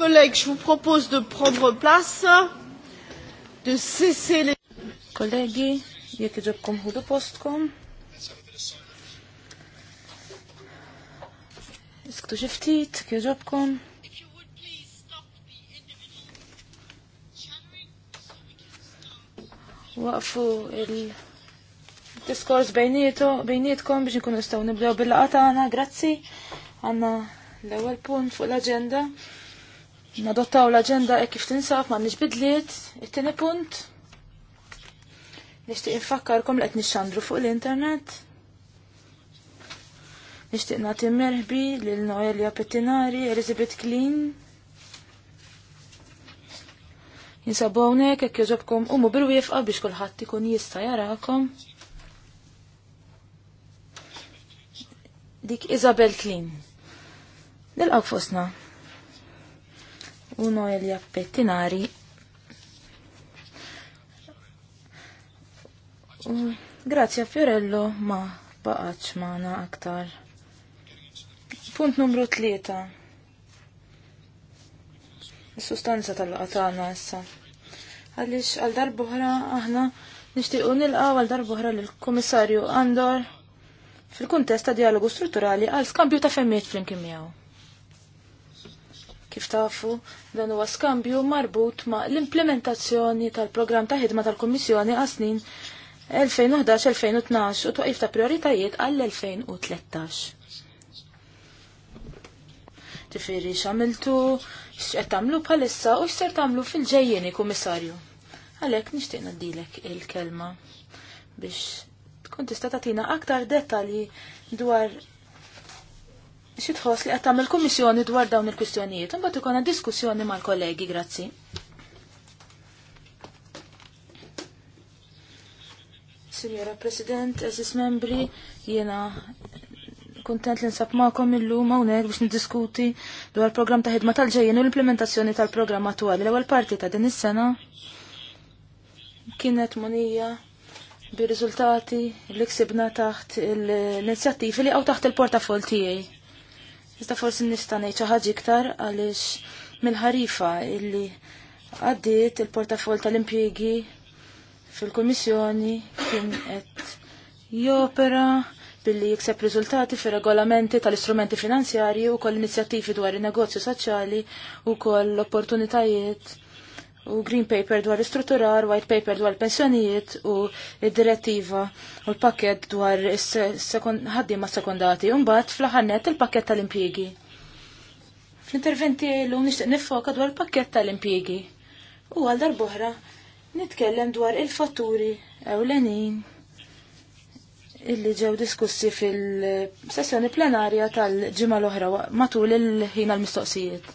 Collègues, je vous propose de prendre place, de cesser les... Collègues, je Est-ce Kollegi, jek ġobkom ħudu postkom. Isktu xiftit, kieġobkom. Waqfu il-diskors bejnietkom biex nkunu nistaw nibdew bil laqata għana, grazzi. Għanna l-ewel punt fuq l-agenda. Nadottaw l-agenda e kif tinsaf ma nix bidliet, it-tini punt. Nishtiq infakkarkom li qed nixxandru fuq l-internet. Nishtiq nagħti merħbi lil Noelia Pettinari, Elizabeth Klein. Jinsabu hawnhekk hekk umu bil-wieqfa biex kulħadd ikun jista' jarakom. Dik Isabel Klein. Nilqgħu fostna li appettinari grazie a Fiorello ma baqax maħna aktar. Punt numru tlieta. Is-sustanza tal-qatana issa. Għaliex għal darbohra aħna nixtiequ nilqaw għal darbohra lill-Kummissarju Andor fil-kuntest ta' dialogu strutturali għal skambju ta' femmiet flimkien miegħu. Kif tafu, dan huwa skambju marbut ma' l-implementazzjoni tal-programm ta' ħidma tal-Kummissjoni għas snin 2011-2012 u twaqif ta' prioritajiet għall-2013. Tifiri xamiltu, x'qed tagħmlu bħalissa u x'ser tagħmlu fil-ġejjeni, Kummissarju. Għalhekk nixtieq nadilek il-kelma biex tkun tista' tagħtina aktar dettalji dwar xi tħoss li qed tagħmel kummissjoni dwar dawn il-kwistjonijiet, imbagħad ikolna diskussjoni mal-kollegi, grazzi. Signora President, eżis membri, jiena kontent li nsab ma'kom illum hawnhekk biex niddiskuti dwar programm ta' ħidma tal-ġejjin u l-implementazzjoni tal-programm attwali. L-ewwel parti ta' din is-sena kienet monija bir-riżultati li ksibna taħt l-inizjattivi li għaw taħt il-portafol tiegħi Iżda forsi nista' ngħid xi ħaġa iktar għaliex mill-ħarifa illi għaddiet il-portafol tal-impjiegi fil-Kummissjoni kien qed jopera billi jikseb riżultati fir regolamenti tal-istrumenti finanzjarji u koll inizjattivi dwar in-negozju soċjali u koll opportunitajiet u Green Paper dwar istrutturar, White Paper dwar pensjonijiet u id-direttiva u l-pakket dwar ħaddiema sekondati. Umbat fl-ħannet il-pakket tal impjiegi Fl-interventi l nixtieq nifoka dwar il-pakket tal impjiegi U għal darbohra nitkellem dwar il-fatturi ewlenin illi ġew diskussi fil-sessjoni plenarja tal-ġimgħa l-oħra matul il-ħin għal-mistoqsijiet.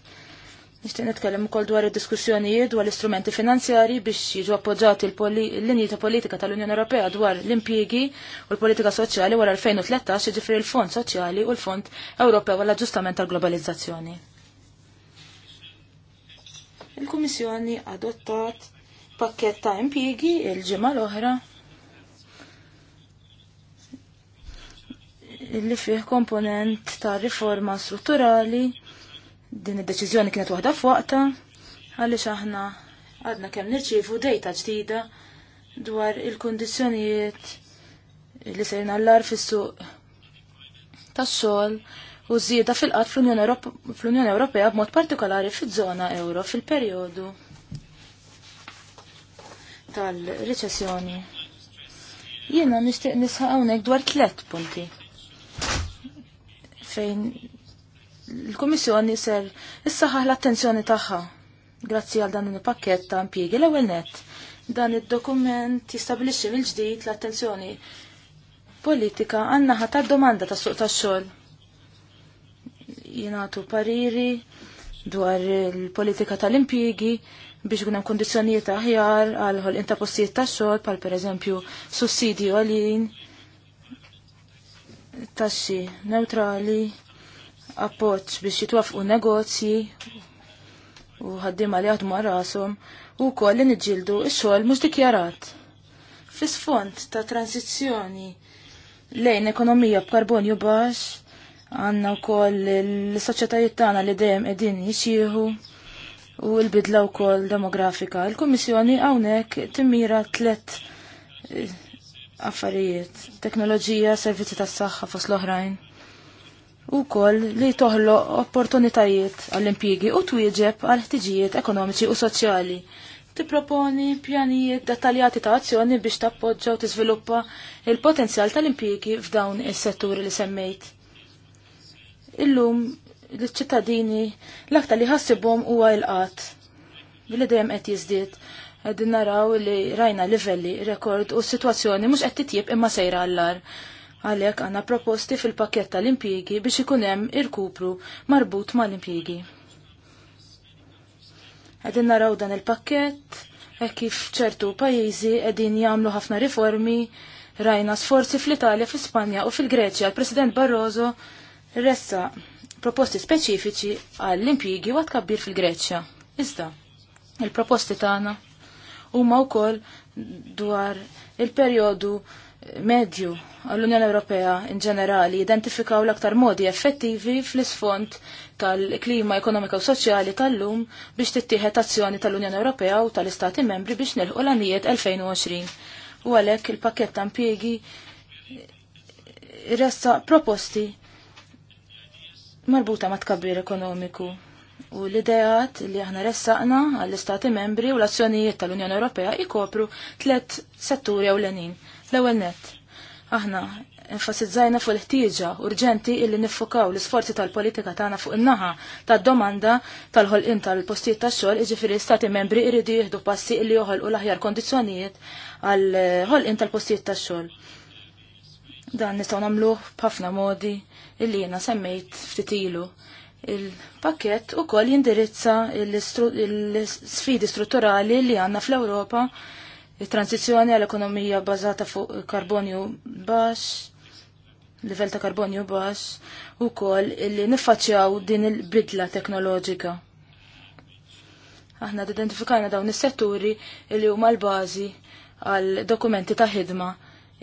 Nishtiq nitkellem ukoll dwar id-diskussjonijiet dwar l-istrumenti finanzjari biex jiġu appoġġati l-linji ta' politika tal-Unjoni Ewropea dwar l-impjiegi u l-politika soċjali wara 2013 jiġifieri l-Fond Soċjali u l-Fond Ewropew għall aġġustament tal-Globalizzazzjoni. Il-Kummissjoni adottat pakket ta' impjiegi il-ġimgħa l-oħra li fih komponent ta' riforma strutturali Din id-deċiżjoni kienet waħda f'waqta għaliex aħna għadna kemm nirċievu dejta ġdida dwar il-kundizzjonijiet li sejna l-lar fis-suq tax-xogħol u żieda fil-qatt fl-Unjoni Ewropea b'mod partikolari fiż-żona euro fil-perjodu tal-reċessjoni. Jiena nixtieq nisħaq hawnhekk dwar tliet punti fejn l-Kummissjoni ser issaħħa l-attenzjoni tagħha. Grazzi għal dan il-pakket ta' impjiegi l-ewwel net. Dan id-dokument jistabilixxi mill-ġdid l-attenzjoni politika għannaħa ta' domanda ta' suq tax-xogħol. Jingħatu pariri dwar il-politika tal-impjiegi biex hemm kundizzjonijiet aħjar għal ħol inta postijiet ta' xogħol bħal pereżempju sussidi għalin, taxxi neutrali, appoġġ biex jitwafqu negozji u ħaddiema li jaħdmu rashom u wkoll li niġġieldu x-xogħol mhux dikjarat. fis font ta' transizzjoni lejn ekonomija b'karbonju baxx għandna wkoll l-soċjetajiet tagħna li dejjem qegħdin jixjieħu u l-bidla u kol demografika. Il-Komissjoni għawnek timmira tlet eh, affarijiet, teknoloġija, servizzi tas saħħa fos l-oħrajn u kol li toħlo opportunitajiet għall-impjigi u twieġeb għal ħtiġijiet ekonomiċi u soċjali. Tipproponi pjanijiet dettaljati ta' azzjoni biex tappoġġa u tiżviluppa il-potenzjal tal-impjigi f'dawn is-setturi li semmejt. Illum l-ċittadini l-aktar li ħassibhom huwa l-qatt. Billi dejjem qed jiżdied qegħdin naraw li rajna livelli rekord u s-sitwazzjoni mhux qed titjib imma sejra għall-ar. Għalek għanna proposti fil-pakket tal-impjegi biex ikunem il-kupru marbut mal-impjegi. Għedin naraw dan il-pakket, e kif ċertu pajizi għedin jamlu ħafna riformi, rajna sforzi fl-Italja, fl-Spanja u fil-Greċja. Il-President Barroso ressa proposti speċifiċi għall-impjigi għat kabbir fil-Greċja. Iżda, il-proposti tagħna u wkoll dwar il-perjodu medju għall-Unjoni Ewropea in ġenerali identifikaw l-aktar modi effettivi fl-isfond tal-klima ekonomika u soċjali tal-lum biex tittieħed azzjoni tal-Unjoni Ewropea u tal-Istati membri biex nilħu l-anijiet 2020. U għalhekk il-pakket ta' impjiegi resta proposti marbuta ma' tkabbir ekonomiku. U l-idejat li aħna ressaqna għall-Istati membri u l-azzjonijiet tal-Unjoni Ewropea ikopru tlet setturi ewlenin. L-ewwel nett. Aħna enfasizzajna fuq l-ħtieġa urġenti illi niffokaw l-isforzi tal-politika tagħna fuq in-naħa tad-domanda tal-ħolqien tal-postijiet tax-xogħol iġifieri stati membri jridu jieħdu passi illi joħolqu l-aħjar kondizzjonijiet għall ħolqien tal-postijiet tax-xogħol. Dan nistgħu nagħmluh b'ħafna modi illi jiena semmejt ftit ilu. Il-pakket ukoll jindirizza l-sfidi strutturali li għandna fl-Ewropa Il-transizjoni għal ekonomija bazata fuq karbonju baxx, livell ta' karbonju baxx, u kol illi niffaċċjaw din il-bidla teknoloġika. Aħna identifikajna dawn is-setturi li huma l-bażi għal dokumenti ta' ħidma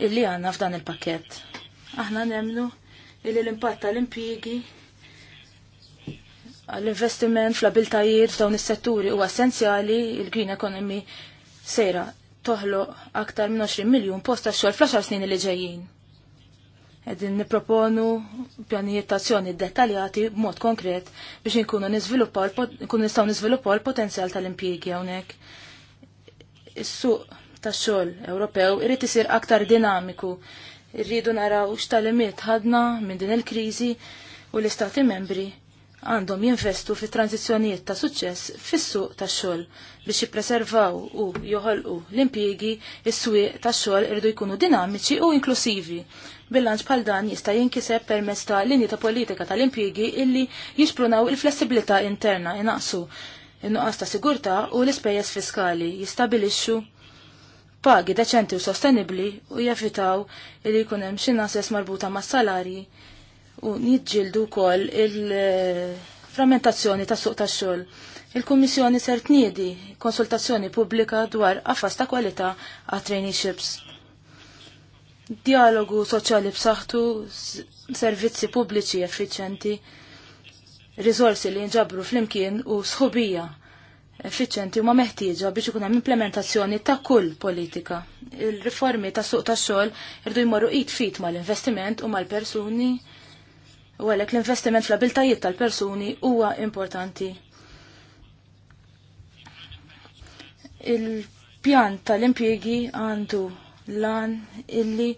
illi għanna f'dan il-pakket. Aħna nemnu illi l-impatt tal-impjigi għall-investiment fl-abiltajiet f'dawn is-setturi u essenzjali il-green economy sejra toħloq aktar minn 20 miljon posta xogħol fl-10 snin li ġejjin. Qegħdin niproponu pjanijiet ta' azzjoni dettaljati b'mod konkret biex nkunu niżviluppaw nkunu nistgħu niżviluppaw l-potenzjal tal-impjiegi hawnhekk. Is-suq tax-xogħol Ewropew irid isir aktar dinamiku. Irridu naraw x'talimiet ħadna minn din il-kriżi u l-istati membri għandhom jinvestu fi tranzizjonijiet ta' suċċess fis-suq tax-xogħol biex jippreservaw u joħolqu l-impjiegi is-swieq tax-xogħol irdu jkunu dinamiċi u inklusivi. Bilanċ bħal dan jista' jinkiseb permezz ta' linji ta' politika tal-impjiegi illi jispronaw il-flessibilità interna inaqsu in-nuqqas ta' sigurtà u l-ispejjeż fiskali jistabilixxu pagi deċenti u sostenibli u jevitaw li jkun hemm xi nases marbuta mas-salarji u nitġildu kol il-frammentazzjoni ta' suq ta' xol. Il-Kommissjoni ser tniedi konsultazzjoni pubblika dwar affas ta' kwalità għat traineeships. Dialogu soċjali b'saħħtu, servizzi pubbliċi effiċenti, risorsi li nġabru flimkien u sħubija u huma meħtieġa biex ikun hemm implementazzjoni ta' kull politika. Il-riformi ta' suq tax-xogħol irdu jmorru id fit mal-investiment u mal-persuni U għalek l-investiment fl-abiltajiet tal-persuni huwa importanti. Il-pjan tal impiegi għandu lan illi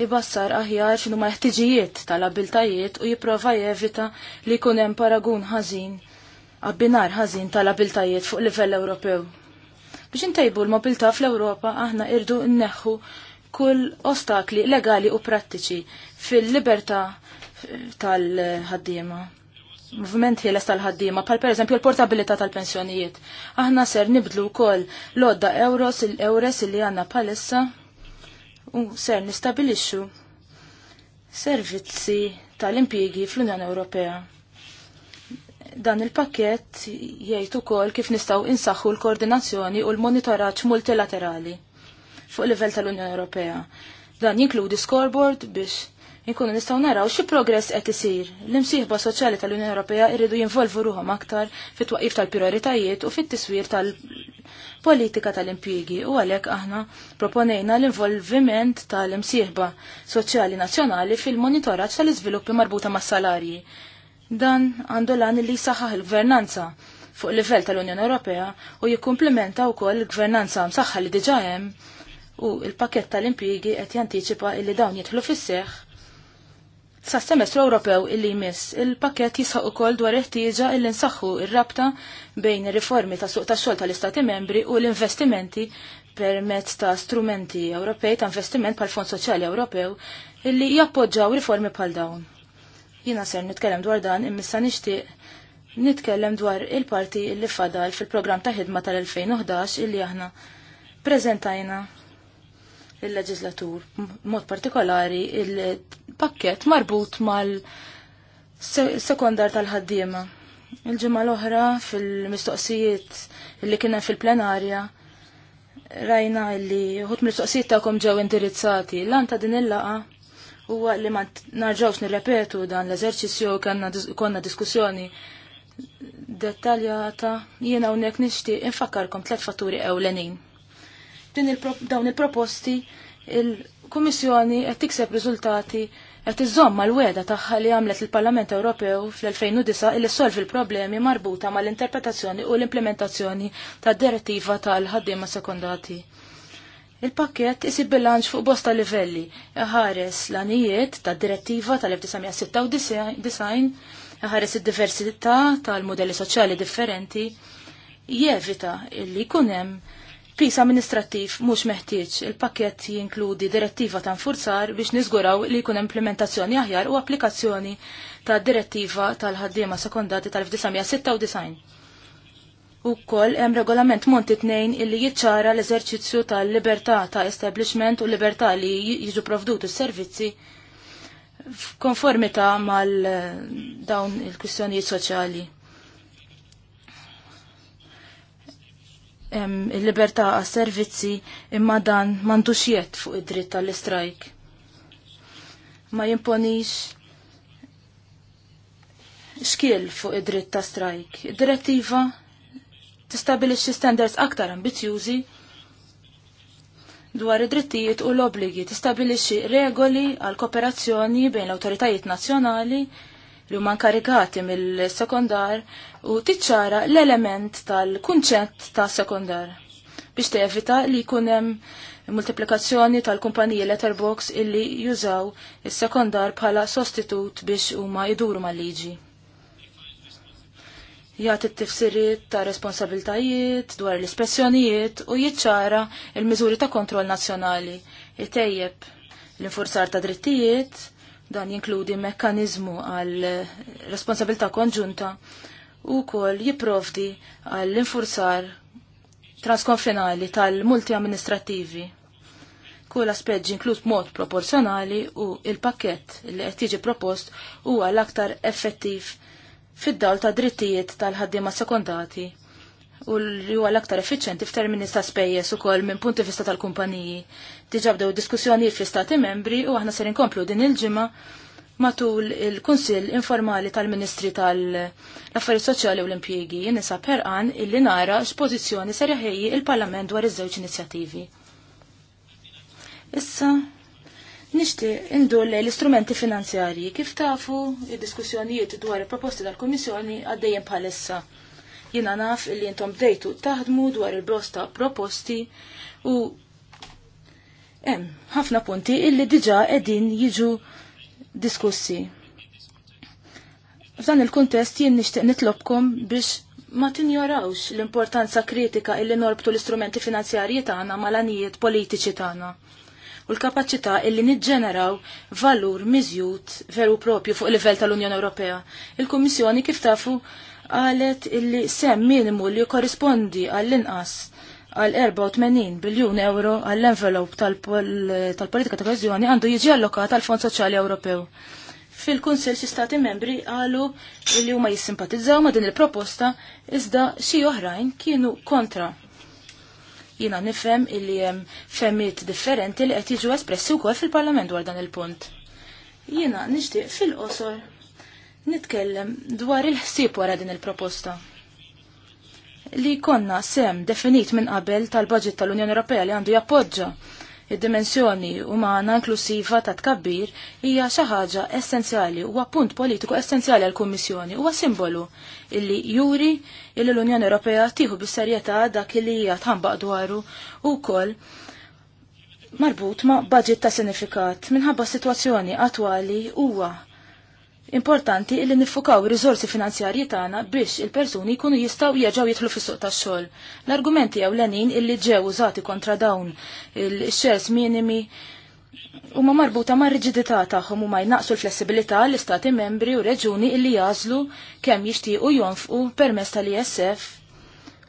jibassar aħjar xinu ma jħtiġijiet tal-abiltajiet u jiprofa jevita li kunem paragun ħażin abbinar ħażin tal-abiltajiet fuq livell Ewropew. Biex intajbu l-mobilta fl-Ewropa aħna irdu nneħħu kull ostakli legali u prattiċi fil-libertà tal-ħaddiema. Moviment ħieles tal-ħaddiema, pal per eżempju l-portabilità tal-pensjonijiet. Aħna ser nibdlu wkoll l-odda euros il-eures li għanna palissa u ser nistabilixxu servizzi tal impiegi fl-Unjoni Ewropea. Dan il-pakket jgħid ukoll kif nistgħu insaħħu l-koordinazzjoni u l-monitoraġġ multilaterali fuq livell tal-Unjoni Ewropea. Dan jinkludi scoreboard biex Nikunu nistgħu naraw xi progress qed isir. L-imsieħba soċjali tal-Unjoni Ewropea jridu jinvolvu ruhom aktar fit-twaqif tal-prioritajiet u fit-tiswir tal-politika tal-impjiegi u għalhekk aħna proponejna l-involviment tal-imsieħba soċjali nazzjonali fil-monitoraġġ tal-iżviluppi marbuta mas-salarji. Dan għandu lan li saħħaħ il-gvernanza fuq livell tal-Unjoni Ewropea u jikkumplementa wkoll il-gvernanza msaħħa li diġà hemm u l-pakett tal-impjiegi qed jantiċipa li dawn jidħlu fis-seħħ sa' semestru Ewropew illi jmiss il-pakket jisħaq ukoll dwar iħtieġa illi nsaħħu ir-rabta bejn ir-riformi ta' suq tax-xogħol tal-Istati membri u l-investimenti permezz ta' strumenti Ewropej ta' investiment pal fond Soċjali Ewropew illi jappoġġaw riformi bħal dawn. Jiena ser nitkellem dwar dan immissa nixtieq nitkellem dwar il-parti illi fadal fil-programm ta' ħidma tal-2011 illi aħna prezentajna il-leġislatur, mod partikolari il-pakket marbut mal-sekondar tal-ħaddiema. Il-ġimgħa l-oħra fil-mistoqsijiet li kienem fil-plenarja rajna li hut mistoqsijiet tagħkom ġew indirizzati. Lan ta' din il-laqa huwa li ma narġawx nirrepetu dan l-eżerċizzju konna diskussjoni dettaljata jiena hawnhekk nixtieq infakkarkom tliet fatturi ewlenin Din il dawn il-proposti il-Kummissjoni qed tikseb riżultati qed iżomm mal-weda tagħha li għamlet il-Parlament Ewropew fl-2009 illi solvi l-problemi marbuta mal-interpretazzjoni u l-implementazzjoni tad-direttiva tal-ħaddiema sekondati. Il-pakket isib bilanċ fuq bosta livelli, ħares l-anijiet tad-direttiva tal-1996 ħares id-diversità tal-modelli soċjali differenti, jevita illi kunem pis amministrattiv mhux meħtieġ il-pakket jinkludi direttiva ta' nfurzar biex niżguraw li jkun implementazzjoni aħjar u applikazzjoni ta' direttiva tal-ħaddiema sekondati tal-1996. U koll hemm regolament Monti tnejn illi jiċċara l-eżerċizzju tal-libertà ta' establishment u libertà li jiġu provduti s-servizzi f'konformità mal eh, dawn il-kwistjonijiet soċjali. il-libertà għas servizzi imma dan m'għandux jett fuq id-dritt tal-istrajk. Ma jimponix xkiel fuq id-dritt ta' strajk. Id-direttiva tistabilixxi standards aktar ambizjużi dwar id-drittijiet u l-obligi tistabilixxi regoli għal kooperazzjoni bejn l-awtoritajiet nazzjonali li huma nkarigati mill-sekondar u tiċċara l-element tal-kunċett ta' sekondar biex tevita li jkun hemm multiplikazzjoni tal-kumpaniji letterbox illi jużaw is-sekondar bħala sostitut biex huma jduru mal-liġi. Jagħti t-tifsiriet ta' responsabiltajiet dwar l ispessjonijiet u jiċċara il-miżuri ta' kontroll nazzjonali, itejjeb l-infurzar ta' drittijiet, Dan jinkludi mekkanizmu għal responsabilità konġunta u kol jiprovdi għall infurzar transkonfinali tal-multi amministrativi. Kull aspett inkluż mod proporzjonali u il-pakket li qed jiġi propost huwa l-aktar effettiv fid-dawl ta' drittijiet tal-ħaddiema sekondati u li huwa l-aktar effiċenti f'termini ta' spejjeż ukoll minn punti vista tal-kumpaniji. Diġà bdew diskussjonijiet fl-Istati membri u aħna ser inkomplu din il-ġimgħa matul il-Kunsill informali tal-Ministri tal-Affarijiet Soċjali u l-Impjiegi jinisa perqan illi nara x'pożizzjoni ser jaħejji il-Parlament dwar iż-żewġ inizjattivi. Issa, Nishti indur l-istrumenti finanzjarji kif tafu id-diskussjonijiet dwar il-proposti tal-Komissjoni għaddejjem bħalissa. Jina naf illi jintom bdejtu taħdmu dwar il bosta proposti u hemm ħafna punti illi diġa edin jiġu diskussi. F'dan il-kuntest jien nixtieq nitlobkom biex ma tinjorawx l-importanza kritika illi norbtu l-istrumenti finanzjarji tagħna mal-anijiet politiċi tagħna u l-kapacità illi niġġeneraw valur miżjud veru propju fuq il livell tal-Unjoni Ewropea. Il-Kummissjoni kif tafu qalet illi sem minimu li korrispondi għall-inqas għal 84 biljun euro għall-envelop tal-politika ta' kohezjoni għandu jiġi allokat għal Fond Soċjali Ewropew. fil kunsell xi stati membri qalu li huma jissimpatizzaw ma' din il-proposta iżda xi oħrajn kienu kontra. Jina nifhem illi hemm femmit differenti li qed jiġu espressi wkoll fil-Parlament dwar dan il-punt. Jina nixtieq fil-qosor nitkellem dwar il-ħsieb wara din il-proposta. Li konna sem definit minn qabel tal-budget tal-Unjoni Ewropea li għandu jappoġġa id-dimensjoni umana inklusiva ta' tkabbir hija xi ħaġa essenzjali huwa punt politiku essenzjali għall kummissjoni huwa simbolu illi juri illi l-Unjoni Ewropea tieħu bis-serjetà dak li hija tħanbaq dwaru wkoll marbut ma' budget ta' sinifikat minħabba situazzjoni attwali huwa Importanti illi nifukaw rizorsi finanzjarji tagħna biex il-persuni jkunu jistgħu jeġgħu jidħlu fis-suq tax-xogħol. L-argumenti ewlenin illi ġew użati kontra dawn il-xers minimi huma marbuta mar riġidità tagħhom huma jnaqsu l-flessibilità l-istati membri u reġuni illi jażlu kemm jixtiequ jonfqu permezz tal-ISF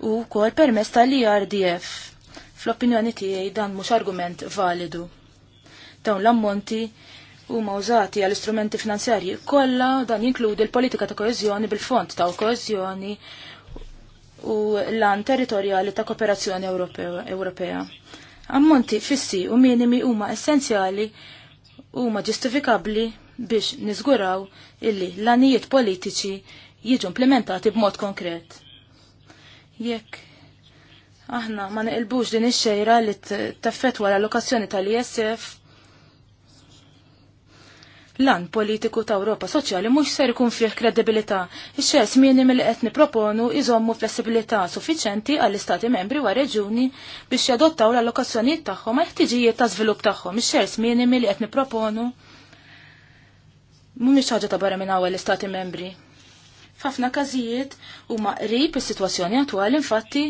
u wkoll permezz tal-IRDF. Fl-opinjoni tiegħi dan mhux argument validu. Dawn l-ammonti huma użati għal istrumenti finanzjarji kollha dan jinkludi l-politika ta' koeżjoni bil-fond ta' koeżjoni u l-an territorjali ta' kooperazzjoni Ewropea. Ammonti fissi u minimi huma essenzjali huma ġustifikabbli biex niżguraw illi l-anijiet politiċi jiġu implementati b'mod konkret. Jekk aħna ma neqilbux din ix-xejra li taffetwa l-allokazzjoni tal-ISF lan politiku ta' Ewropa Soċjali mhux ser ikun fih kredibilità. Ix-xers minim li qed niproponu iżommu flessibilità suffiċenti għall-Istati membri wa reġuni biex jadottaw l-allokazzjonijiet tagħhom għal ħtiġijiet ta' żvilupp tagħhom. Ix-xers minimi li qed niproponu mhumiex ħaġa ta' barra minn hawn l-Istati membri. F'ħafna każijiet huma qrib is-sitwazzjoni attwali infatti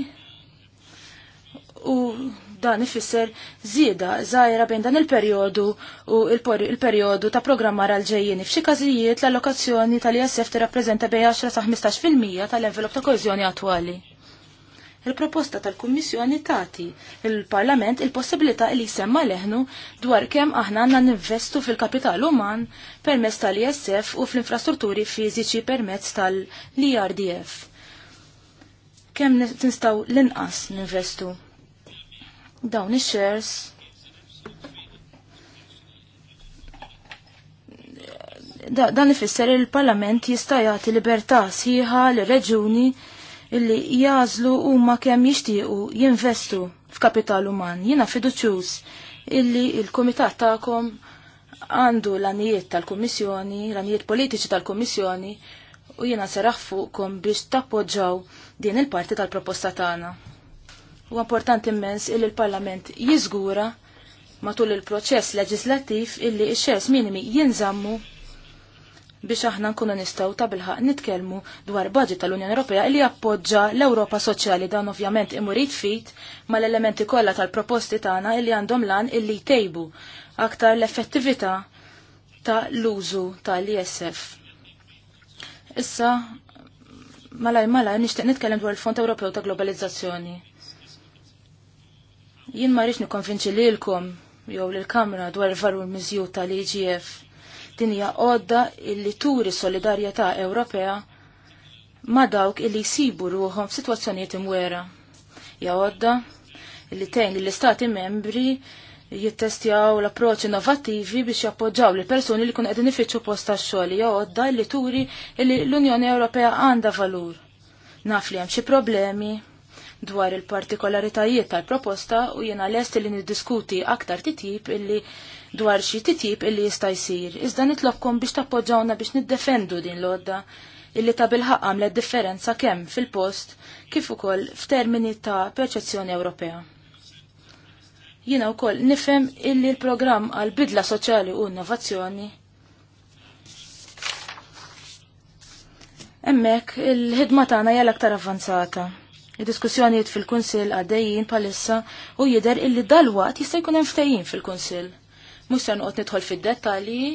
u dan ifisser zieda zaħira bejn dan il-perjodu u il-perjodu ta' programmar għal ġejjeni F'xi każijiet l-allokazzjoni tal-ISF tirrappreżenta bejn 10 sa 15% tal-envelop ta' koeżjoni attwali. Il-proposta tal-Kummissjoni tagħti il-Parlament il-possibilità li jsemma leħnu dwar kemm aħna għandna ninvestu fil-kapital uman permezz tal-ISF u fl-infrastrutturi fiżiċi permezz tal-IRDF. Kemm tinstaw l-inqas ninvestu dawn ix-shares da, dan ifisser il-Parlament jista' jagħti libertà sħiħa l reġuni illi jażlu huma kemm jixtiequ jinvestu f'kapital uman. Jiena fiduċjuż illi l kumitat tagħkom għandu l-anijiet tal-Kummissjoni, l-anijiet politiċi tal-Kummissjoni u jiena seraħ fuqkom biex tappoġġaw din il-parti tal-proposta tagħna. U importanti immens illi l-Parlament jiżgura matul il-proċess leġislattiv illi ix xers minimi jinżammu biex aħna nkunu nistgħu ta' bilħaq nitkellmu dwar budget tal-Unjoni Ewropea li jappoġġa l-Ewropa Soċjali dan ovvjament imurid fit mal-elementi kollha tal-proposti tagħna li għandhom lan illi jtejbu aktar l-effettività ta' l-użu tal-ISF. Issa malaj malaj nixtieq nitkellem dwar il-Fond Ewropew ta' Globalizzazzjoni Jien ma rridx nikkonvinċi lilkom jew lill-Kamra dwar il-valur miżjud tal-IGF. Din hija għodda illi turi solidarjetà Ewropea ma dawk illi jsibu ruhom f'sitwazzjonijiet imwera. Ja għodda illi tgħin l istati membri jittestjaw l-approċ innovativi biex jappoġġaw li persuni li kun qegħdin ifittxu post tax-xogħol Hija għodda li turi li l-Unjoni Ewropea għandha valur. Naf li hemm xi problemi dwar il-partikolaritajiet tal-proposta u jiena lest li niddiskuti aktar titjib illi dwar xi titjib illi jista' jsir. Iżda nitlobkom biex tappoġġawna biex niddefendu din l-odda illi ta' bilħaq għamlet differenza kemm fil-post kif ukoll f'termini ta' perċezzjoni Ewropea. Jiena wkoll nifhem illi l-programm għal bidla soċjali u innovazzjoni Emmek, il-ħidma tagħna hija l-aktar avvanzata. Id-diskussjonijiet fil-Kunsill għaddejjin palissa u jidher illi dalwaqt jista' jkun hemm fil-Kunsill. Mhux se noqgħod nidħol fid-dettalji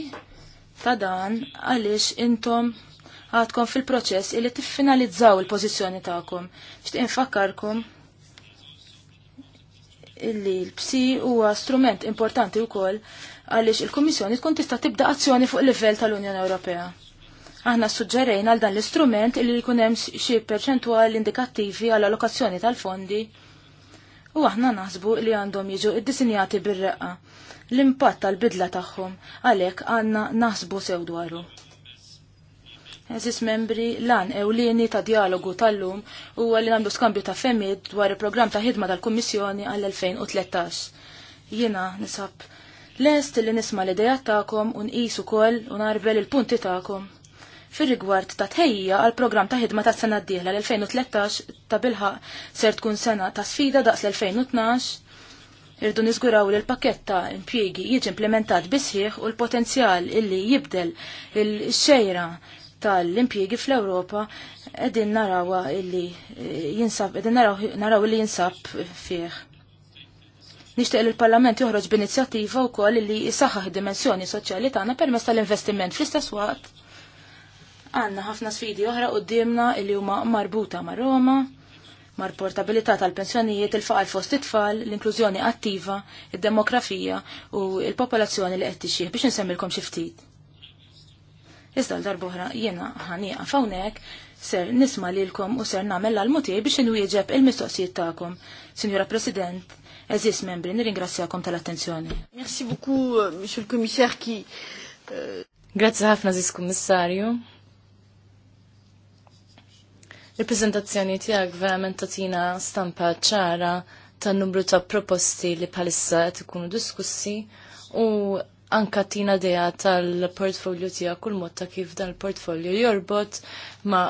ta' dan għaliex intom għadkom fil-proċess illi tiffinalizzaw il-pożizzjoni tagħkom. Xtieq infakkarkom illi l-psi huwa strument importanti wkoll għaliex il-Kummissjoni tkun tista' tibda azzjoni fuq il-livell tal-Unjoni Ewropea. Aħna suġġerejna għal dan l-istrument li jkun hemm xi perċentwal indikattivi għal allokazzjoni tal-fondi u aħna naħsbu li għandhom jiġu iddisinjati bir-reqqa l-impatt tal-bidla tagħhom għalhekk għandna naħsbu sew dwaru. Eżis membri lan ewlieni ta' dialogu tal-lum u li għandu skambju ta' femmid dwar il-programm ta' ħidma tal-Kummissjoni għall-2013. Jiena nisab lest li nisma l-idejat tagħkom u nqisu ukoll u narbel il-punti tagħkom fir-rigward ta' tħejja għal programm ta' ħidma ta' sena d-dieħla l-2013 ta' bilħa ser tkun sena ta' sfida daqs l-2012 irdu nizguraw li l-pakket ta' impjiegi jiġi implementat bisħiħ u l-potenzjal illi jibdel il-xejra tal-impjiegi fl-Ewropa edin narawa illi eh, jinsab, edin naraw, illi jinsab fieħ. Nishtiq li l-Parlament joħroġ b'inizjattiva wkoll li jisaħħaħ dimensjoni soċjali tagħna permezz tal-investiment fl-istess waqt għanna ħafna sfidi oħra qoddimna li huma marbuta ma' Roma, mar portabilità tal-pensjonijiet, il faqal fost it-tfal, l-inklużjoni attiva, id-demografija u il-popolazzjoni li qed tixjih biex nsemmilkom xi ftit. Iżda l-darbohra jena ħanieqa fawnek ser nisma lilkom u ser nagħmel l-mutij biex inwieġeb il-mistoqsijiet ta'kom. Signora President, eżis membri, nirringrazzjakom tal-attenzjoni. Merci beaucoup, euh, Monsieur le Commissaire, ki. Euh, Grazie ħafna, Zis Kummissarju. Il-prezentazzjoni tiegħek verament tatina stampa ċara tan numru ta' proposti li bħalissa qed ikunu diskussi u anka tina deja tal-portfolio tijak kull mod ta' kif dan il-portfolio jorbot ma'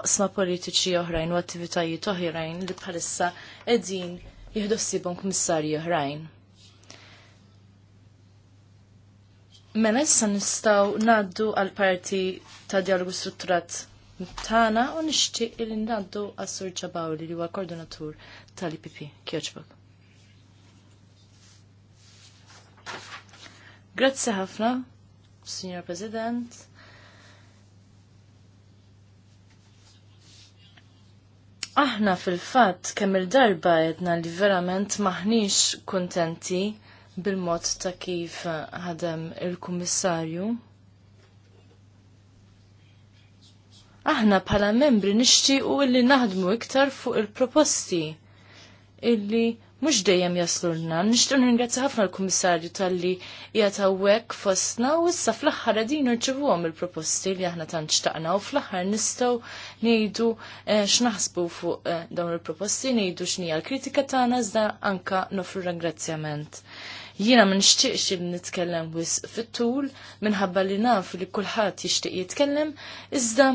oqsma politiċi oħrajn u attivitajiet oħrajn li bħalissa qegħdin jieħdu ssibhom kummissarji oħrajn. Mela issa nistgħu ngħaddu għal parti ta' dialogu strutturat tagħna u nixtieq li ngħaddu għas-Sur Ġabawli li huwa koordinatur tal-IPP. Kjoġbok. Grazzi ħafna, Signor President. Aħna fil-fatt kemm il-darba jedna li verament maħniex kuntenti bil-mod ta' kif ħadem il-Kummissarju aħna bħala membri nixtiequ illi naħdmu iktar fuq il-proposti illi mux dejjem jaslulna. Nishtu nringrazzi ħafna l-Kummissarju tal-li jgħatawek fosna u issa fl-axħar qegħdin irċivuhom għom il-proposti li aħna tant xtaqna u fl-axħar nistaw nejdu eh, xnaħsbu fuq eh, dawn il-proposti, nejdu xnija l-kritika tagħna iżda anka nofru ringrazzjament. Jiena ma nixtieqx li nitkellem wis fit-tul minħabba li naf li kulħadd jixtieq jitkellem iżda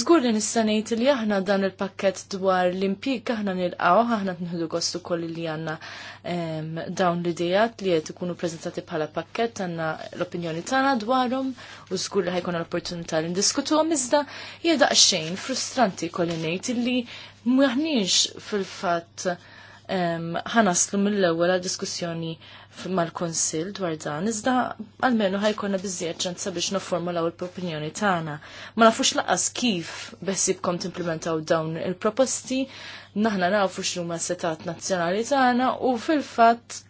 Zgur li nistanejt li aħna dan il-pakket dwar l-impik aħna nilqaw, aħna nħudu gostu koll li għanna dawn l-idejat li għet ikunu prezentati bħala pakket għanna l-opinjoni tana dwarum u zgur li ħajkun l-opportunità li ndiskutu għom iżda jedaqxejn frustranti kollinejt li muħniġ fil-fat ħanaslu mill-ewwel diskussjoni mal-Konsil dwar dan, iżda għalmenu ħajkonna biżjed ċans biex nafformulaw l-opinjoni tagħna. Ma nafux laqas kif beħsibkom timplementaw dawn il-proposti, naħna nafu x'huma setat nazzjonali tagħna u fil-fatt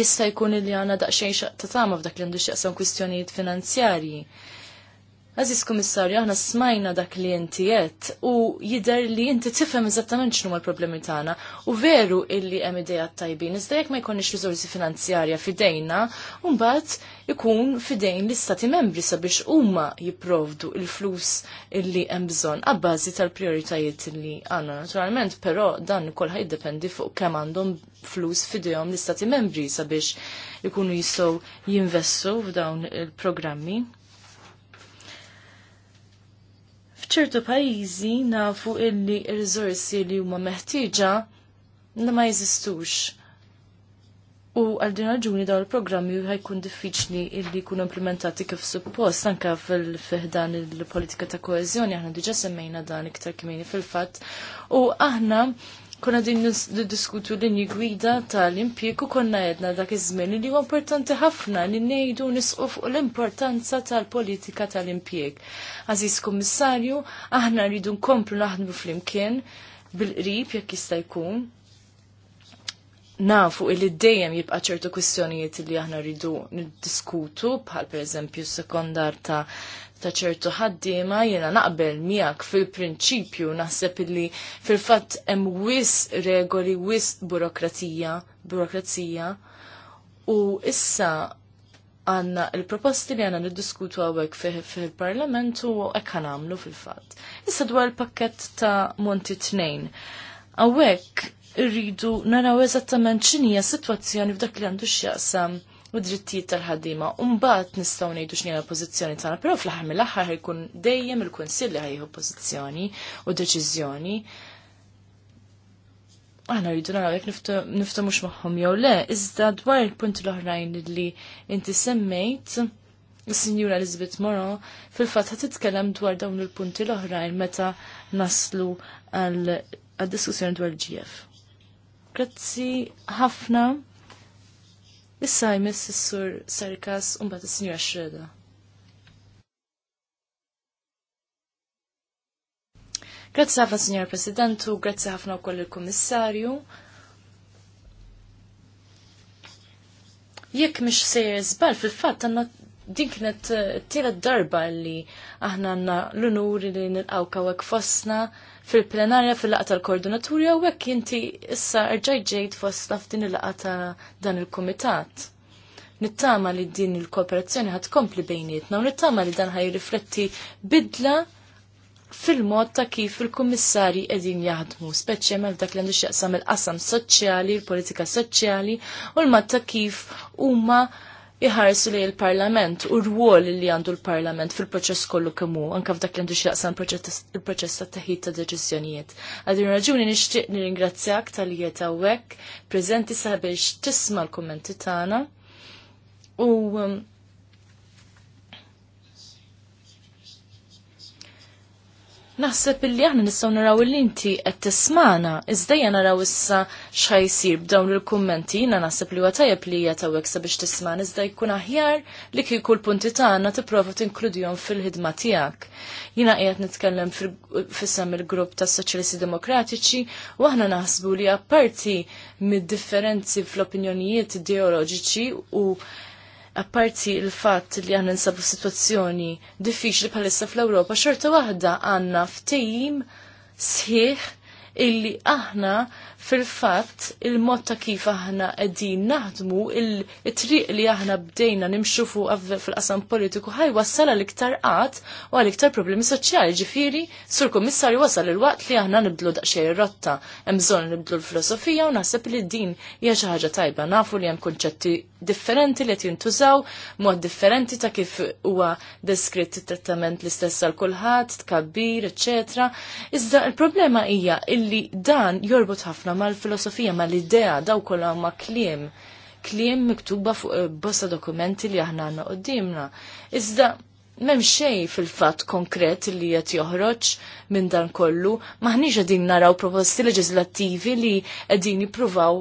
jista' jkun li għandna daqsxejn xaqta tagħma f'dak li għandu x'jaqsam kwistjonijiet finanzjarji. Aziz komissarju, aħna smajna da klientijiet u jidher li inti tifhem eżattament x'numa l-problemi tagħna u veru illi hemm idejat tajbin. Iżda jekk ma jkollniex riżorsi finanzjarja fidejna, mbagħad ikun fidejn l-istati membri sabiex huma jipprovdu il-flus illi hemm bżonn abbażi tal-prijoritajiet li għandna naturalment, però dan ukoll ħajdependi fuq kemm għandhom flus fidejhom l-istati membri sabiex ikunu jistgħu jinvestu f'dawn il-programmi. F'ċertu pajjiżi nafu illi r-riżorsi li huma meħtieġa ma jeżistux. U għal din raġuni dawn il-programmi ħajkun diffiċli illi jkunu implementati kif suppost anke fil-fihdan il-politika ta' koeżjoni aħna diġà semmejna dan iktar kmieni fil-fatt. U aħna konna din diskutu linji gwida tal-impjeku konna jedna dak iż-żmien li huwa importanti ħafna li ngħidu nisqu fuq l-importanza tal-politika tal-impjeg. Aziz Kummissarju, aħna rridu nkomplu naħdmu flimkien bil-qrib jekk jista' jkun. Nafu li dejjem jibqa' ċertu kwistjonijiet li aħna rridu niddiskutu bħal pereżempju s-sekondar ta' ta' ċertu ħaddiema jiena naqbel miegħek fil-prinċipju naħseb illi fil-fatt hemm wis regoli wis burokrazija, burokrazija u issa għanna il-proposti li għanna niddiskutu għawek fil-parlament u għek għanamlu fil-fat. Issa dwar il-pakket ta' Monti 2. Għawek irridu naraw eżattament x'inija situazzjoni f'dak li għandu x'jaqsam u drittijiet tal-ħaddiema. Umbat nistgħu ngħidu x'nija l-pożizzjoni tagħna, però fl-aħħar mill-aħħar ħajkun dejjem il-Kunsill li ħajħu pożizzjoni u deċiżjoni. Aħna rridu naraw jekk niftu mhux magħhom jew le, iżda dwar il-punt l-oħrajn li inti semmejt is-Sinjura Elizabeth Moro fil-fatt ħad titkellem dwar dawn il-punti l-oħrajn meta naslu għal diskussjoni dwar il-GF. Grazzi ħafna Issa jmiss s sur Serkas u mbagħad is-Sinjura Xreda. Grazzi ħafna Sinjor Presidentu, grazzi ħafna wkoll il-Kummissarju. Jekk mish sejr zbal, fil-fatt għandna din kienet eh, tielet darba li aħna għandna l-unuri li nilqgħu għak fostna fil-plenarja fil-laqa tal-koordinaturi u hekk inti issa rġajt ġejt fost din il-laqa ta' dan il-kumitat. Nittama li din il-kooperazzjoni ħad kompli bejnietna u nittama li dan ħaj rifletti bidla fil-mod ta' kif il kommissari edin jaħdmu, speċjalment dak l għandu x'jaqsam il-qasam soċjali, il-politika soċjali u l-mod ta' kif huma iħarsu li l-Parlament u r-wol li għandu l-Parlament fil-proċess kollu kemmu, anka f'dak li għandu il-proċess ta' taħid ta' deċizjonijiet. Għadin raġuni nixtieq nirringrazzjak tal jiet għawek, prezenti sabiex tisma' l-kommenti tagħna u um, Naħseb illi aħna nistgħu naraw illi inti qed tismana, iżda jena naraw issa x'ħajsir b'dawn il-kummenti, jiena naħseb li huwa tajjeb li hija tawwek sabiex tisman, iżda jkun aħjar li kieku l-punti tagħna tipprova tinkludihom fil-ħidma tiegħek. Jiena qiegħed nitkellem fisem il-grupp tas Soċjalisti Demokratiċi u aħna naħsbu li apparti mid-differenzi fl-opinjonijiet ideoloġiċi u apparti il-fatt li għanna nsabu situazzjoni diffiċli bħalissa fl-Ewropa, xorta waħda għanna ftejim sħiħ illi aħna fil-fatt il-mod ta' kif aħna qegħdin naħdmu il-triq li aħna bdejna nimxu fuq fil-qasam politiku ħaj wassal l iktar qatt u għal iktar problemi soċjali ġifieri sur kummissarju wasal il-waqt li aħna nibdlu daqsxejn ir-rotta hemm bżonn nibdlu l-filosofija u naħseb li din hija xi ħaġa tajba nafu li hemm konċetti differenti li jintużaw, mod differenti ta' kif huwa deskritt it-trattament l-istess għal kulħadd, tkabbir, eċetera. Iżda il-problema hija illi dan jorbot ħafna mal-filosofija, mal-idea daw kollha ma' kliem kliem miktuba fuq bosta dokumenti li aħna għandna qoddimna. Iżda m'hemm xej fil-fatt konkret li qed joħroġ minn dan kollu, maħniex qegħdin naraw proposti leġislattivi li qegħdin jippruvaw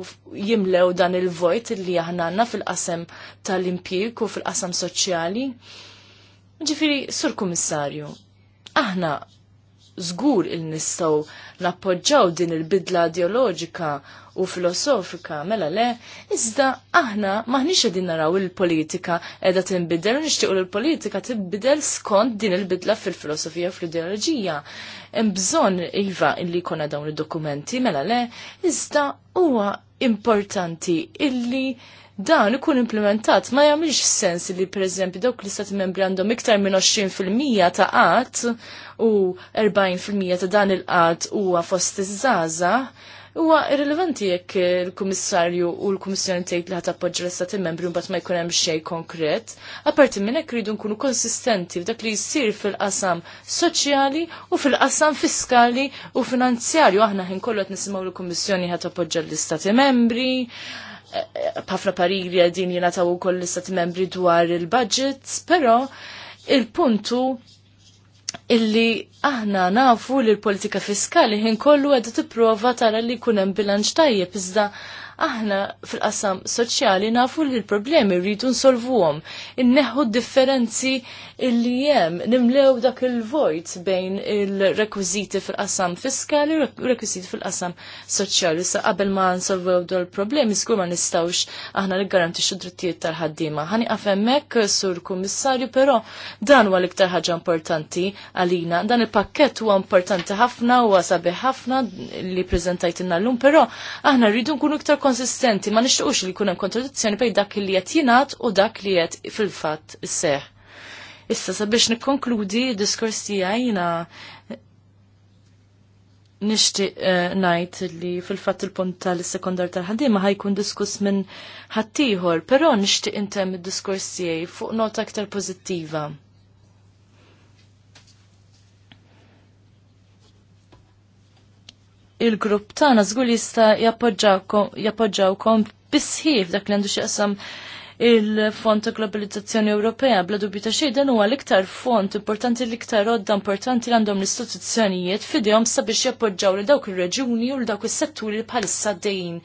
jimlew dan il-vojt li aħna għandna fil-qasem tal-impjieg u fil-qasam soċjali. Ġifieri, Sur komissarju, aħna żgur il nistgħu nappoġġaw din il-bidla ideoloġika u filosofika mela le, iżda aħna maħniex qegħdin naraw il-politika qiegħda tinbidel u nixtiequ il politika tibbidel skont din il-bidla fil-filosofija u fl-ideoloġija. Hemm bżonn iva illi jkollna dawn id-dokumenti mela le, iżda huwa importanti illi dan ikun implementat ma jagħmilx sens li pereżempju dawk li stati membri għandhom iktar minn 20% ta' qatt u 40% ta' dan il-qatt huwa fost iż-żgħażagħ huwa irrilevanti jekk il-Kummissarju u l-Kummissjoni tgħid li ħadd appoġġja l-Istati Membri mbagħad ma jkun hemm xejn konkret. Apparti minn hekk rridu nkunu konsistenti f'dak li jsir fil-qasam soċjali u fil-qasam fiskali u finanzjarju aħna ħin kollu qed nisimgħu l-Kummissjoni ħadd appoġġja l-Istati Membri ħafna pariri għedin jenataw u koll l-istat membri dwar il-budgets, pero il-puntu illi aħna nafu li l-politika fiskali ħin kollu t tipprova tara li kunem bilanċ tajjeb iżda aħna fil-qasam soċjali nafu li l-problemi rridu nsolvuhom, inneħħu differenzi illi jem nimlew dak il-vojt bejn il-rekwiziti fil-qasam fiskali u rekwiziti fil-qasam soċjali. Sa qabel ma nsolvuw dol problemi skur ma nistawx aħna li garantixxu drittijiet tal-ħaddiema. Ħani għafemmek sur kummissarju, però dan huwa l-iktar ħaġa importanti għalina. Dan il-pakket huwa importanti ħafna u għasabi ħafna li prezentajtina l-lum, però aħna rridu nkunu iktar konsistenti ma nixtuqux li jkun hemm kontradizzjoni bejn dak li qed jingħad u dak li qed fil-fatt isseħ. Issa sabiex nikkonkludi diskors tiegħi jiena nixtieq uh, ngħid li fil-fatt il-punt tal-sekondar tal-ħaddiema ħajkun diskuss minn ħaddieħor, però nixtieq intemm id-diskors tiegħi fuq nota aktar pożittiva. il-grupp tagħna żgur jista' jappoġġawkom bisħif dak li għandu x'jaqsam il-Fond ta' Globalizzazzjoni Ewropea bla dubju ta' xejn dan huwa l-iktar fond importanti l-iktar għodda importanti li għandhom l-istituzzjonijiet fidejhom sabiex jappoġġaw li dawk ir-reġuni u l dawk is-setturi li bħalissa dejjin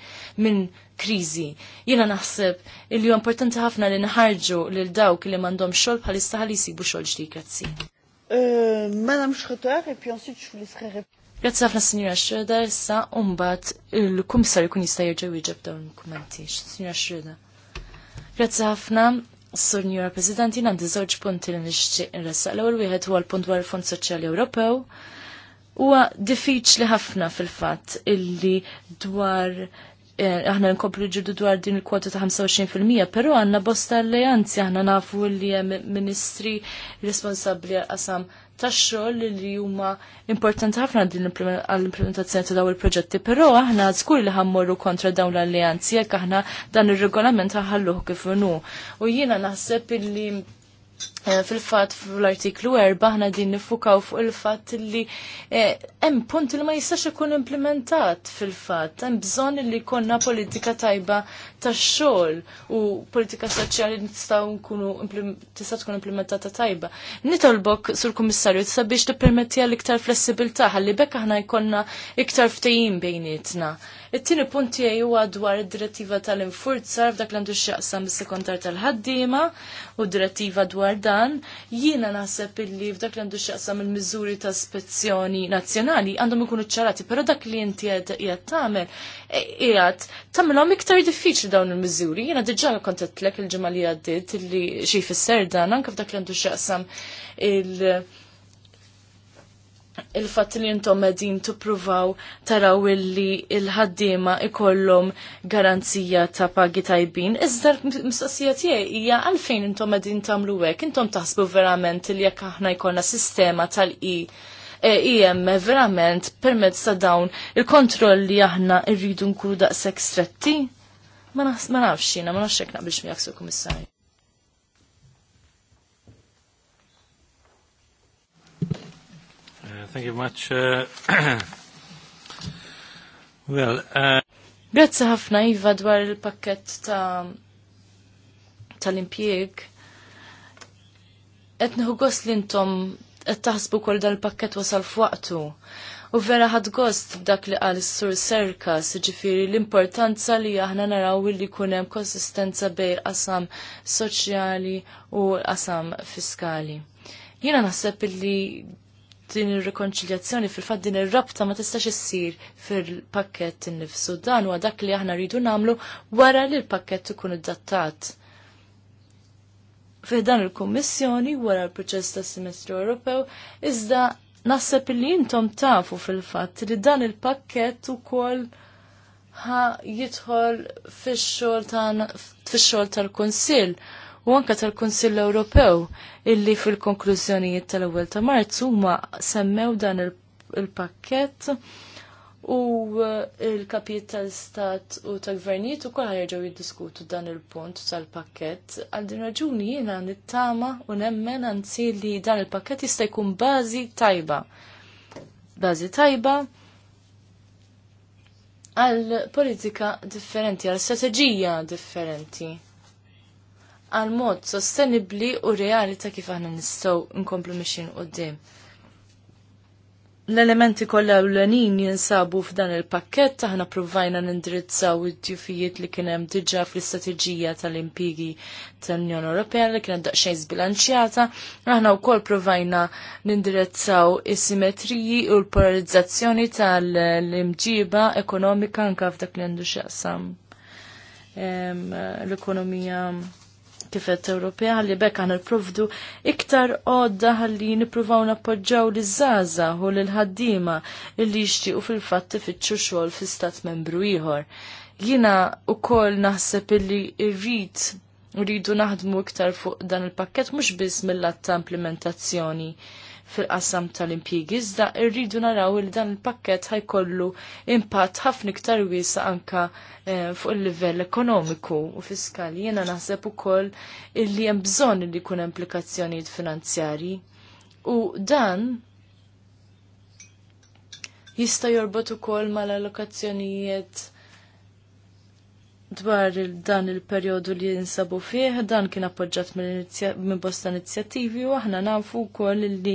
minn kriżi. Jiena naħseb li huwa importanti ħafna li nħarġu lil dawk li m'għandhom xogħol bħalissa ħalli jsibu xogħol ġdid grazzi. Euh, Madam Schroeter, et puis ensuite je vous laisserai répondre. Grazzi ħafna signora Schroeder, sa umbat il-kumissar jkun jista' jerġgħu jieġeb dawn il-kummenti. Signora Schroeder. Grazzi ħafna, signora President, jien għandi żewġ punti li nixtieq nressaq. L-ewwel wieħed huwa l-punt dwar il-Fond Soċjali Ewropew. Huwa diffiċli ħafna fil-fatt illi dwar eh, aħna nkomplu ġirdu dwar din il-kwota ta' 25%, pero għanna bosta alleanzi, aħna nafu li hemm ministri responsabli għasam tax-xogħol li huma importanti ħafna din għall-implementazzjoni ta' dawn il-proġetti, però aħna żgur li ħammorru kontra dawn l-alleanzi jekk aħna dan ir-regolament ħalluh kif inhu. U jiena naħseb illi Eh, fil-fat fl-artiklu 4 ħna din nifukaw fuq il-fat li eh, hemm punt li ma jistax ikun implementat fil-fat. Hemm bżonn li konna politika tajba tax-xogħol u politika soċjali nistgħu nkunu tista' tkun implementata tajba. Nitolbok sur kummissarju sabiex tippermetti l iktar flessibilità ħalli bekk aħna jkollna iktar ftehim bejnietna. It-tieni punt tiegħi huwa dwar id-direttiva tal-infurzar f'dak l-għandu x'jaqsam bis-sekondar tal-ħaddiema u d direttiva dwar dan dan, jiena naħseb illi f'dak li għandu xaqsam il-miżuri ta' spezzjoni nazzjonali għandhom ikunu ċarati, però dak li inti e, qiegħed tagħmel qiegħed tagħmelhom iktar diffiċli dawn il-miżuri. Jiena diġà kontettlek il-ġimgħa li għaddiet illi xi jfisser dan anke f'dak li għandu xaqsam il- il-fatt li jintom medin tippruvaw taraw illi il-ħaddiema ikollhom garanzija ta' pagi tajbin. Iżda mistoqsija tiegħi hija għalfejn intom medin tagħmlu hekk, intom taħsbu verament li jekk aħna jkollna sistema tal-i IM verament permezz ta' dawn il-kontroll li aħna rridu nkunu daqshekk stretti? Ma nafx jiena, ma nafx biex mi jaksu kummissarju. Thank you much. Uh, well, uh... Grazzi ħafna Iva dwar il-pakket ta' tal-impjieg. Qed nieħu gost li intom qed taħsbu kol dal-pakket wasal f'waqtu. U vera ħad gost dak li qal is-sur Serkas, ġifiri l-importanza li aħna naraw li jkun hemm konsistenza bej qasam soċjali u qasam fiskali. Jiena naħseb li din ir-rekonċiljazzjoni fil-fatt din ir-rabta ma tistax issir fil-pakket innifsu dan huwa dak li aħna rridu nagħmlu wara li l-pakket ikun iddattat. Fih dan il-Kummissjoni wara l-proċess tas semestru Ewropew iżda naħseb li jintom tafu fil-fatt li dan il-pakket ukoll ha jidħol fix-xogħol tal-Kunsill. Ta u anka tal-Kunsill Ewropew illi fil-konklużjonijiet tal-ewwel ta' Marzu huma semmew dan il-pakkett u eh, il-kapijiet tal-Stat u tal-Gvernijiet ukoll jerġgħu jiddiskutu dan il-punt tal-pakkett. Għal din raġuni jiena nittama u nemmen anzi li dan il-pakkett jista' jkun bażi tajba. Bażi tajba għal politika differenti, għal strategija differenti għal mod sostenibli u reali ta' kif aħna nistgħu nkomplu mixin qudiem. L-elementi kollha ewlenin jinsabu f'dan il-pakkett aħna pruvajna nindirizzaw id-djufijiet li kien hemm diġà fl-istrateġija tal-impigi tal-Unjoni Ewropea li kienet daqsxejn zbilanċjata, aħna wkoll pruvajna nindirizzaw is-simetriji u l-polarizzazzjoni tal-imġiba ekonomika anke f'dak li għandu x'jaqsam ehm, l-ekonomija kifet Ewropea li bekk aħna nipprovdu iktar għodda ħalli nippruvaw nappoġġaw li zaza u lil ħaddima illi jixtiequ fil-fatt tifittxu xogħol fi stat membru ieħor. Jiena wkoll naħseb illi rrid rridu naħdmu iktar fuq dan il-pakket mhux biss mill-att ta' implementazzjoni fil-qasam tal-impjigi. Iżda rridu naraw li dan il-pakket ħajkollu impatt ħafna iktar wiesa anka eh, fuq il-livell ekonomiku u fiskali. Jena naħseb ukoll illi hemm bżonn li jkun implikazzjonijiet finanzjarji. U dan jista' jorbot ukoll mal-allokazzjonijiet dwar dan il-perjodu li jinsabu fih, dan kien appoġġat minn bosta inizjattivi u aħna nafu wkoll li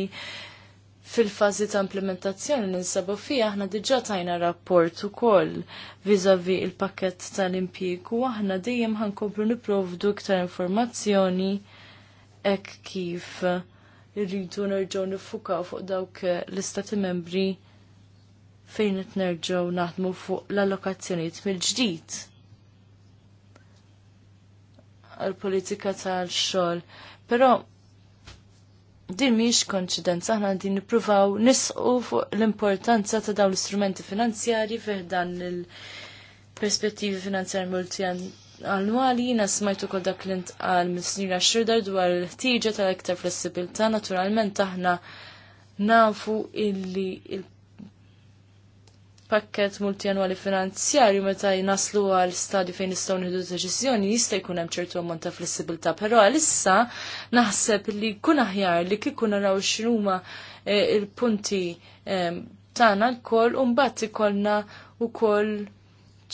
fil-fazi ta' implementazzjoni li nsabu fih aħna diġà tajna rapport ukoll viżavi il-pakket tal-impjieg u aħna dejjem ħankomplu niprovdu iktar informazzjoni hekk kif irridu nerġgħu nifukaw fuq dawk l-istati membri fejn qed nerġgħu naħdmu fuq l-allokazzjonijiet mill-ġdid għal politika tal-xogħol. Però din miex konċidenza aħna din nippruvaw nisqu fuq l-importanza ta' dawn l-istrumenti finanzjarji fih dan il-perspettivi finanzjarji multianwali jiena smajtu kol dak li int mis-snira xirder dwar il-ħtieġa tal-iktar flessibilità naturalment aħna nafu illi il pakket multianwali finanzjarju meta jnaslu għal stadju fejn nistgħu nieħdu deċiżjoni jista' jkun hemm ċertu ammont ta' flessibilità, però għalissa naħseb li kun aħjar li kieku naraw x'huma eh, il-punti eh, tagħna lkoll u mbagħad ikollna wkoll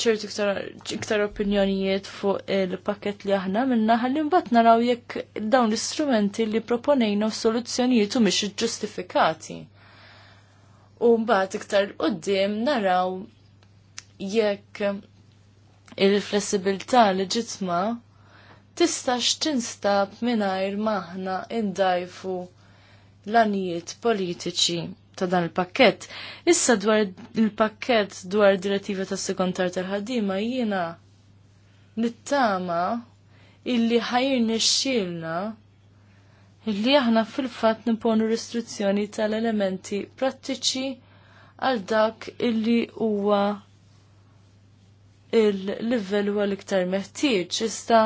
ċertu iktar opinjonijiet fuq il-pakket li aħna minna ħalli mbagħad naraw jekk dawn l-istrumenti li proponejna soluzzjonijiet u mhix ġustifikati u mbagħad iktar qudiem naraw jekk il-flessibilità li ġitma tistax tinstab mingħajr maħna indajfu l-anijiet politiċi ta' dan il-pakket. Issa dwar il-pakket dwar direttiva ta' sekontar tal-ħadima jiena nittama illi ħajir nixxilna li aħna fil-fatt niponu restrizzjoni tal-elementi prattiċi għal dak illi huwa il-livell huwa l-iktar meħtieġ. Ista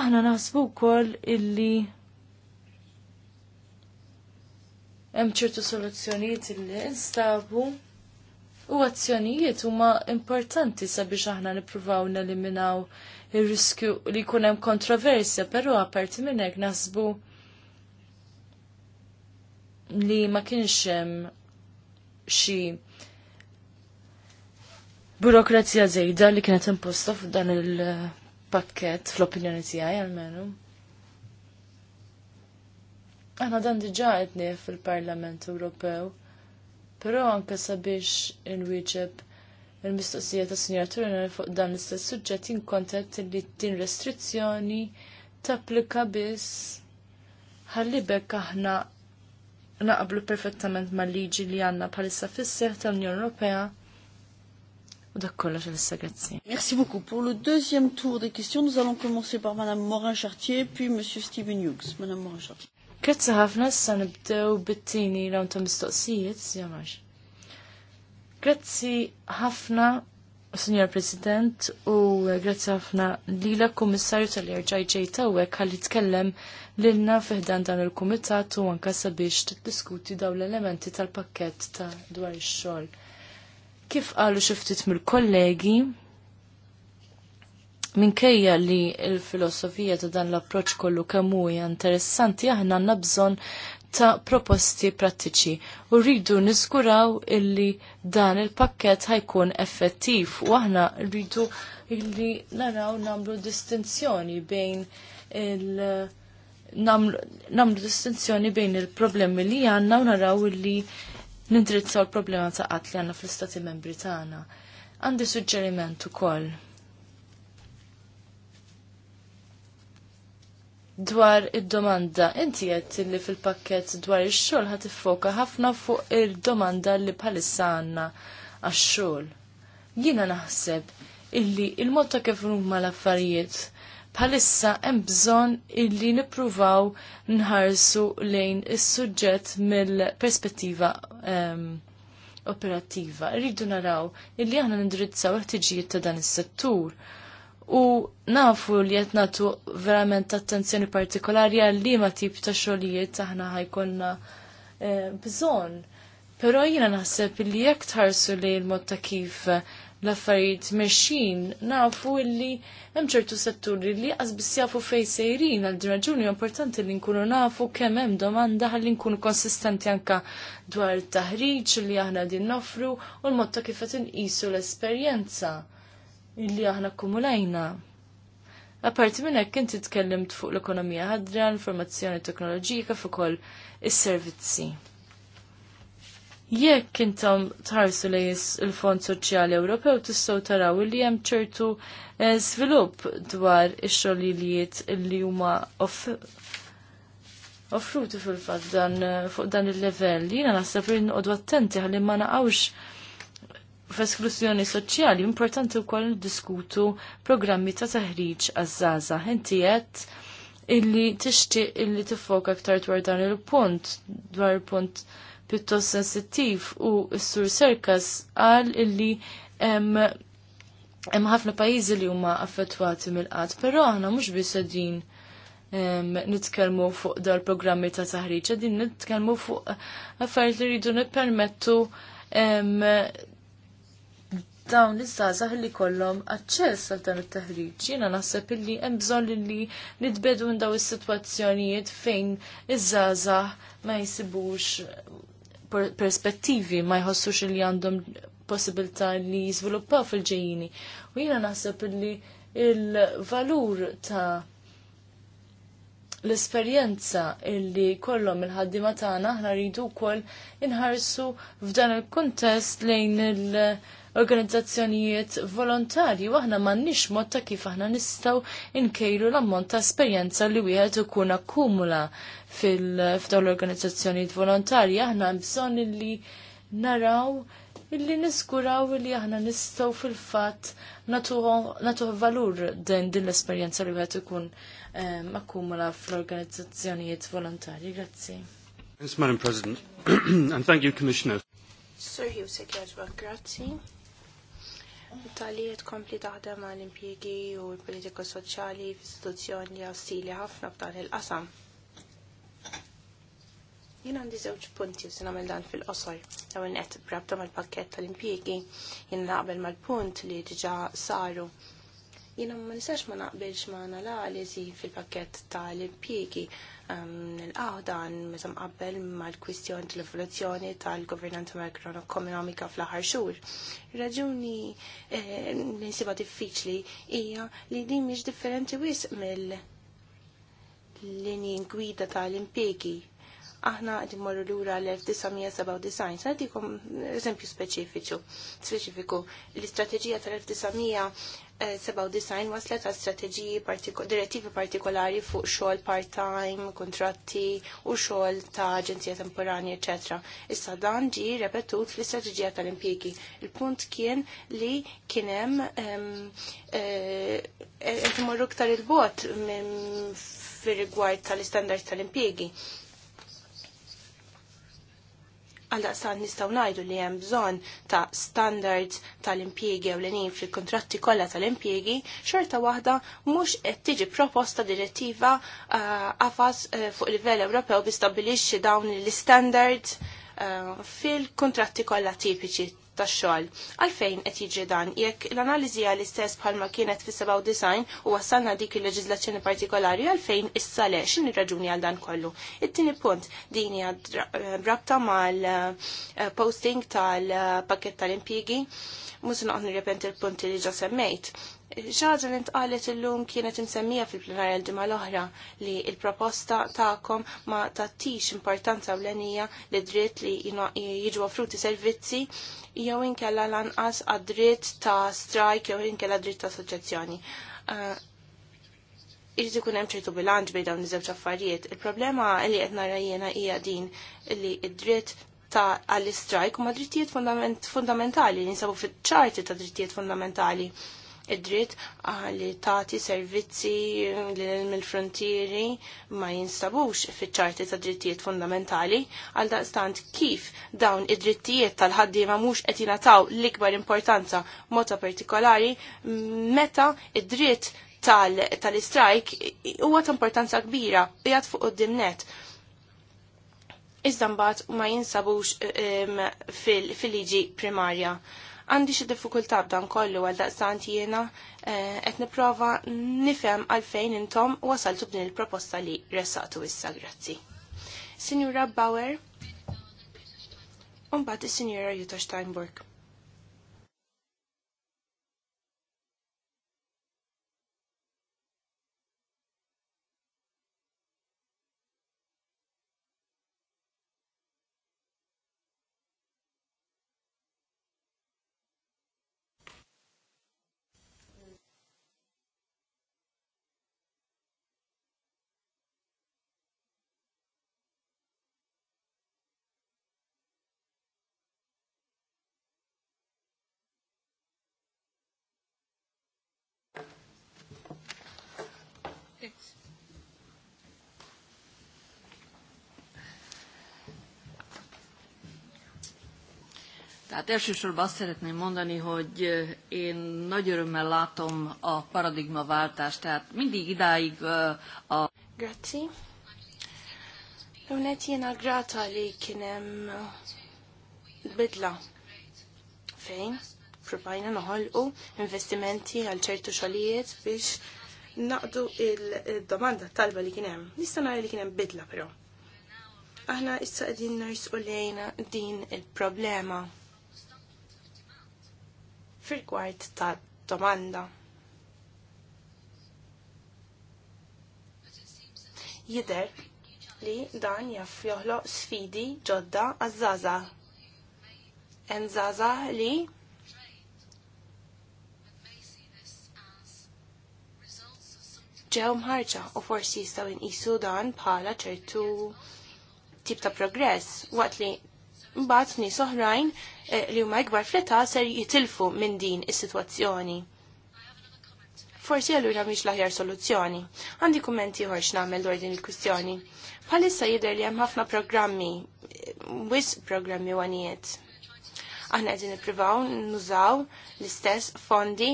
aħna naħsbu wkoll illi hemm ċertu soluzzjonijiet illi instabu u azzjonijiet huma importanti sabiex aħna nippruvaw neliminaw ir-riskju li jkun hemm kontroversja, però apparti minn hekk naħsbu li ma kienx hemm xi burokrazija żejda li kienet imposta f'dan il-pakket fl-opinjoni tiegħi għalmenu. Aħna dan diġà qed fil-Parlament Ewropew, però anke sabiex inwieġeb il-mistoqsija ta' Sinjor Turner fuq dan l-istess suġġett inkontet li din restrizzjoni tapplika biss ħalli bekk aħna naqblu perfettament ma' liġi li għanna palissa fis-seħ tal-Unjoni Ewropea U dak kollox issa grazzi. Merci beaucoup. Pour le deuxième tour des questions, nous allons commencer par Madame Morin-Chartier, puis Monsieur Steven Hughes. Madame Morin-Chartier. Kretza ħafna s issa nibdew bit-tieni rawn ta' mistoqsijiet, jamax. Kretzi ħafna Signor President, u grazzi ħafna la kummissarju tal-irġaj għek għalli tkellem lilna fiħdan dan il-kumitat u anka sabiex tiddiskuti daw l-elementi tal-pakket ta' dwar ix-xogħol. Kif qalu xiftit mill-kollegi, minkejja li l-filosofija ta' dan l-approċ kollu kemm interessanti aħna għandna bżonn ta' proposti prattiċi u rridu niskuraw illi dan il-pakket ħajkun effettiv u aħna rridu illi naraw namlu distinzjoni bejn il- namlu, distinzjoni bejn il-problemi li għanna u naraw illi nindrizzaw il-problema ta' għat li għanna fl-istati membri tagħna. Għandi suġġeriment ukoll. koll dwar id-domanda. Inti qed li fil-pakket dwar ix-xogħol ħadd tiffoka ħafna fuq il-domanda li bħalissa għandna għax-xogħol. Jiena naħseb illi il-mod ta' kif huma l-affarijiet bħalissa hemm bżonn illi nippruvaw nħarsu lejn is-suġġett mill-perspettiva um, operattiva. Rridu naraw illi aħna nindirizzaw ħtiġijiet ta' dan is-settur u nafu li qed nagħtu verament attenzjoni partikolari għal liema tip ta' xogħlijiet aħna ħajkonna eh, bżonn. Però jiena naħseb li jekk tħarsu li l-mod ta' kif l-affarijiet mexin nafu li hemm ċertu setturi li qas biss jafu fejn sejrin għal din raġuni importanti li nkunu nafu kemm hemm domanda ħalli nkunu konsistenti anke dwar it-taħriġ li aħna din nofru u l-mod ta' kif qed inqisu l-esperjenza illi aħna kumulajna. Apparti minn hekk inti tkellimt fuq l-ekonomija ħadra, l-informazzjoni teknoloġika fuq ukoll is-servizzi. Jekk intom tħarsu li il-Fond Soċjali Ewropew tistgħu taraw li hemm ċertu svilupp eh, dwar ix-xogħlijiet li huma offruti fil-fatt dan eh, fuq dan il-level. Jiena naħseb li nqogħdu attenti ħalli ma naqgħux f'esklużjoni soċjali importanti wkoll diskutu programmi ta' taħriġ għaż-żaża. Inti qed illi tixtieq illi tiffoka aktar dwar dan il-punt, dwar il-punt pjuttost sensittiv u s-sur Serkas qal illi hemm ħafna pajjiżi li huma affettwati mill-qatt, però aħna mhux biss din nitkellmu fuq dal-programmi ta' taħriġ, din nitkellmu fuq affarijiet li rridu nippermettu dawn iż-żgħażagħ li kollhom aċċess għal dan it-taħriġ. Jiena naħseb illi hemm bżonn li nitbedu minn daw is-sitwazzjonijiet fejn iż-żgħażagħ ma jsibux perspettivi ma jħossux li għandhom possibilità li jiżviluppaw fil-ġejjini. U jiena naħseb illi il-valur ta' l-esperjenza illi kollom il-ħaddima tagħna aħna rridu wkoll inħarsu f'dan il-kuntest lejn il-, -il organizzazzjonijiet volontarji u aħna m'għandniex mod ta' kif aħna nistgħu nkejlu l-ammont ta' esperjenza li wieħed ikun akkumula fil-fdawn l-organizzazzjonijiet volontarji aħna bżonn li naraw illi niskuraw illi aħna nistgħu fil-fatt natuħ valur din din l-esperjenza li wieħed ikun eh, akkumula fl-organizzazzjonijiet volontarji. Grazzi. Thanks, Madam President, and thank you, Commissioner. Sir Hugh Sekjadwa, grazzi. Italija tkompli taħdem l impjiegi u l-politika soċjali f'istituzzjoni ostili ħafna f'dan il-qasam. Jien għandi żewġ punti se nagħmel dan fil-qosor. Dawn qed brabta mal-pakkett tal-impjiegi jien naqbel mal-punt li diġà saru Jina ma nistax ma naqbilx ma analizi fil-pakket tal impjiegi ehm, l-qawdan meta mqabbel mal-kwistjoni tal-evoluzzjoni tal-governanza makroekonomika fl-aħħar xhur. Raġuni li eh, nsiba diffiċli hija li din mhix differenti wisq mill-linji gwida tal-impjegi aħna għed morru l-ura l-1997, għadikom eżempju speċifiċu, speċifiku, l-istrateġija tal-1997 waslet għal strateġiji direttivi partikolari fuq xogħol part-time, kontratti u xogħol ta' aġenzija temporani, ecc. Issa dan ġi repetut fl-istrateġija tal-impjegi. Il-punt kien li kienem qed ehm, eh, eh, imorru ktar il-bot fir rigward tal-istandard tal-impjegi. tal istandard tal impjegi Għaldaqstant nistgħu ngħidu li hemm bżonn ta' standards tal impjegi u l fil-kontratti kollha tal-impjiegi, xorta waħda mhux qed tiġi proposta direttiva għafas eh, uh, eh, uh, fuq livell Ewropew bi stabbilixxi dawn l-standards uh, fil-kontratti kollha tipiċi tax-xogħol. Għalfejn qed jiġri dan jekk l-analiżi għal istess bħalma kienet fis-97 u wassalna dik il-leġiżlazzjoni partikolari għalfejn issa le x'inhi raġuni għal dan kollu. It-tieni punt din hija eh, rabta mal-posting eh, tal-pakket tal eh, impjiegi mhux noqgħod nirrepent il-punti li ġa semmejt ċaġa li ntqalet illum kienet imsemmija fil-plenarja l-ġimgħa l-oħra li il-proposta tagħkom ma tattix importanza ewlenija li dritt li jiġu offruti servizzi jew inkella lanqas għad-dritt ta' strajk jew inkella dritt ta' soġġezzjoni. Eh, irid ikun hemm ċertu bilanċ bejn dawn iż-żewġ affarijiet. Il-problema li qed nara jiena hija din li id-dritt ta' għall-istrajk huma drittijiet fundamentali, li jinsabu fiċ-ċarti ta' drittijiet fundamentali id-dritt li tagħti servizzi eh, mill-frontieri ma jinstabux fiċ-ċarti ta' drittijiet fundamentali għal daqstant kif dawn id-drittijiet tal-ħaddiema mhux qed jingħataw l-ikbar importanza mota partikolari meta id-dritt tal-istrajk huwa ta' importanza kbira qiegħed fuq id-dimnet iżda mbagħad ma jinsabux eh, fil-liġi fil primarja. Għandi xie diffikultà b'dan kollu għal daqsant jiena eh, qed nipprova nifhem għalfejn intom wasaltu b'din il-proposta li ressaqtu issa grazzi. Signora Bauer, un bat is signora Jutta Steinburg. Tehát elsősorban azt szeretném mondani, hogy én nagy örömmel látom a paradigma váltást, tehát mindig idáig a... Grazie. Unet jena grata li kienem bidla fejn provajna noħolqu investimenti għal ċertu xogħlijiet biex naqdu il-domanda talba li kienem. Nista' nara li kienem bidla però. Aħna issa qegħdin narsqu lejna din il-problema. il problema fil-gwart ta' domanda. Jider li dan jaff joħloq sfidi ġodda għazzaza. Enzaza li ġew mħarġa u forsi jistgħu inqisu dan bħala ċertu tip ta' progress waqt li mbagħad nies oħrajn eh, li huma ikbar fl-età ser jitilfu minn din is-sitwazzjoni. Forsi allura mhix l-aħjar soluzzjoni. Għandi kummenti ħorx nagħmel dwar din il-kwistjoni. Bħalissa jidher li hemm ħafna programmi, wis programmi wanijiet. Aħna qegħdin nippruvaw nużaw l-istess fondi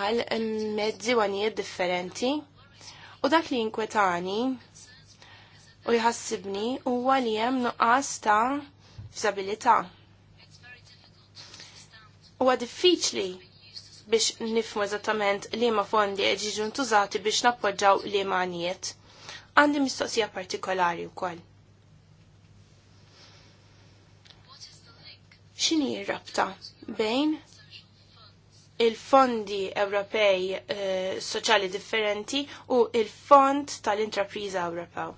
għal mezzi wanijiet differenti. U dak li jinkwetani u jħassibni huwa li hemm nuqqas ta' disabilità. Huwa diffiċli biex nifmu eżattament li ma fondi ġiġu ntużati biex nappoġġaw li ma għanijiet. Għandi mistoqsija partikolari u koll. ċini rabta bejn il-fondi Ewropej uh, soċjali differenti u il-fond tal-intrapriża Ewropew?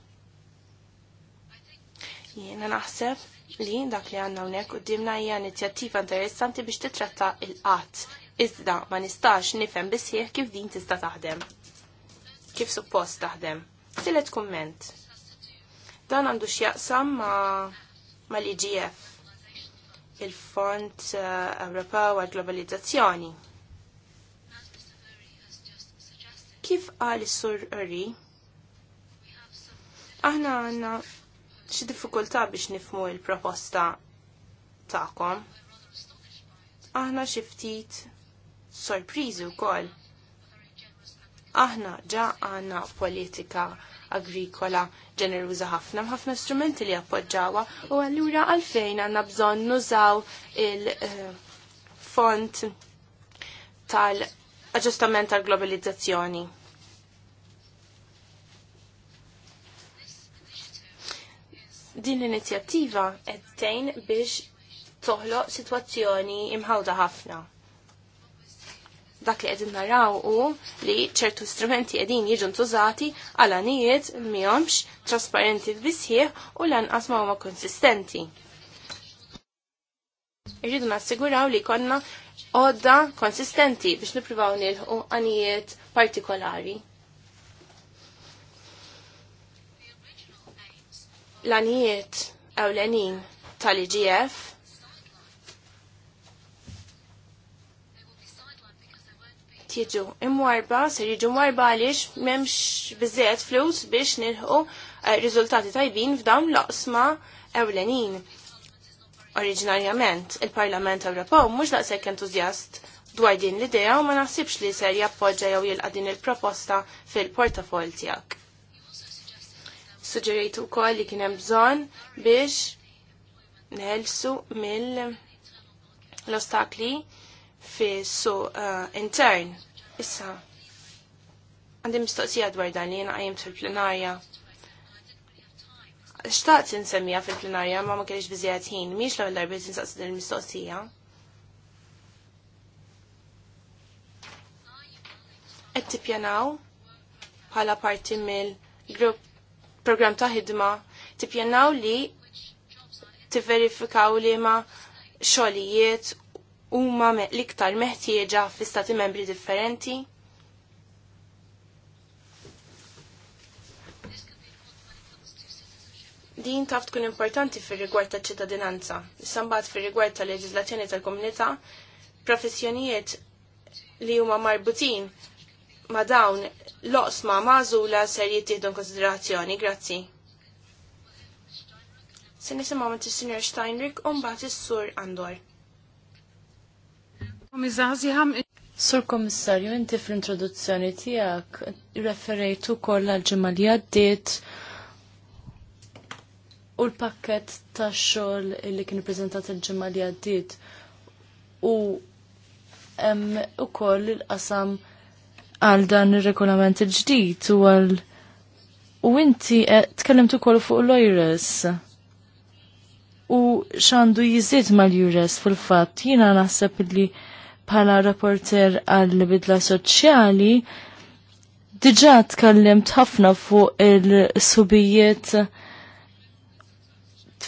Jiena naħseb li dak li għanna unek u dimna hija inizjattiva interessanti biex titratta il-qatt. Iżda ma nistax nifhem bisħieħ kif din tista' taħdem. Kif suppost taħdem. Tilet kumment. Dan għandu x'jaqsam ma mal-IGF il-Fond eh, Ewropew għal Globalizzazzjoni. Kif għal is-Sur Uri? Aħna għandna xi diffikultà biex nifmu il-proposta tagħkom. Aħna xi ftit sorpriżi wkoll. Aħna ġa għandna politika agrikola ġeneruża ħafna ħafna strumenti li appoġġawha u allura għalfejn għandna bżonn nużaw il-font eh, tal-aġġustament tal-globalizzazzjoni. Din l-inizjattiva qed tgħin biex toħloq sitwazzjoni imħawda ħafna. Dak li qegħdin naraw hu li ċertu strumenti qegħdin jiġu ntużati għal anijiet mihomx trasparenti bisħieħ u lanqas ma huma konsistenti. Irridu nassiguraw li konna għodda konsistenti biex nippruvaw nilħu għanijiet partikolari. l-anijiet għaw l-anin tal-IGF tiġu imwarba, ser jiġu imwarba għaliex memx bizziet flus biex nilħu eh, riżultati tajbin f'dawn l-oqsma ewlenin. Oriġinarjament, il-Parlament Ewropew mhux daqshekk entużjast dwar din l-idea u ma naħsibx li ser jappoġġa jew jilqa' din il-proposta fil-portafol tiegħek suġġerejtu wkoll li kien hemm bżonn biex nħelsu mill l-ostakli fis-su uh, intern. Issa, għandim mistoqsija dwar dan li jena għajem fil-plenarja. Xtaqt nsemmija fil-plenarja ma ma kellix biżjed ħin, miex l għal darbiet nsaqsi din il-mistoqsija. Qed tippjanaw bħala parti mill-grupp program ta' ħidma tipjennaw li tiverifikaw li ma xogħlijiet huma l-iktar meħtieġa fi stati membri differenti? Din taf tkun importanti fir rigward ta' ċittadinanza. Sambat fir rigward ta' leġizlazzjoni tal-komunità, professjonijiet li huma marbutin ma dawn l-osma mażula ser jittieħdu konsiderazzjoni, grazzi. Se nisimgħu moment is-Sinjor Steinrich u mbagħad is-Sur Andor. Sur Komissarju, inti fl-introduzzjoni tiegħek referejtu ukoll għal-ġimgħa li għaddiet u l-pakket tax-xogħol li kien ippreżentat il-ġimgħa li għaddiet u hemm ukoll il-qasam għal dan il-regolament il-ġdid u għal u inti eh, tkellimt ukoll fuq l oires u xandu jiżid mal-jures fil-fatt jiena naħseb li bħala rapporter għal bidla soċjali diġa' tkellimt ħafna fuq il-subijiet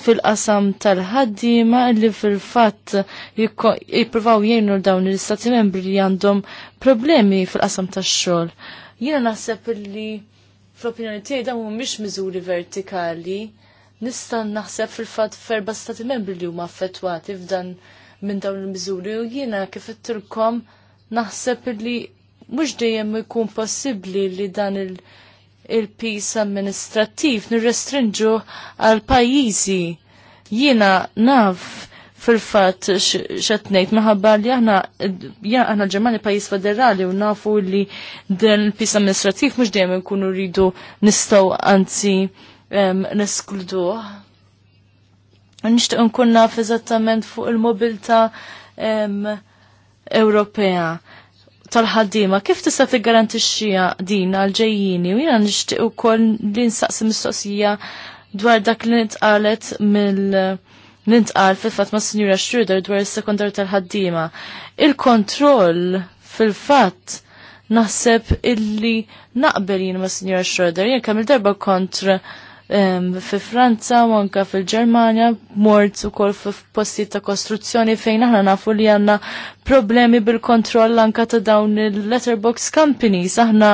fil-qasam tal-ħaddima li fil-fatt jippruvaw jgħinu dawn l-istati membri li għandhom problemi fil-qasam tax-xogħol. Jiena naħseb li fl-opinjoni tiegħi dawn mhumiex miżuri vertikali. Nista' naħseb fil-fatt ferba stati membri li huma affettwati f'dan minn dawn il-miżuri u jiena kif ittilkom naħseb li mhux dejjem ikun possibbli li dan il- il-pis amministrattiv nirrestrinġu għal pajjiżi. Jiena naf fil-fat xetnejt maħabba li aħna aħna ġermani pajis federali u nafu li din il-pis amministrativ mux dejjem nkunu rridu nistaw anzi neskludu. Nishtaq nkun naf eżattament fuq il-mobilta Ewropea tal-ħaddima, kif tista' tiggarantixxiha din għal-ġejjini u jiena nixtieq ukoll li nsaqsi mistoqsija dwar dak li nitqalet mill nintqal fil-fatt ma' Sinjura Schroeder dwar is-sekondar tal-ħaddima. Il-kontroll fil-fatt naħseb illi naqbel jien ma' Sinjura Schroeder, jien kemm il-darba kontra fi Franza u anka fil-Ġermanja, mort ukoll posti ta' kostruzzjoni fejn aħna nafu li għandna problemi bil-kontroll anka ta' dawn il-letterbox companies. Aħna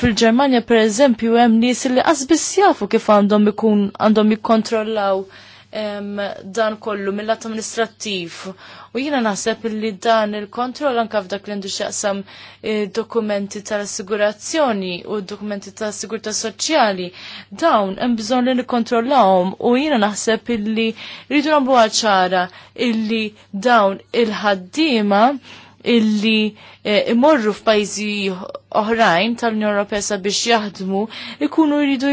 fil-Ġermanja per eżempju hemm nies li qasbis jafu kif għandhom ikun għandhom jikkontrollaw dan kollu mill-att U jiena naħseb li dan il-kontroll anka f'dak li għandu xaqsam eh, dokumenti tal-assigurazzjoni u dokumenti tal-sigurta soċjali, dawn hemm bżonn li nikkontrollawhom u jiena naħseb li rridu nagħmlu ċara illi dawn il-ħaddiema illi eh, imorru f'pajzi oħrajn tal-Unjoni Ewropea sabiex jaħdmu ikunu jridu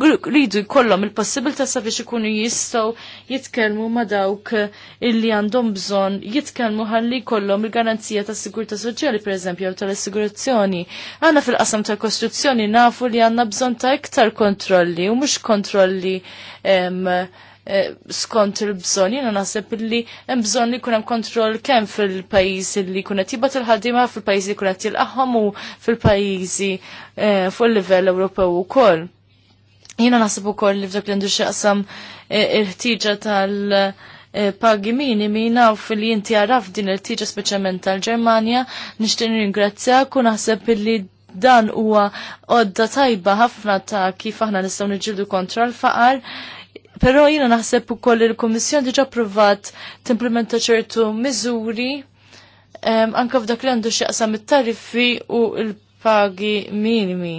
rridu jkollhom il-possibilità sabiex ikunu jistgħu jitkellmu ma' dawk illi għandhom bżonn jitkellmu ħalli jkollhom il-garanzija tas sigurtà soċjali pereżempju jew tal-assigurazzjoni. Għandna fil-qasam tal-kostruzzjoni nafu li għandna bżonn ta' iktar kontrolli u mhux kontrolli eh, skont il-bżon, Jiena naħseb li hemm bżonn li jkun hemm kontroll kemm fil-pajjiż li jkun qed jibgħat il-ħaddiema, fil pajjiżi li jkun qed jilqahom u fil-pajjiżi eh, fuq il-livell Ewropew ukoll. Jina naħseb ukoll li f'dak l għandu xaqsam eh, il-ħtiġa tal- eh, pagi minimi naf li jinti għaraf din il-tiġa speċjalment tal-Ġermanja, nixtieq ringrazzjak u naħseb li dan huwa għodda tajba ħafna ta' kif aħna nistgħu niġġieldu kontra l-faqar. Però jiena naħseb ukoll li l-Kummissjoni diġà provat timplementa ċertu miżuri anke f'dak li għandu x'jaqsam it-tariffi u l-pagi minimi.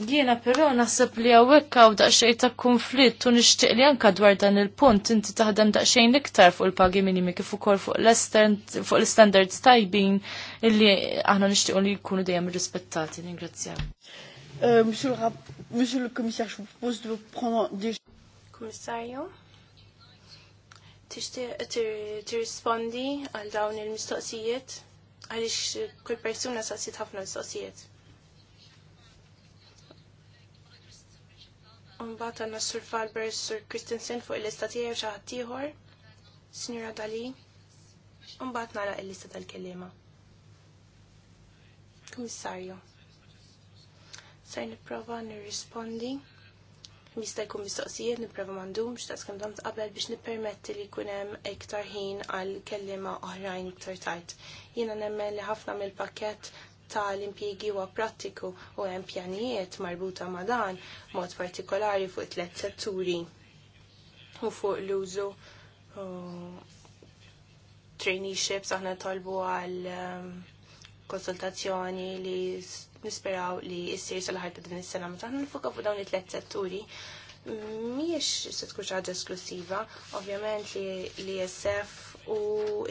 Jiena però naħseb li hawnhekk hawn daqsxejn ta' konflitt u nixtieq li anke dwar dan il-punt inti taħdem daqsxejn iktar fuq il-pagi minimi kif ukoll fuq l-standards tajbin illi aħna nixtiequ li jkunu dejjem irrispettati. Ningrazzjaw. Euh, monsieur le commissaire, je vous propose de prendre des... Commissario, tirrispondi għal dawn il-mistoqsijiet għaliex kull persuna saqsiet ħafna mistoqsijiet. Unbat għanna Sur Falber, Sur Christensen fuq il-lista tiegħu xi ħadd ieħor, Signora Dali. Unbat nara il-lista tal-kelliema. Kummissarju. Sar nipprova nirrispondi. Mista' jkun mistoqsijiet nipprova mandum xta' skemm dam qabel biex nippermetti li jkun hemm iktar ħin għal kelliema oħrajn iktar tajt. Jiena nemmen li ħafna mill-pakkett tal-impjigi huwa prattiku u hemm pjanijiet marbuta ma' dan mod partikolari fuq tliet setturi u fuq l-użu traineeships aħna talbu għal um, konsultazzjoni li nisperaw li jissir sal-ħar ta' din is-sena meta aħna nfuka fuq dawn it-tliet setturi miex se tkun xi ħaġa esklusiva, ovvjament li, l-ISF u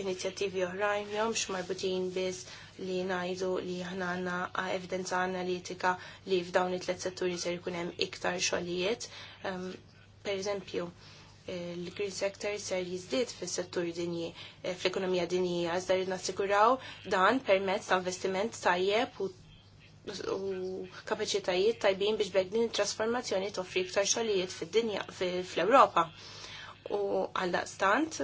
inizjattivi oħrajn mhomx marbutin biss li najdu li aħna għandna evidenza analitika li f'dawn it-tlet setturi ser jkun hemm iktar xogħlijiet. Um, per eżempju, il-green eh, sector ser jizdiet fis settur dinji, eh, fl-ekonomija dinji, iżda rridna nassiguraw dan permezz ta' investiment tajjeb u u kapacitajiet tajbin biex begdin il-trasformazzjoni toffri iktar xogħlijiet fid-dinja fl-Ewropa. U għal stant,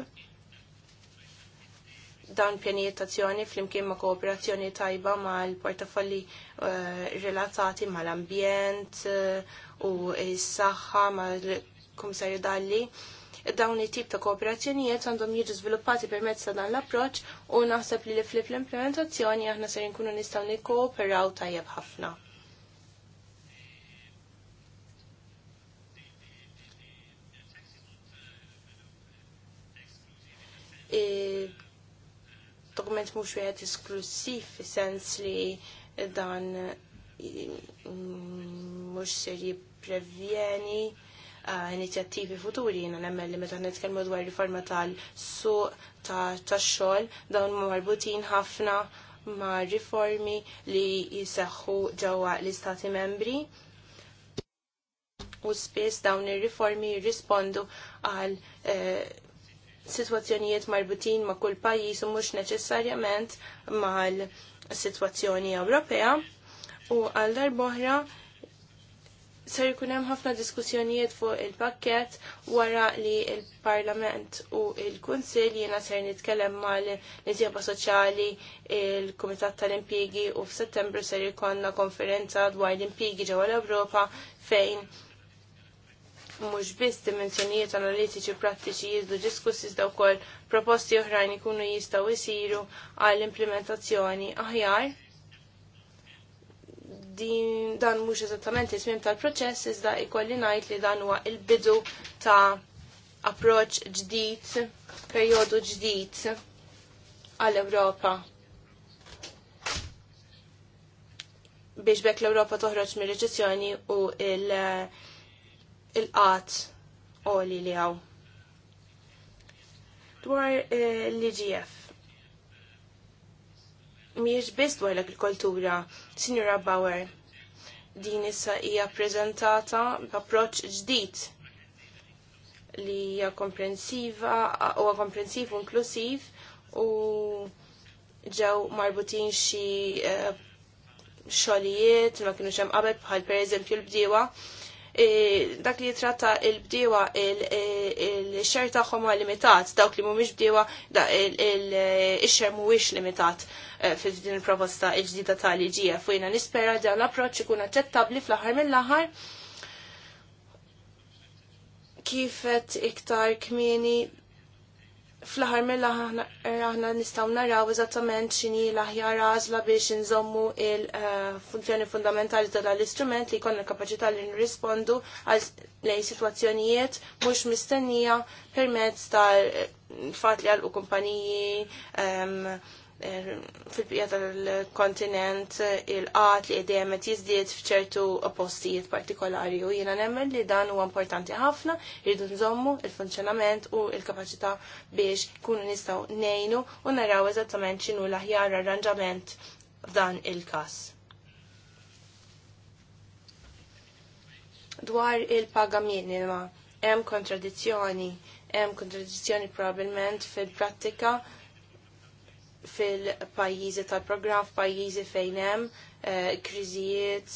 dan pjanijiet tazzjoni flimkien ma' kooperazzjoni tajba ma' l-portafolli eh, relatati ma' l-ambjent eh, u s-saħħa ma' l-Komissarju Dalli. Dawn it-tip ta' kooperazzjonijiet għandhom jiġu żviluppati permezz ta' dan l-approċċ u naħseb li flip l-implementazzjoni aħna ser nkunu nistgħu nikkooperaw tajjeb ħafna. E dokument mhux wieħed esklusiv fis-sens li dan mm, mhux ser jipprevjeni ah, inizjattivi futuri jiena nemmel li meta nitkellmu dwar riforma tal-suq tax-xogħol dawn huma marbutin ħafna ma' riformi li jiseħħu ġewwa l-istati membri u spiss dawn ir-riformi jirrispondu għal eh, situazzjonijiet marbutin ma' kull pajjiż u mhux neċessarjament mal-sitwazzjoni Ewropea u għal darboħra ser jkun hemm ħafna diskussjonijiet fuq il-pakket wara li il-Parlament u il-Kunsill jiena ser nitkellem mal-Nisjaba Soċjali il-Kumitat tal-Impjigi u f'Settembru ser jkollna konferenza dwar l-impjigi ġewwa l-Ewropa fejn mhux biss dimensjonijiet analitiċi prattiċi jiżdu diskussi iżda wkoll proposti oħrajn ikunu jistgħu jsiru għall implementazzjoni aħjar. Din dan mhux eżattament ismim tal-proċess iżda ikolli ngħid li dan huwa il-bidu ta' approċċ ġdid, perjodu ġdid għall-Ewropa. biex bekk l-Ewropa toħroġ mir-reċessjoni u il- il-qat oli li għaw. Dwar eh, l-IGF. Miex biss dwar l-agrikoltura, Signora Bauer, din issa hija prezentata b'approċċ ġdid li hija komprensiva u komprensiv u inklusiv u ġew marbutin xi eh, xogħlijiet ma kienu hemm qabel bħal pereżempju l-bdiewa E, dak li jitratta il-bdiewa e, il-xer tagħhom huwa limitat, dawk li mhumiex bdiewa il-xer mhuwiex limitat e, fil din il-proposta il-ġdida tal-IGF u jiena nispera dan l-approċċ ikun aċċettabbli fl-aħħar mill-aħħar kifet iktar kmini fl-ħar mill eh, aħna nistaw naraw eżattament xini l-aħjar għazla biex nżommu il-funzjoni eh, fundamentali ta' l istrument li jkollna kapacità li nrispondu għal lej situazzjonijiet mhux mistennija permezz tal-fat eh, li għalqu kumpaniji ehm, Eh, fil-bija tal-kontinent il-qat li qegħdem qed jiżdied f'ċertu postijiet partikolari u jiena nemmen li dan huwa importanti ħafna jridu nżommu il-funzjonament u l-kapaċità biex kunu nistgħu nejnu u naraw eżattament xinu l-aħjar arranġament f'dan il-każ. Dwar il-paga minima hemm kontradizzjoni, hemm kontradizzjoni probabbilment fil-prattika fil-pajjiżi tal-programm, f'pajjiżi fejn hemm eh, kriżijiet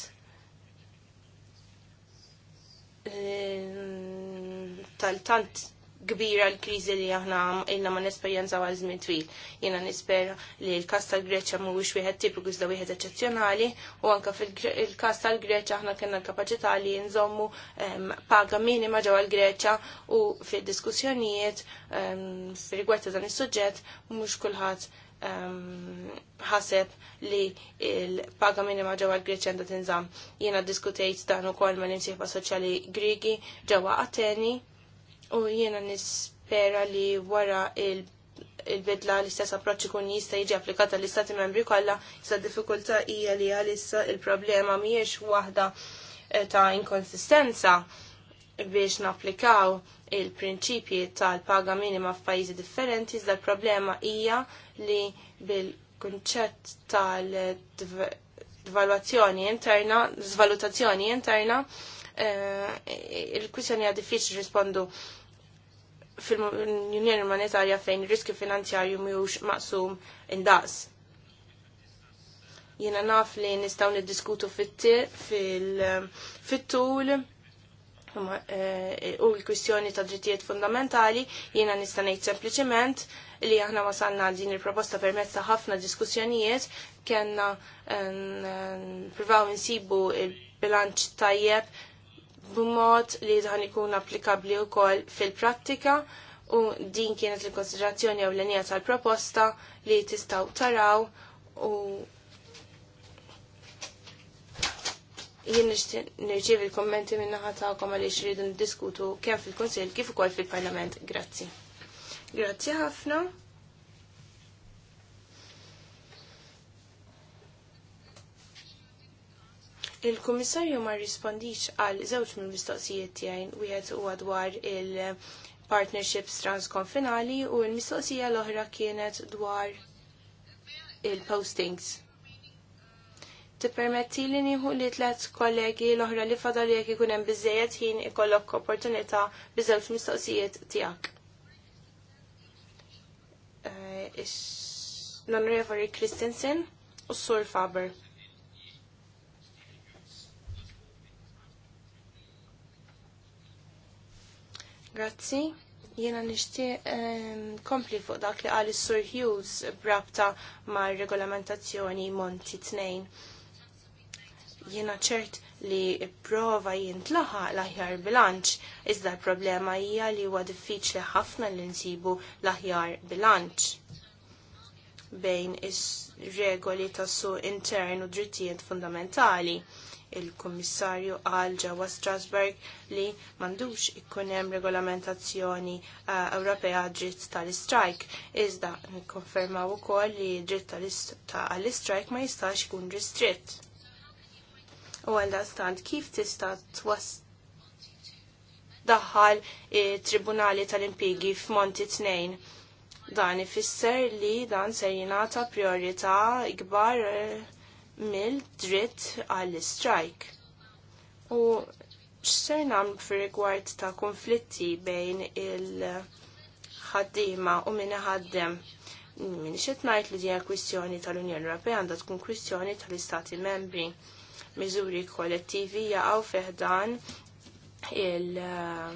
eh, tal-tant kbira l-kriżi li aħna ilna ma nesperjenza għal żmien twil. Jiena nispera li l-każ tal-Greċja mhuwiex wieħed tipiku iżda wieħed eċċezzjonali u anke fil-każ tal-Greċja aħna kellna l-kapaċità li nżommu ehm, paga minima ġewwa l-Greċja u fid-diskussjonijiet ehm, rigward ta' dan is-suġġett mhux kulħadd ħaseb li il-paga minima ġewwa l-Greċja għandha Jiena diskutejt dan ukoll mal-imsieħba soċjali Grigi ġewwa Ateni u jiena nispera li wara il- il-bidla l-istess approċċ ikun jista' jiġi applikata l-istati membri kollha, issa diffikultà hija li għalissa il-problema mhijiex waħda eh, ta' inkonsistenza biex napplikaw il-prinċipji tal-paga minima f'pajjiżi differenti, iżda l-problema hija li bil-kunċett tal-dvalutazzjoni interna, zvalutazzjoni interna, eh, il-kwissjoni għad diffiċli rispondu fil-Unjoni Monetarja fejn il riskju finanzjarju mhux maqsum indaqs. Jiena naf li nistgħu niddiskutu fit-tul Eh, u l-kwistjoni ta' drittijiet fundamentali jiena nista' ngħid sempliċement li aħna wasalna din il-proposta permezz ta' ħafna diskussjonijiet kellna eh, provaw insibu il-bilanċ tajjeb b'mod li dan ikun applikabbli wkoll fil-prattika u din kienet il-konsiderazzjoni ewlenija tal-proposta li tistgħu taraw u jien nirċiv l-kommenti minna naħa tagħkom għaliex rridu diskutu kemm fil konsil kif ukoll fil-Parlament. Grazzi. Grazzi ħafna. Il-Kummissarju ma rrispondix għal żewġ mill-mistoqsijiet tiegħi jħed u għadwar il-partnerships transkonfinali u l-mistoqsija l-oħra kienet dwar il-postings tippermetti li nieħu li tlet kollegi l-oħra li fadal jekk ikun hemm biżejjed ħin ikollok opportunità biżewġ mistoqsijiet tiegħek. Eh, L-Onorevoli Christensen u Sur Faber. Grazzi jena nishtiq ehm, kompli fuq dak li għal sur Hughes brabta ma' regolamentazzjoni Monti 2. Jiena ċert li prova jintlaħa l-aħjar bilanċ, iżda l-problema hija li huwa diffiċli ħafna li nsibu l-aħjar bilanċ bejn is-regoli tas-suq intern u drittijiet fundamentali. Il-Kummissarju għal ġewwa Strasburg li m'għandux ikun hemm regolamentazzjoni eh, Ewropea dritt tal-istrajk, iżda nikkonfermaw ukoll li dritt tal-istrajk ma jistax ikun ristritt U għalda stant kif tista' twas daħħal eh, tribunali tal-impigi f'Monti tnejn. Dan ifisser li dan se jingħata priorità ikbar eh, mill-dritt għall strike U x'ser nagħmlu fir ta' konflitti bejn il-ħaddiema u min iħaddem min xitnajt li din kwistjoni tal-Unjoni Ewropea għandha tkun kwistjoni tal-Istati membri miżuri kollettivi jaqgħu fiħdan il- eh,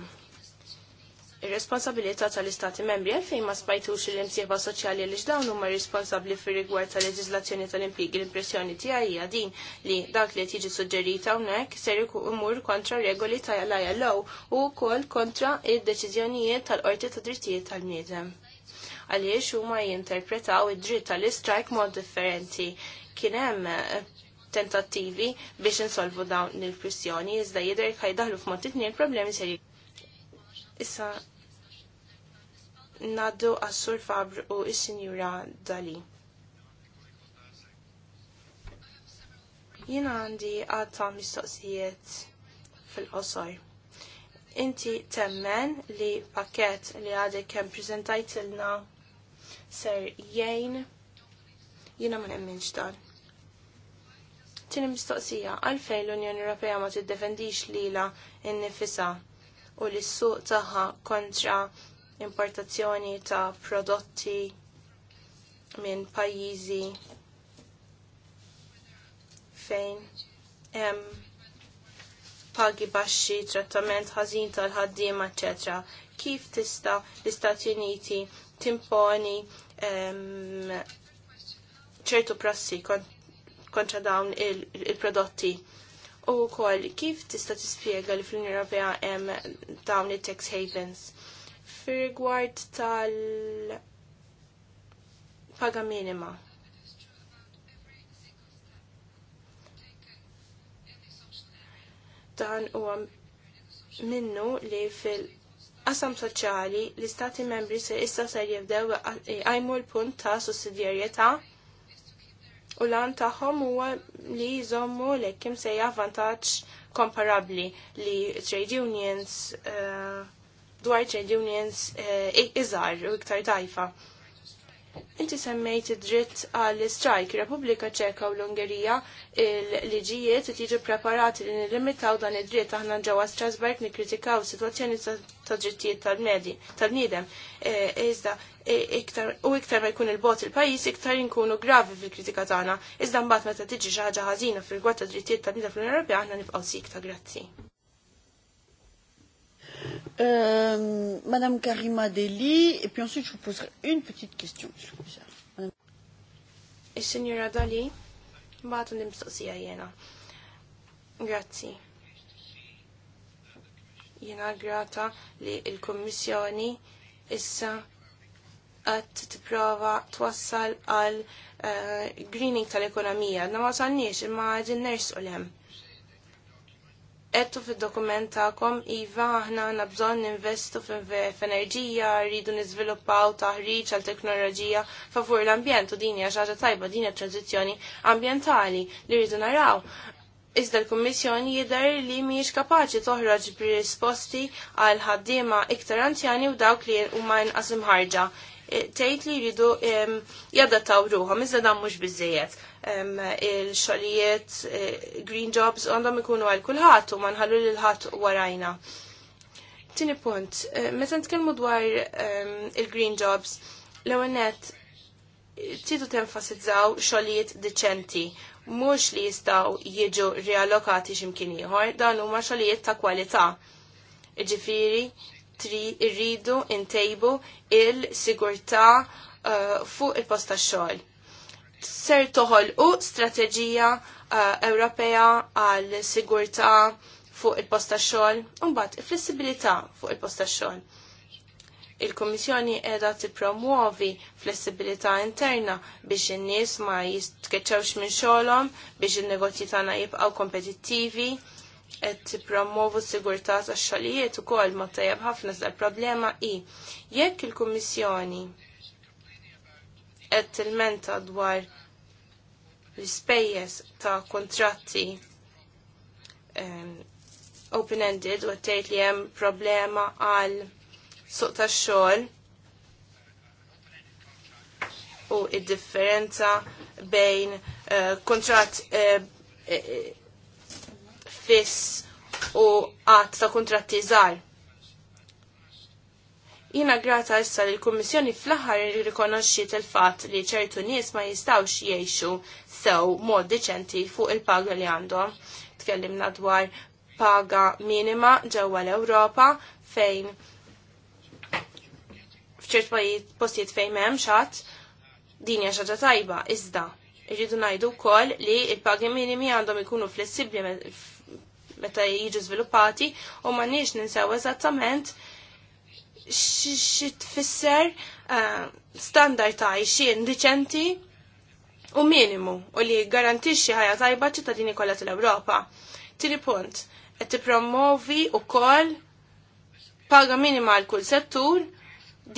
ir-responsabilità tal-Istati membri għalfejn ma spajtux il imsieħba soċjali li x'dawn huma responsabbli fir-rigward tal-leġiżlazzjoni tal-impjiegi l-impressjoni tiegħi hija din li dak li tiġi suġġerita hawnhekk ser imur kontra regoli tal-ILO u wkoll kontra id-deċiżjonijiet tal-Qorti ta' Drittijiet tal-Bniedem. Għaliex huma jinterpretaw id-dritt tal-istrajk mod differenti. Kien hemm eh, tentattivi biex insolvu dawn il-kwistjoni, iżda jidher ħajdaħlu f'mod it-tnejn problemi serji. Issa naddu għas-Sur Fabr u is-Sinjura Dali. Jiena għandi għadta mistoqsijiet fil-qosor. Inti temmen li pakket li għadek kem prezentajt ser jgħin jina ma nemminx dan. Tini mistoqsija, għalfejn l-Unjoni Ewropea ma tiddefendix lila in-nifisa u l suq tagħha kontra importazzjoni ta' prodotti minn pajjiżi fejn hemm pagi baxxi, trattament ħażin tal-ħaddiema, eċetera. Kif tista' l-Istati Uniti timponi ehm, ċertu prassi kont kontra dawn il-prodotti. u kol, kif tista' tispjega li fl-Unjoni Ewropea hemm dawn it-tax havens? Fir-rigward tal- paga minima. Dan huwa minnu li fil- qasam soċjali l-istati membri se issa ser jibdew għajmu l-punt ta' sussidjarjetà u lan tagħhom huwa li jżommu li kim se vantaġġ komparabli li trade unions uh, dwar trade unions uh, eh, iżar u iktar tajfa. Inti semmejt id-dritt għall strajk Repubblika Ċeka u l-Ungerija il-liġijiet li jiġu preparati li nirrimitaw dan id-dritt aħna ġewwa Strasberg nikkritikaw sitwazzjoni ta' drittijiet tal-medi tal-niedem. E, iżda e, u iktar ma jkun il-bot il-pajjiż iktar inkunu gravi fil-kritika tagħna. Iżda mbagħad meta tiġi xi ħaġa ħażina fil-gwatt ta' drittijiet tal-niedem fl-Unjoni Ewropea aħna nibqgħu ta' grazzi. Euh, Madame Karima Deli, et puis ensuite je vous poserai une petite question, monsieur le commissaire. Madame... Et signora Dali, batu nimstoqsija jena. Grazzi. Jena grata li il-Kommissjoni issa għat t-prova twassal għal eh, greening tal-ekonomija. Na ma sanniex imma għadin nersu l-hemm Ettu fil-dokument ta'kom, Iva, aħna għanna bżon ninvestu f'enerġija, rridu nizviluppaw taħriġ għal teknoloġija favur l-ambjent u dinja ġaġa tajba dinja tranzizjoni ambientali li rridu naraw. Iżda l-Kummissjoni jidher li mhijiex kapaċi toħroġ b'risposti għal ħaddiema iktar anzjani u dawk li huma inqas imħarġa tgħid li jridu ehm, jadattaw ruħhom iżda dan mhux biżejjed il-xogħlijiet eh, green jobs għandhom ikunu għal kulħadd u ma nħallu lil ħadd warajna. Tini punt, eh, meta nitkellmu dwar il-green jobs, l-ewwel net tidu tenfasizzaw xogħlijiet deċenti mhux li jistgħu jiġu riallokati x'imkien ieħor, dan huma xogħlijiet ta' kwalità. Ġifieri, irridu intejbu il-sigurtà eh, fuq il-post tax-xogħol ser toħolqu strateġija uh, Ewropea għal sigurtà fuq il posta tax-xogħol u flessibilità fuq il posta tax-xogħol. Il-Kummissjoni qiegħda promuovi flessibilità interna biex in-nies ma jistkeċawx minn xogħolhom biex in-negozji tagħna jibqgħu kompetittivi qed tippromovu s-sigurtà tax-xogħlijiet ukoll ma tajjeb ħafna problema hi jekk il-Kummissjoni qed tilmenta dwar l-ispejjeż ta' kontratti um, ehm, open-ended u tgħid li hemm problema għal suq ta' xogħol u id-differenza bejn uh, eh, kontratt uh, eh, uh, eh, fiss u għat ta' kontratti żgħar Jina grata issa li l-Kummissjoni fl-aħħar rikonoxxiet il-fatt li ċertu nies ma jistawx jgħixu sew mod diċenti fuq il-paga li għandhom. Tkellimna dwar paga minima ġewwa l-Ewropa fejn f'ċert postijiet fejn m'hemm xatt din hija xaġa tajba iżda irridu ngħidu wkoll li l pagi minimi għandhom ikunu flessibbli meta jiġu sviluppati u ma nix ninsew eżattament xi tfisser eh, standard ta' xien diċenti u minimu u li garantixxi ħajja tajba ċittadini kollha tal-Ewropa. Tieni punt, qed tippromovi wkoll paga minima għal kull settur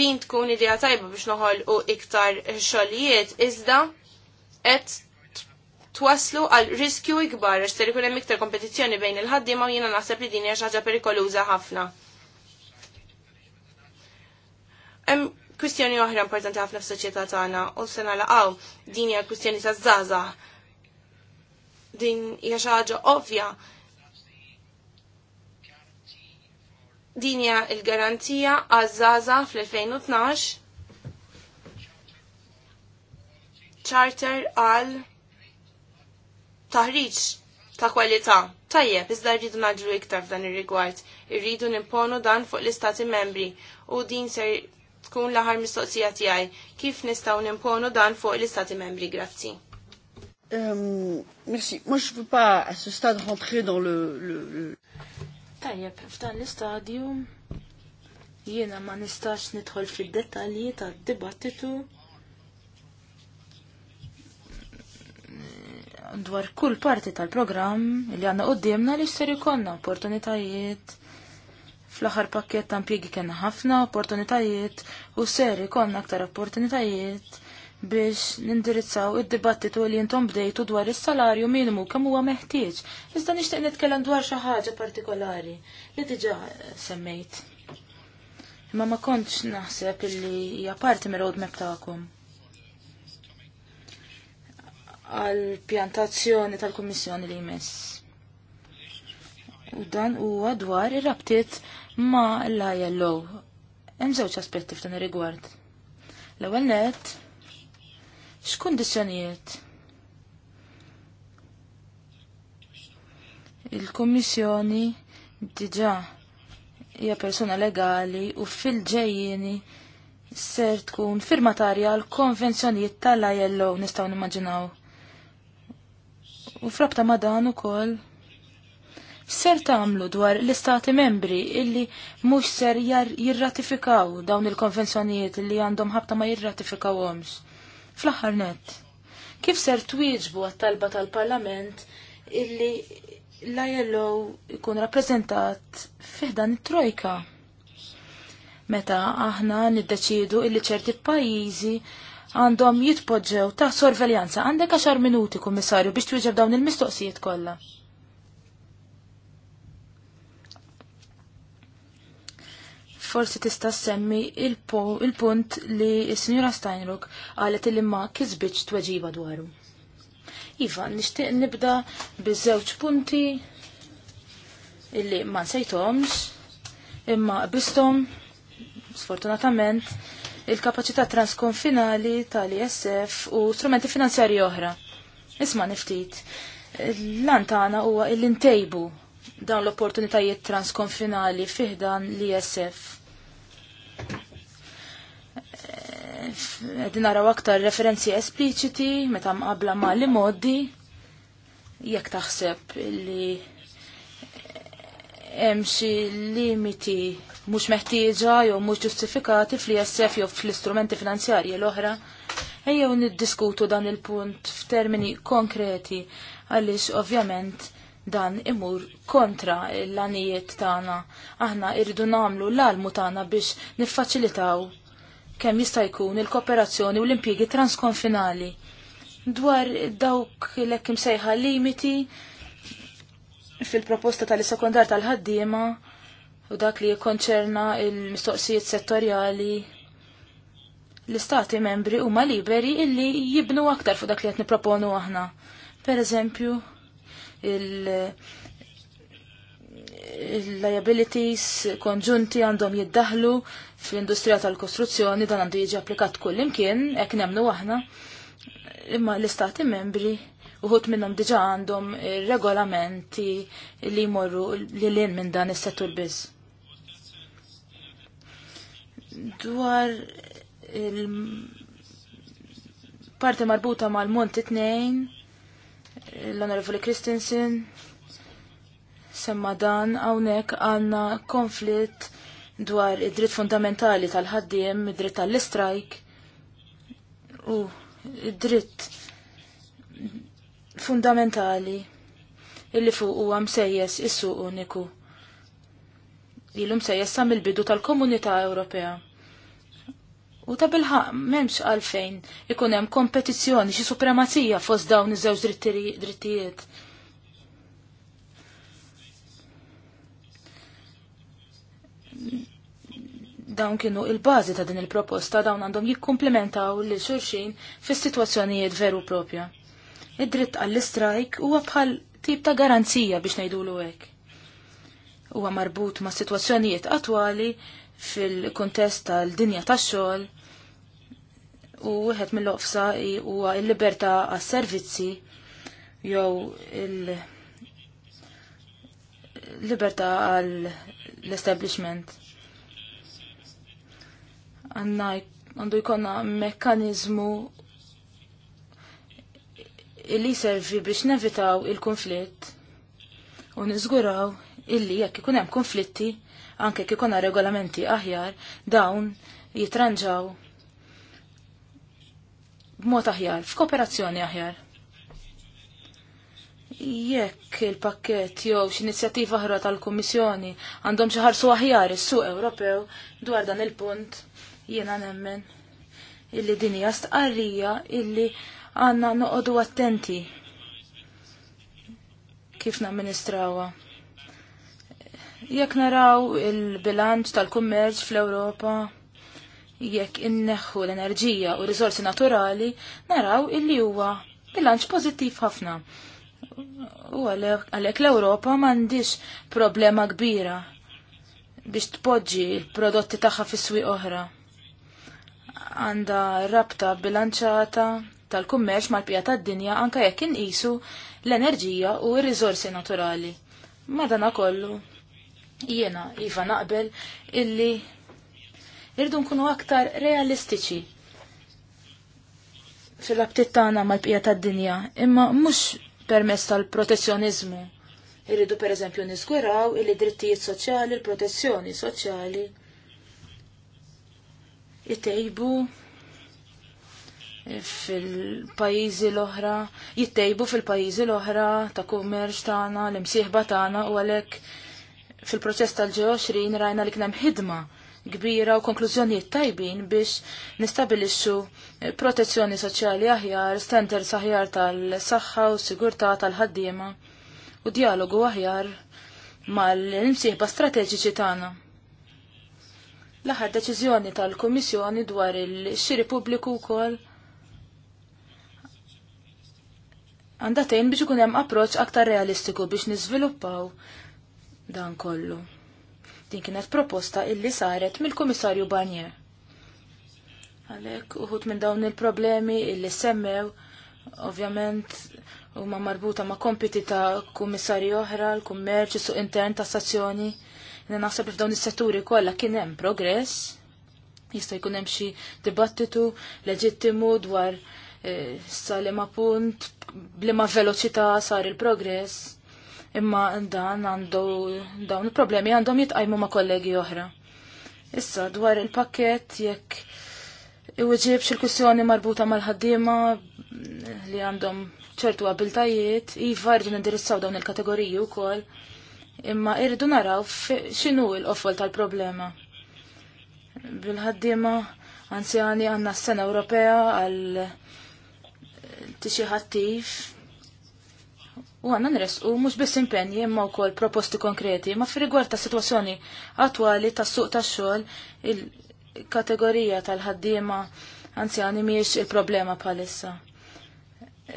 din tkun idea tajba biex noħol u iktar xogħlijiet iżda qed twaslu għal riskju ikbar għax ser ikun hemm iktar kompetizzjoni bejn il-ħaddiema u jiena naħseb li din hija xi ħaġa perikoluża ħafna. Hemm kwistjoni oħra importanti ħafna f'soċjetà tagħna u se nalaqgħu din hija kwistjoni ta' żgħażagħ. Din hija xi ħaġa ovvja. Din hija l-garantija għaż-żgħażagħ fl-2012 charter għal taħriġ ta' kwalità. Tajjeb, iżda rridu naġru iktar f'dan ir-rigward. Irridu nimponu dan fuq l-istati membri u din ser tkun l mistoqsija tiegħi kif nistgħu nimponu dan fuq l-Istati Membri. Grazzi. Um, merci. Moi, je veux pas, à ce stade, rentrer dans le... le, le... Tajjeb, f'dan l-istadju jiena ma nistax nidħol fid-dettalji tad-dibattitu dwar kull parti tal-programm li għanna qoddimna li s-ser ikonna opportunitajiet Fl-aħħar pakket ta' impjiegi kena ħafna opportunitajiet u ser ikollna aktar opportunitajiet biex nindirizzaw id-dibattitu li jintom bdejtu dwar is-salarju minimu kemm huwa meħtieġ. Iżda nixtieq nitkellem dwar xi ħaġa partikolari li diġà semmejt. Imma ma kontx naħseb illi hija parti mir-roadmap tagħkom. Għal pjantazzjoni tal-Kummissjoni li jmiss. U dan huwa dwar ir-rabtiet ma l jellow. Hemm żewġ aspetti f'dan ir-rigward. L-ewwel nett x'kundizzjonijiet il-Kummissjoni diġa' hija persuna legali u fil-ġejjieni ser tkun firmatarja għal konvenzjonijiet tal-ILO nistgħu nimmaġinaw. U frabta ma dan ukoll ser tagħmlu dwar l-istati membri illi mhux ser jirratifikaw dawn il-konvenzjonijiet illi għandhom ħabta ma jirratifikawhomx. Fl-aħħar nett, kif ser twieġbu għat-talba tal-Parlament illi la jello ikun rappreżentat fiħdan it-trojka? Meta aħna niddeċidu illi ċerti pajjiżi għandhom jitpoġġew ta' sorveljanza. Għandek għaxar minuti, kummissarju, biex twieġeb dawn il-mistoqsijiet kollha. forsi tista' semmi il-punt li s-Sinjura Steinrock qalet li ma kisbitx tweġiba dwaru. Iva, nixtieq nibda biż-żewġ punti illi ma nsejtomx imma bistom sfortunatament il-kapacità transkonfinali tal-ISF u strumenti finanzjari oħra. Isma niftit, l-antana huwa l-intejbu dawn l-opportunitajiet transkonfinali fiħdan l-ISF. Għedin naraw aktar referenzi espliċiti meta mqabla ma li modi jekk taħseb li hemm xi limiti mhux meħtieġa jew mhux ġustifikati fl-ISF jew fl-istrumenti finanzjarji l-oħra. Ejjew niddiskutu dan il-punt f'termini konkreti għaliex ovvjament dan imur kontra l-anijiet tagħna. Aħna irridu nagħmlu l-almu tagħna biex niffaċilitaw kemm jista' jkun il-kooperazzjoni u l-impjiegi transkonfinali. Dwar dawk l-ekk imsejħa limiti fil-proposta tal-sekondar tal-ħaddiema u dak li jikkonċerna il-mistoqsijiet settorjali l-istati membri huma liberi illi jibnu aktar fuq dak li qed nipproponu aħna. Per eżempju, il-liabilities konġunti għandhom jiddaħlu fl-industrija tal-kostruzzjoni dan għandu jiġi applikat kull imkien, hekk nemnu aħna, imma l-istati membri uħut minnom diġa għandhom regolamenti li morru li l minn dan is-settur biss. Dwar il-parti marbuta mal-monti tnejn, l-Onorevoli Christensen semma dan hawnhekk għandna konflitt dwar id-dritt fundamentali tal-ħaddiem, id-dritt tal-istrajk u id-dritt fundamentali illi fuq huwa msejjes is-suq uniku. Ilu msejjes sam il-bidu tal-Komunità Ewropea. U ta' bilħaq memx għalfejn ikun hemm kompetizzjoni xi supremazija fost dawn iż-żewġ drittijiet. Dawn kienu il-bażi ta' din il-proposta dawn għandhom jikkumplementaw lil xulxin fis-sitwazzjonijiet veru propja. Id-dritt għall-istrajk huwa bħal tip ta' garanzija biex ngħidulu hekk. Huwa marbut ma' sitwazzjonijiet attwali fil-kontest tal-dinja tax-xogħol u wieħed mill-oqsa huwa l-libertà għas-servizzi jew il-libertà għall establishment Għanna għandu jkonna mekkanizmu illi servi biex nevitaw il-konflitt u nizguraw illi jekk ikun hemm konflitti anke kif regolamenti aħjar dawn jitranġaw b'mod aħjar, f'kooperazzjoni aħjar. Jekk il-pakket jew x'inizjattiva oħra tal-Kummissjoni għandhom xi ħarsu aħjar is-suq Ewropew dwar dan il-punt jiena nemmen illi din hija stqarrija illi għandna noqogħdu attenti kif namministrawha. Jekk naraw il-bilanċ tal-kummerċ fl-Ewropa, jekk inneħħu l-enerġija u risorsi naturali, naraw illi huwa bilanċ pożittiv ħafna. U għalhekk l-Ewropa m'għandix problema kbira biex tpoġġi l-prodotti tagħha fiswi oħra. Għandha rabta bilanċata tal-kummerċ mal-pija tad-dinja anke jekk inqisu l-enerġija u r-riżorsi naturali. Madana kollu, jiena iva naqbel illi Irdu nkunu aktar realistiċi fil-abtit tagħna mal-bqija tad-dinja, imma mhux permess tal-protezzjonizmu. Irridu pereżempju niżguraw il-drittijiet soċjali, il-protezzjoni soċjali jittejbu fil-pajizi l-oħra, jittejbu fil-pajizi l-oħra ta' kummerċ tagħna, l-imsieħba tagħna u għalhekk fil-proċess tal ġewxrin rajna li kien hemm ħidma kbira u konklużjonijiet tajbin biex nistabilixxu protezzjoni soċjali aħjar, standards aħjar tal-saħħa u sigurtà tal-ħaddiema u dialogu aħjar mal-imsieħba strateġiċi tagħna. L-aħħar deċiżjoni tal-Kummissjoni dwar il-xiri pubbliku wkoll għandatejn biex ikun hemm approċċ aktar realistiku biex niżviluppaw dan kollu. Din kienet proposta illi saret mill-Kummissarju Barnier. Għalek, uħut minn dawn il-problemi illi semmew, ovvjament, huma marbuta ma' kompiti ta' kummissarju oħra, l-kummerċ, su intern, stazzjoni, Jena naħseb f'dawn is-setturi kollha kien hemm progress, jista' jkun hemm xi dibattitu leġittimu dwar eh, sa ma punt, blima veloċità sar il-progress imma dan għandu dawn il-problemi għandhom jitqajmu ma' kollegi oħra. Issa dwar il-pakket jekk iwġib il-kussjoni marbuta mal-ħaddiema li għandhom ċertu għabiltajiet, iva rridu nindirizzaw dawn il-kategoriji wkoll, imma irridu naraw x'inhu l-qofol tal-problema. Bil-ħaddiema anzjani għandna s-sena Ewropea għal tixi ħattif u għanna u mux biss impenji imma u kol proposti konkreti ma fi rigward ta' situazzjoni attwali ta' suq ta' xol il-kategorija tal-ħaddiema anzjani miex il-problema palissa.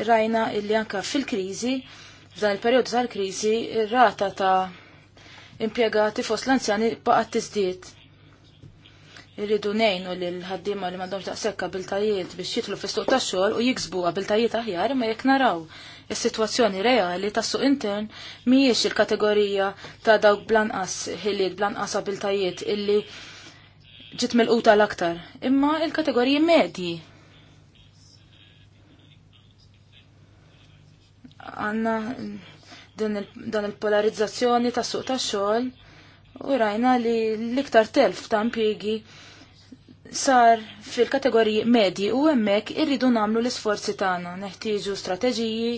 Rajna illi anka fil-krizi, f'dan il-periodu tal-krizi, rata ta' impiegati fost l-anzjani baqat tizdiet. Irridu nejnu li l-ħaddima li mandomx ta' sekka bil-tajiet biex jitlu fil-suq ta' xol u jiksbu għabil tajiet aħjar ma jek naraw Is-sitwazzjoni reali tas-suq intern mhijiex il-kategorija ta' dawk blanqas ħiliet blanqas abiltajiet illi ġiet melquta l-aktar, imma il-kategoriji medji. Għanna dan il-polarizzazzjoni tas suq tax xogħol u rajna li l-iktar telf ta' impjiegi sar fil-kategoriji medji u hemmhekk irridu nagħmlu l-isforzi tagħna, neħtieġu strateġiji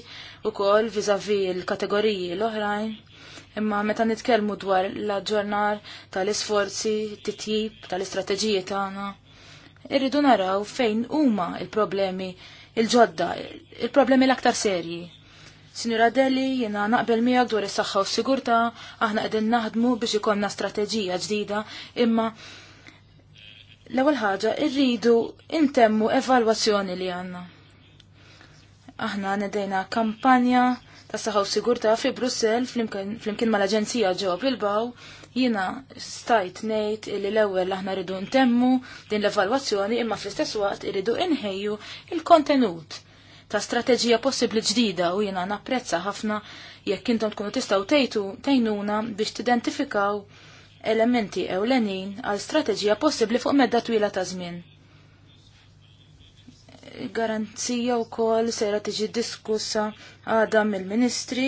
wkoll viżavi l-kategoriji l-oħrajn. Imma meta nitkellmu dwar l-aġġornar tal-isforzi, titjib tal-istrateġiji tagħna, irridu naraw fejn huma il-problemi il-ġodda, il-problemi l-aktar serji. Sinjura Deli, jena naqbel miegħek dwar is-saħħa u s-sigurtà, aħna qegħdin naħdmu biex ikollna strateġija ġdida, imma L-ewwel ħaġa rridu intemmu evalwazzjoni li għandna. Aħna nedejna kampanja ta' saħaw sigurta fi Brussel flimkien mal-Aġenzija ġew Bilbaw jina stajt nejt illi l-ewwel aħna rridu ntemmu din l-evalwazzjoni imma fl-istess waqt irridu inħejju il-kontenut ta' strateġija possibbli ġdida u jina napprezza ħafna jekk intom tkunu tistgħu tgħidu tgħinuna biex tidentifikaw elementi ewlenin għal strateġija possibbli fuq medda twila ta' żmien. Garanzija u kol sejra tiġi diskussa għada mill-ministri,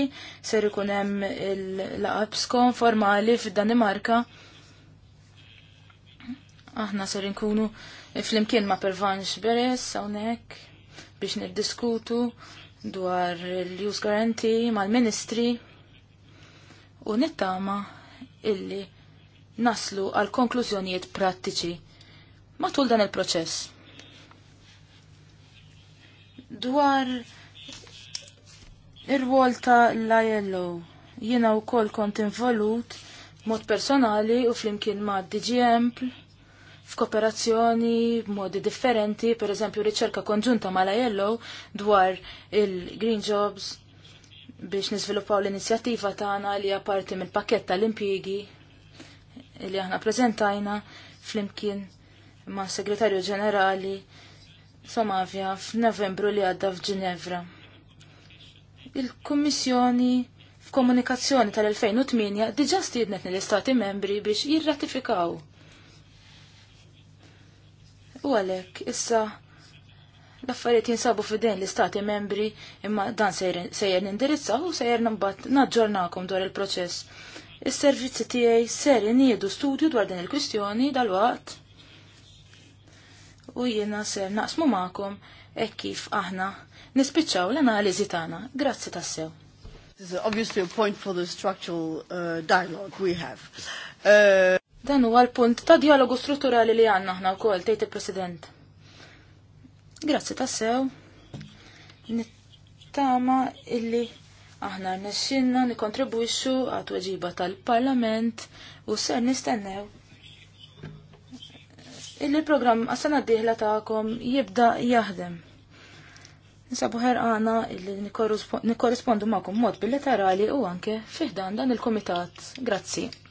ser ikun hemm il-laqabskom formali f'Danimarka. Aħna ser nkunu fl-imkien ma' pervanx beres hawnhekk biex niddiskutu dwar l-Use Guarantee mal-Ministri u nittama illi naslu għal konklużjonijiet prattiċi matul dan il-proċess. Dwar ir-rwol ta' l-ILO, jiena u kol kont involut mod personali u flimkien ma' DGM f'kooperazzjoni b'modi differenti, per eżempju riċerka konġunta ma' l-ILO dwar il-Green Jobs biex nizviluppaw l-inizjattiva tagħna li għaparti mill pakket tal-impjiegi li aħna prezentajna flimkien ma' segretarju ġenerali Somavia f'Novembru li għadda f'Ġinevra. Il-Kummissjoni f'komunikazzjoni tal-2008 diġa stidnet l-Istati membri biex jirratifikaw. U għalek, issa l-affarijiet jinsabu f'idejn l-Istati membri imma dan sejjer nindirizzaw u sejjer nabbat naġġornakom dwar il-proċess Is-servizzi tiegħi ser iniedu studju dwar din il-kwistjoni dal-waqt u jiena ser naqsmu magħkom hekk kif aħna nispiċċaw l-analiżi tagħna. Grazzi tassew. This is obviously a point for the structural uh, dialogue we have. Uh... Dan huwa l-punt ta' dialogu strutturali li għandna aħna wkoll tgħid il-President. Grazzi tassew. Nittama illi Aħna nessinna nikontribwixxu għat weġiba tal-Parlament u ser nistennew. Illi programm għasana sena d-dieħla tagħkom jibda jaħdem. Nisabu għana illi nikorrispondu ma'kom mod bilaterali u anke fiħdan dan il-komitat. Grazzi. Grazie.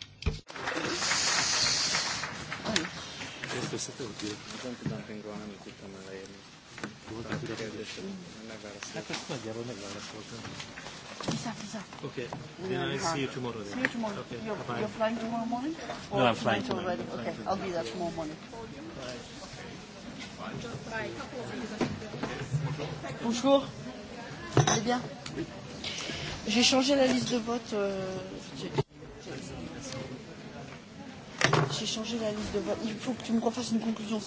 Okay. Then see you tomorrow. Then. See you tomorrow. Okay. You're, Bye. you're flying tomorrow morning? Or no, I'm flying tomorrow. Already? Okay. Flying I'll be there tomorrow morning. Bye. Bonjour. Allez bien. J'ai changé la liste de vote. Euh, j'ai changé la liste de vote. Il faut que tu me refasses une conclusion.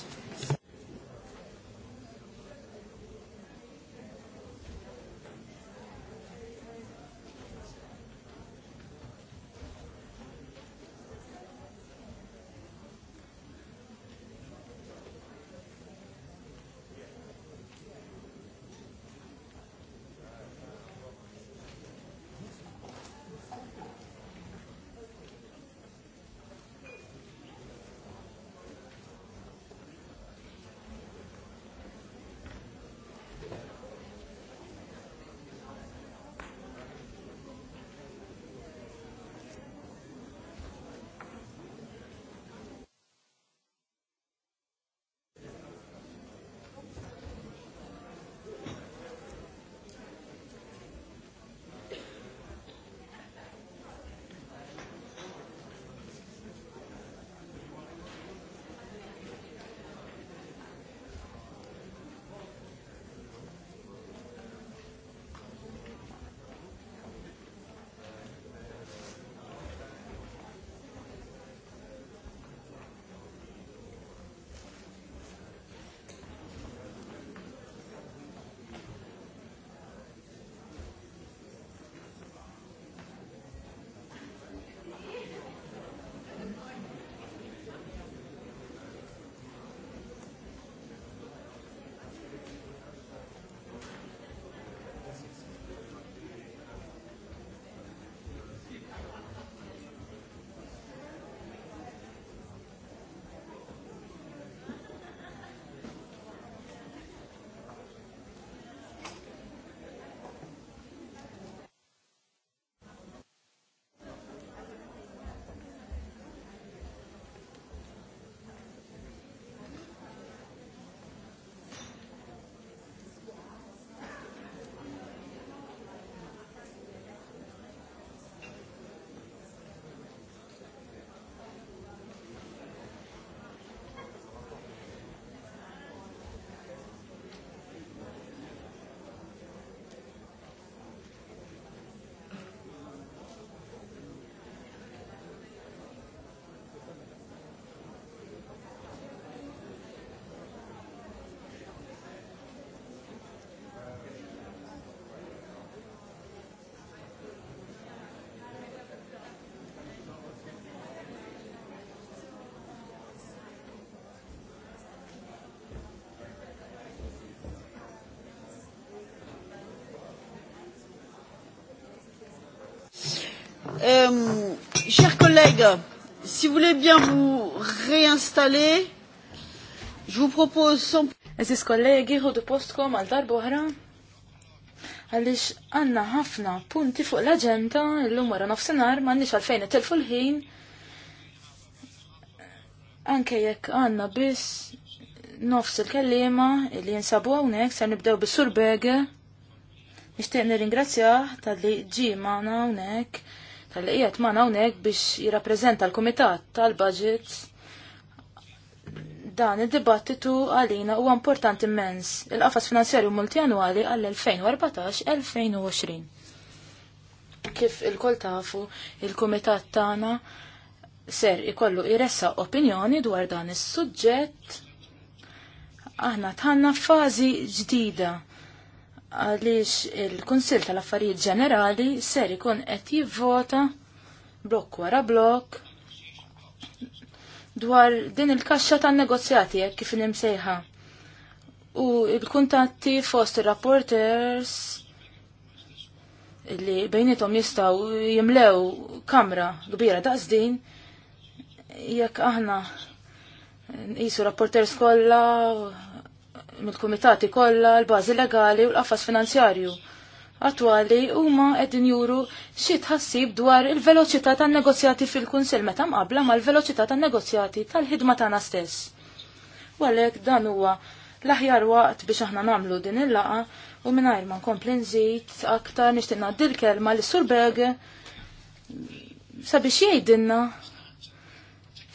Euh, chers collègues, si vous voulez bien vous réinstaller, je vous propose sans... Eżis kollegi, ħodu postkom għal darbohra. Għalix għanna ħafna punti fuq l-agenda, l-lum wara nofsenar, ma għannix għalfejn it-telfu l-ħin. Anke jekk għanna biss nofs il-kellima li jinsabu għawnek, sa' nibdew bis-surbege. Nishtiq nir-ingrazzjaħ tal-li ġi maħna għawnek tal-li ma' hawnhekk biex jirrappreżenta l-Kumitat tal-Budgets dan id-dibattitu għalina huwa importanti immens il-qafas finanzjarju multianwali għall-2014-2020. Kif il-kol tafu, il-Kumitat tagħna ser ikollu iressa opinjoni dwar dan is-suġġett aħna tħanna fażi ġdida għaliex il konsil tal-Affarijiet Ġenerali ser ikun qed jivvota blokk wara blokk dwar din il-kaxxa tan-negozjati hekk kif nimsejħa. U il-kuntatti fost ir-rapporters li bejnietom jistaw jimlew kamra kbira daqsdin jekk aħna jisu rapporters kollha mill-kumitati kollha l-bażi legali u l-qafas finanzjarju. Attwali huma qegħdin juru xi tħassib dwar il-veloċità tan-negozjati fil-Kunsill meta mqabbla mal-veloċità tan-negozjati tal-ħidma tagħna stess. U għalhekk dan huwa l-aħjar waqt biex aħna nagħmlu din il-laqa u mingħajr ma nkompli nżid aktar nixtieq ngħaddi l-kelma lis sur Bege sabiex jgħidilna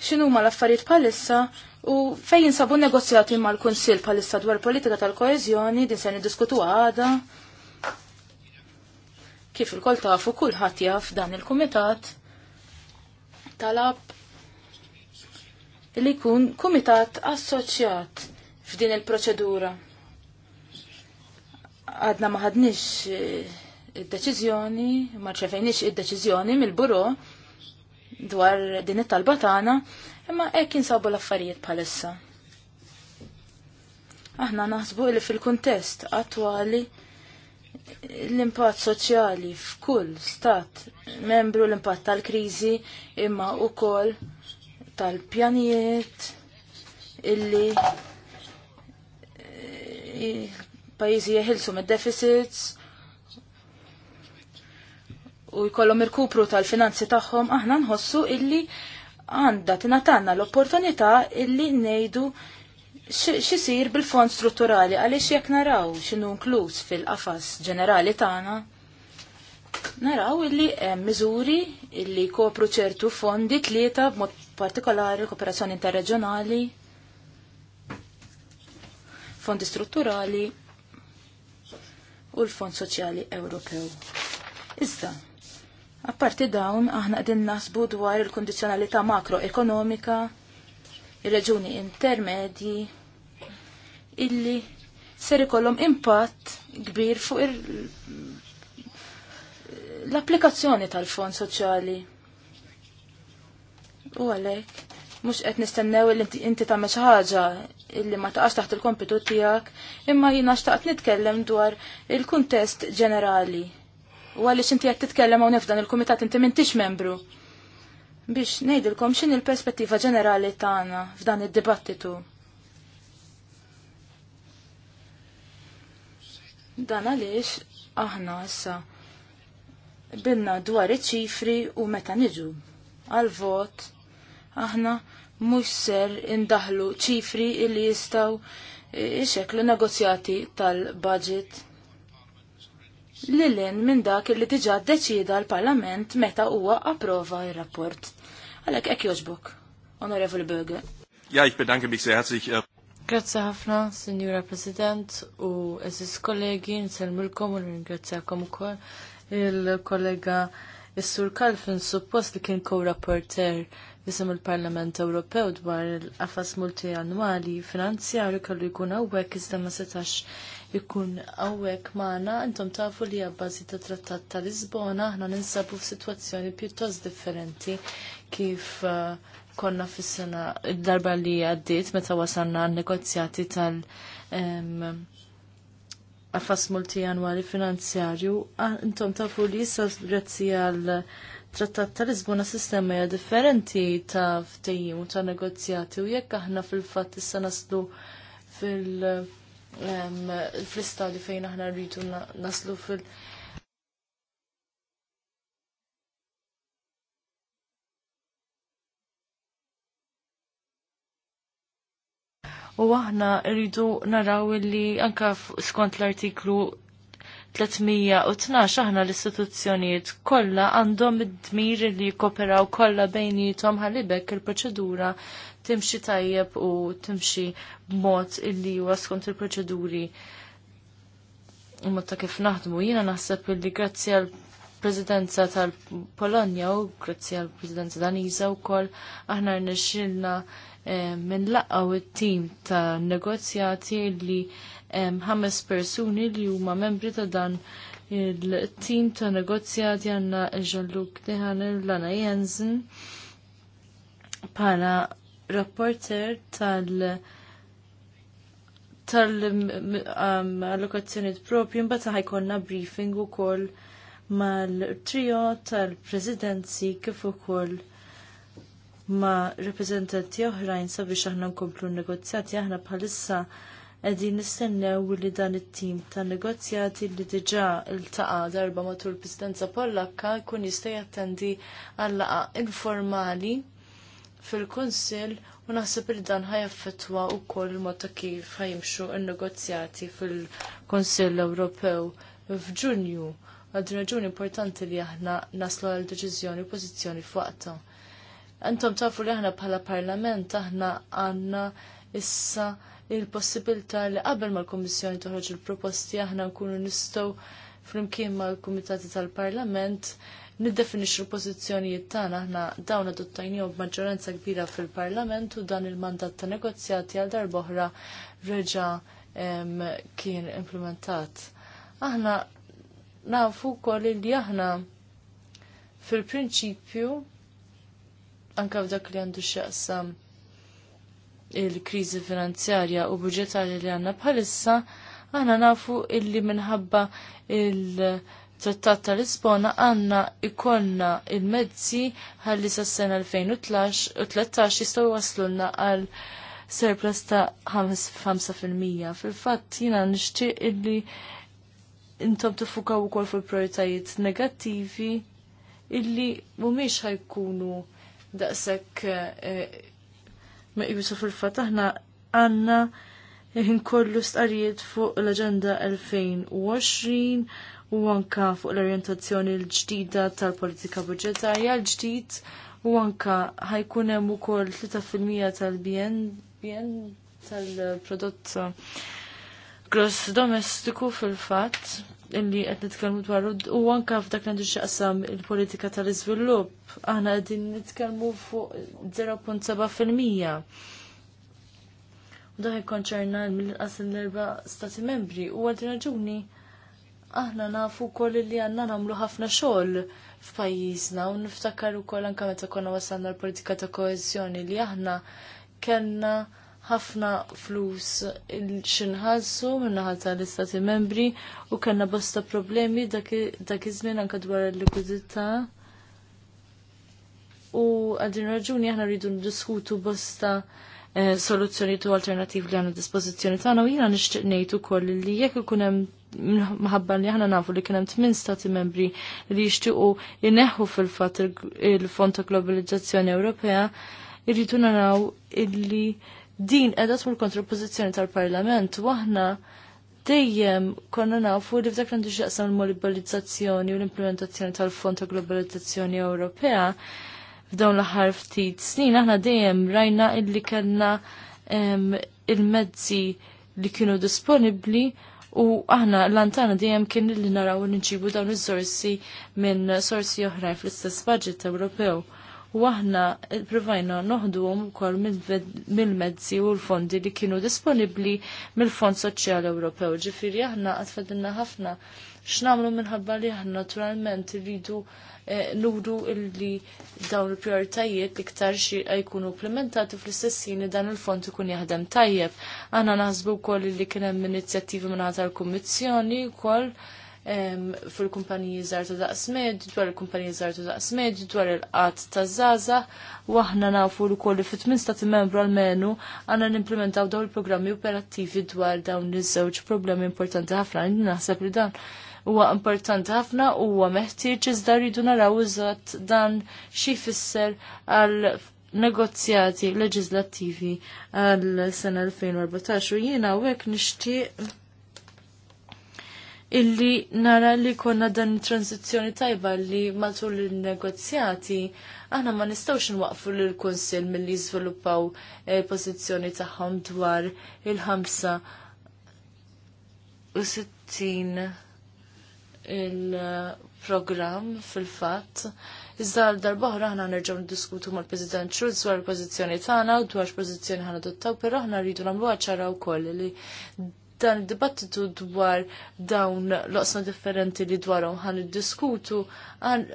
x'inhuma l-affarijiet bħalissa U fejn jinsabu negozjati mal-Kunsil palissa dwar politika tal-koezjoni din se niddiskutu għada. Kif il-kol tafu kulħadd jaf dan il-kumitat talab li jkun kumitat assoċjat f'din il-proċedura. Għadna ma ħadniex eh, id-deċiżjoni, ma ċefejniex id-deċiżjoni mill-buro dwar din it-talba tagħna, imma hekk jinsabu l-affarijiet bħalissa. Aħna naħsbu li fil-kuntest attwali l-impatt soċjali f'kull stat membru l-impatt tal-kriżi imma koll tal-pjanijiet illi eh, pajizi jeħilsu mid deficits u jkollhom irkupru tal-finanzi tagħhom aħna nħossu illi għandha tingħatanna l-opportunità illi ngħidu x'isir bil-fond strutturali għaliex jekk naraw x'inhu nkluz fil-qafas ġenerali tagħna. Naraw illi hemm miżuri illi kopru ċertu fondi tlieta b'mod partikolari l-kooperazzjoni interreġjonali, fondi strutturali u l-Fond Soċjali Ewropew. Iżda, Apparti dawn, aħna qegħdin nasbu dwar il-kondizzjonalità makroekonomika, ir-reġuni intermedji, illi ser ikollhom impatt kbir fuq l-applikazzjoni tal-fond soċjali. U għalhekk, mhux qed nistennew li inti tagħmel xi ħaġa illi ma taqax taħt il-kompitu tiegħek, imma jiena xtaqt nitkellem dwar il-kuntest ġenerali u għaliex inti qed titkellem hawn nifdan il komitat inti m'intix membru. Biex ngħidilkom x'in il-perspettiva ġenerali tagħna f'dan id-dibattitu. Dan għaliex aħna issa binna dwar iċ-ċifri u meta niġu għal-vot aħna mhux ser indaħlu ċifri illi jistgħu ixeklu negozjati tal-budget lilin minn dak li diġa deċida l-Parlament meta huwa approva il rapport Għalhekk hekk jogħġbok, Onorevoli Böge. Ja, ich bedanke mich sehr herzlich. Äh, Grazzi ħafna, Signora President, u eżis kollegi, nselmilkom u ringrazzjakom ukoll il-kollega Is-Sur Kalfin suppost li kien co-rapporter jisem il-Parlament Ewropew dwar il-qafas multianwali finanzjarju kellu jkun hawnhekk iżda ma setax ikun għawek maħna, intom tafu li għabbażi ta' trattat ta' Lisbona, ħna ninsabu f'sitwazzjoni pjuttost differenti kif eh, konna fis-sena id-darba li għaddiet meta wasanna negozjati tal- għafas multi annwali finanzjarju, intom tafu li jissa grazzi għal trattat ta' Lisbona sistema hija differenti ta' ftejjim u ta' negozjati u jekk aħna fil-fatt issa naslu fil- fl-istadju fejn aħna rridu naslu fil- U aħna rridu naraw li anka skont l-artiklu 312 aħna l-istituzzjonijiet kollha għandhom id-dmir li jikkoperaw kollha bejnietom ħalibek il-proċedura timxi tajjeb u timxi b'mod illi huwa skont il-proċeduri imma ta' kif naħdmu. Jiena naħseb illi grazzi għal prezidenza tal-Polonja u grazzi għal prezidenza u wkoll aħna rnexxilna eh, minn laqgħu it-tim ta' negozjati li eh, ħames persuni li huma membri ta' dan il-tim ta' negozjati għanna ġalluk diħan Dehaner, Lana Jensen, pala rapporter tal- tal-allokazzjoni um, propju mbagħad konna briefing ukoll mal-trio tal-presidenzi kif ukoll ma' rappreżentanti oħrajn sabiex aħna nkomplu negozjati aħna bħalissa qegħdin nistennew li dan it-tim ta' negozjati li diġà iltaqa' darba matul presidenza Pollakka jkun jista' jattendi għal laqa' informali fil-Kunsill u naħseb li dan ħajaffettwa wkoll mod ta' kif ħajimxu n-negozjati fil-Kunsill Ewropew f'Ġunju. din raġuni importanti li aħna naslu għal deċiżjoni u pożizzjoni f'waqta. Intom tafu li aħna bħala parlament aħna għandna issa il-possibilità li qabel ma l-Kommissjoni toħroġ il-proposti aħna nkunu nistgħu flimkien mal kumitati tal-Parlament niddefinixxu l-pożizzjonijiet tagħna aħna dawn adottajnihom b'maġġoranza kbira fil-Parlament u dan il-mandat ta' negozjati għal darb'oħra reġa' kien implementat. Aħna nafu wkoll li aħna fil-prinċipju anke f'dak li għandu x'jaqsam il-kriżi finanzjarja u budġetarja li għandna bħalissa aħna nafu illi minħabba il-, -il trattat ta' Lisbona għanna ikonna il-mezzi ħalli sa' s-sena 2013 jistaw waslulna għal surplus ta' 5%. Fil-fatt jina nishti illi intom u ukoll fil-prioritajiet negattivi illi mhumiex ħajkunu daqshekk eh, meqjusu fil-fatt aħna għandna kollu stqarijiet fuq l-Aġenda 2020 u anka fuq l-orientazzjoni l-ġdida tal-politika budġetarja l-ġdid u anka ħajkun hemm ukoll 3% tal-BN tal-prodott uh, gross domestiku fil-fatt illi qed nitkellmu dwar u anke f'dak li xaqsam il-politika tal-iżvilupp aħna qegħdin nitkellmu fuq 0.7%. U dak l- mill-inqas l-erba' stati membri u għal raġuni aħna nafu kol li għanna namlu ħafna xogħol f'pajjiżna u niftakar ukoll anke meta konna wasalna l-politika ta' koeżjoni li aħna kellna ħafna flus xinħassu minnaħa tal-istati membri u kellna bosta problemi dak iż-żmien anke dwar il-likwidità. U għadin raġuni aħna rridu ndiskutu bosta eh, soluzzjoni u alternativ li għanna dispożizzjoni tagħna u jiena nixtieq ngħid ukoll li jekk ikun hemm Maħabba li aħna nafu li kien hemm tmien stati membri li jixtiequ jineħu fil-fatt il-Fond ta' Globalizzazzjoni Ewropea, irritu naraw illi din qiegħda tmur kontra tal-Parlament u aħna dejjem konna nafu li f'dak l xieqsam l mobilizzazzjoni u l-implementazzjoni tal-Fond ta' Globalizzazzjoni Ewropea f'dawn l-aħħar ftit snin aħna dejjem rajna illi kellna il-mezzi li kienu disponibbli u aħna l-antana dejjem kien li naraw li nġibu dawn iż-sorsi minn sorsi oħrajn fl-istess budget Ewropew. U aħna provajna noħduhom ukoll mill-mezzi u l-fondi li kienu disponibbli mill-Fond Soċjali Ewropew. Ġifiri aħna qed ħafna x'namlu minħabba li aħna naturalment irridu eh, nuru illi dawn il-prioritajiet li ktar xirqa jkunu implementati fl-istessini dan il-fond ikun jaħdem tajjeb. Għana naħsbu kol li kien hemm inizjattivi minn l kummissjoni wkoll fil-kumpaniji żgħar ta' daqs medju, dwar il-kumpaniji żgħar ta' daqs medju, dwar il-qatt ta' żaza, u aħna nafu li fit tmien stati membru għall-menu għandna nimplementaw dawn il-programmi operattivi dwar dawn iż-żewġ problemi importanti ħafna, naħseb li dan huwa importanti ħafna u huwa meħtieġ iżda rridu naraw iżatt dan xi jfisser għal negozjati leġislattivi għal sena 2014 u jiena hawnhekk nixtieq illi nara li konna dan transizjoni tajba li matul il-negozjati aħna ma nistawx nwaqfu l kunsil mill-li jizviluppaw il-pozizjoni eh, tagħhom dwar il-ħamsa u sittin il-program fil-fat. Iżda l-darbohra ħana nerġaw diskutu mal president Schulz dwar il-pozizjoni tagħna u dwar pożizzjoni ħana dottaw, però ħana rridu nagħmlu ċara wkoll li dan id-dibattitu dwar dawn loqsma differenti li dwarhom ħan iddiskutu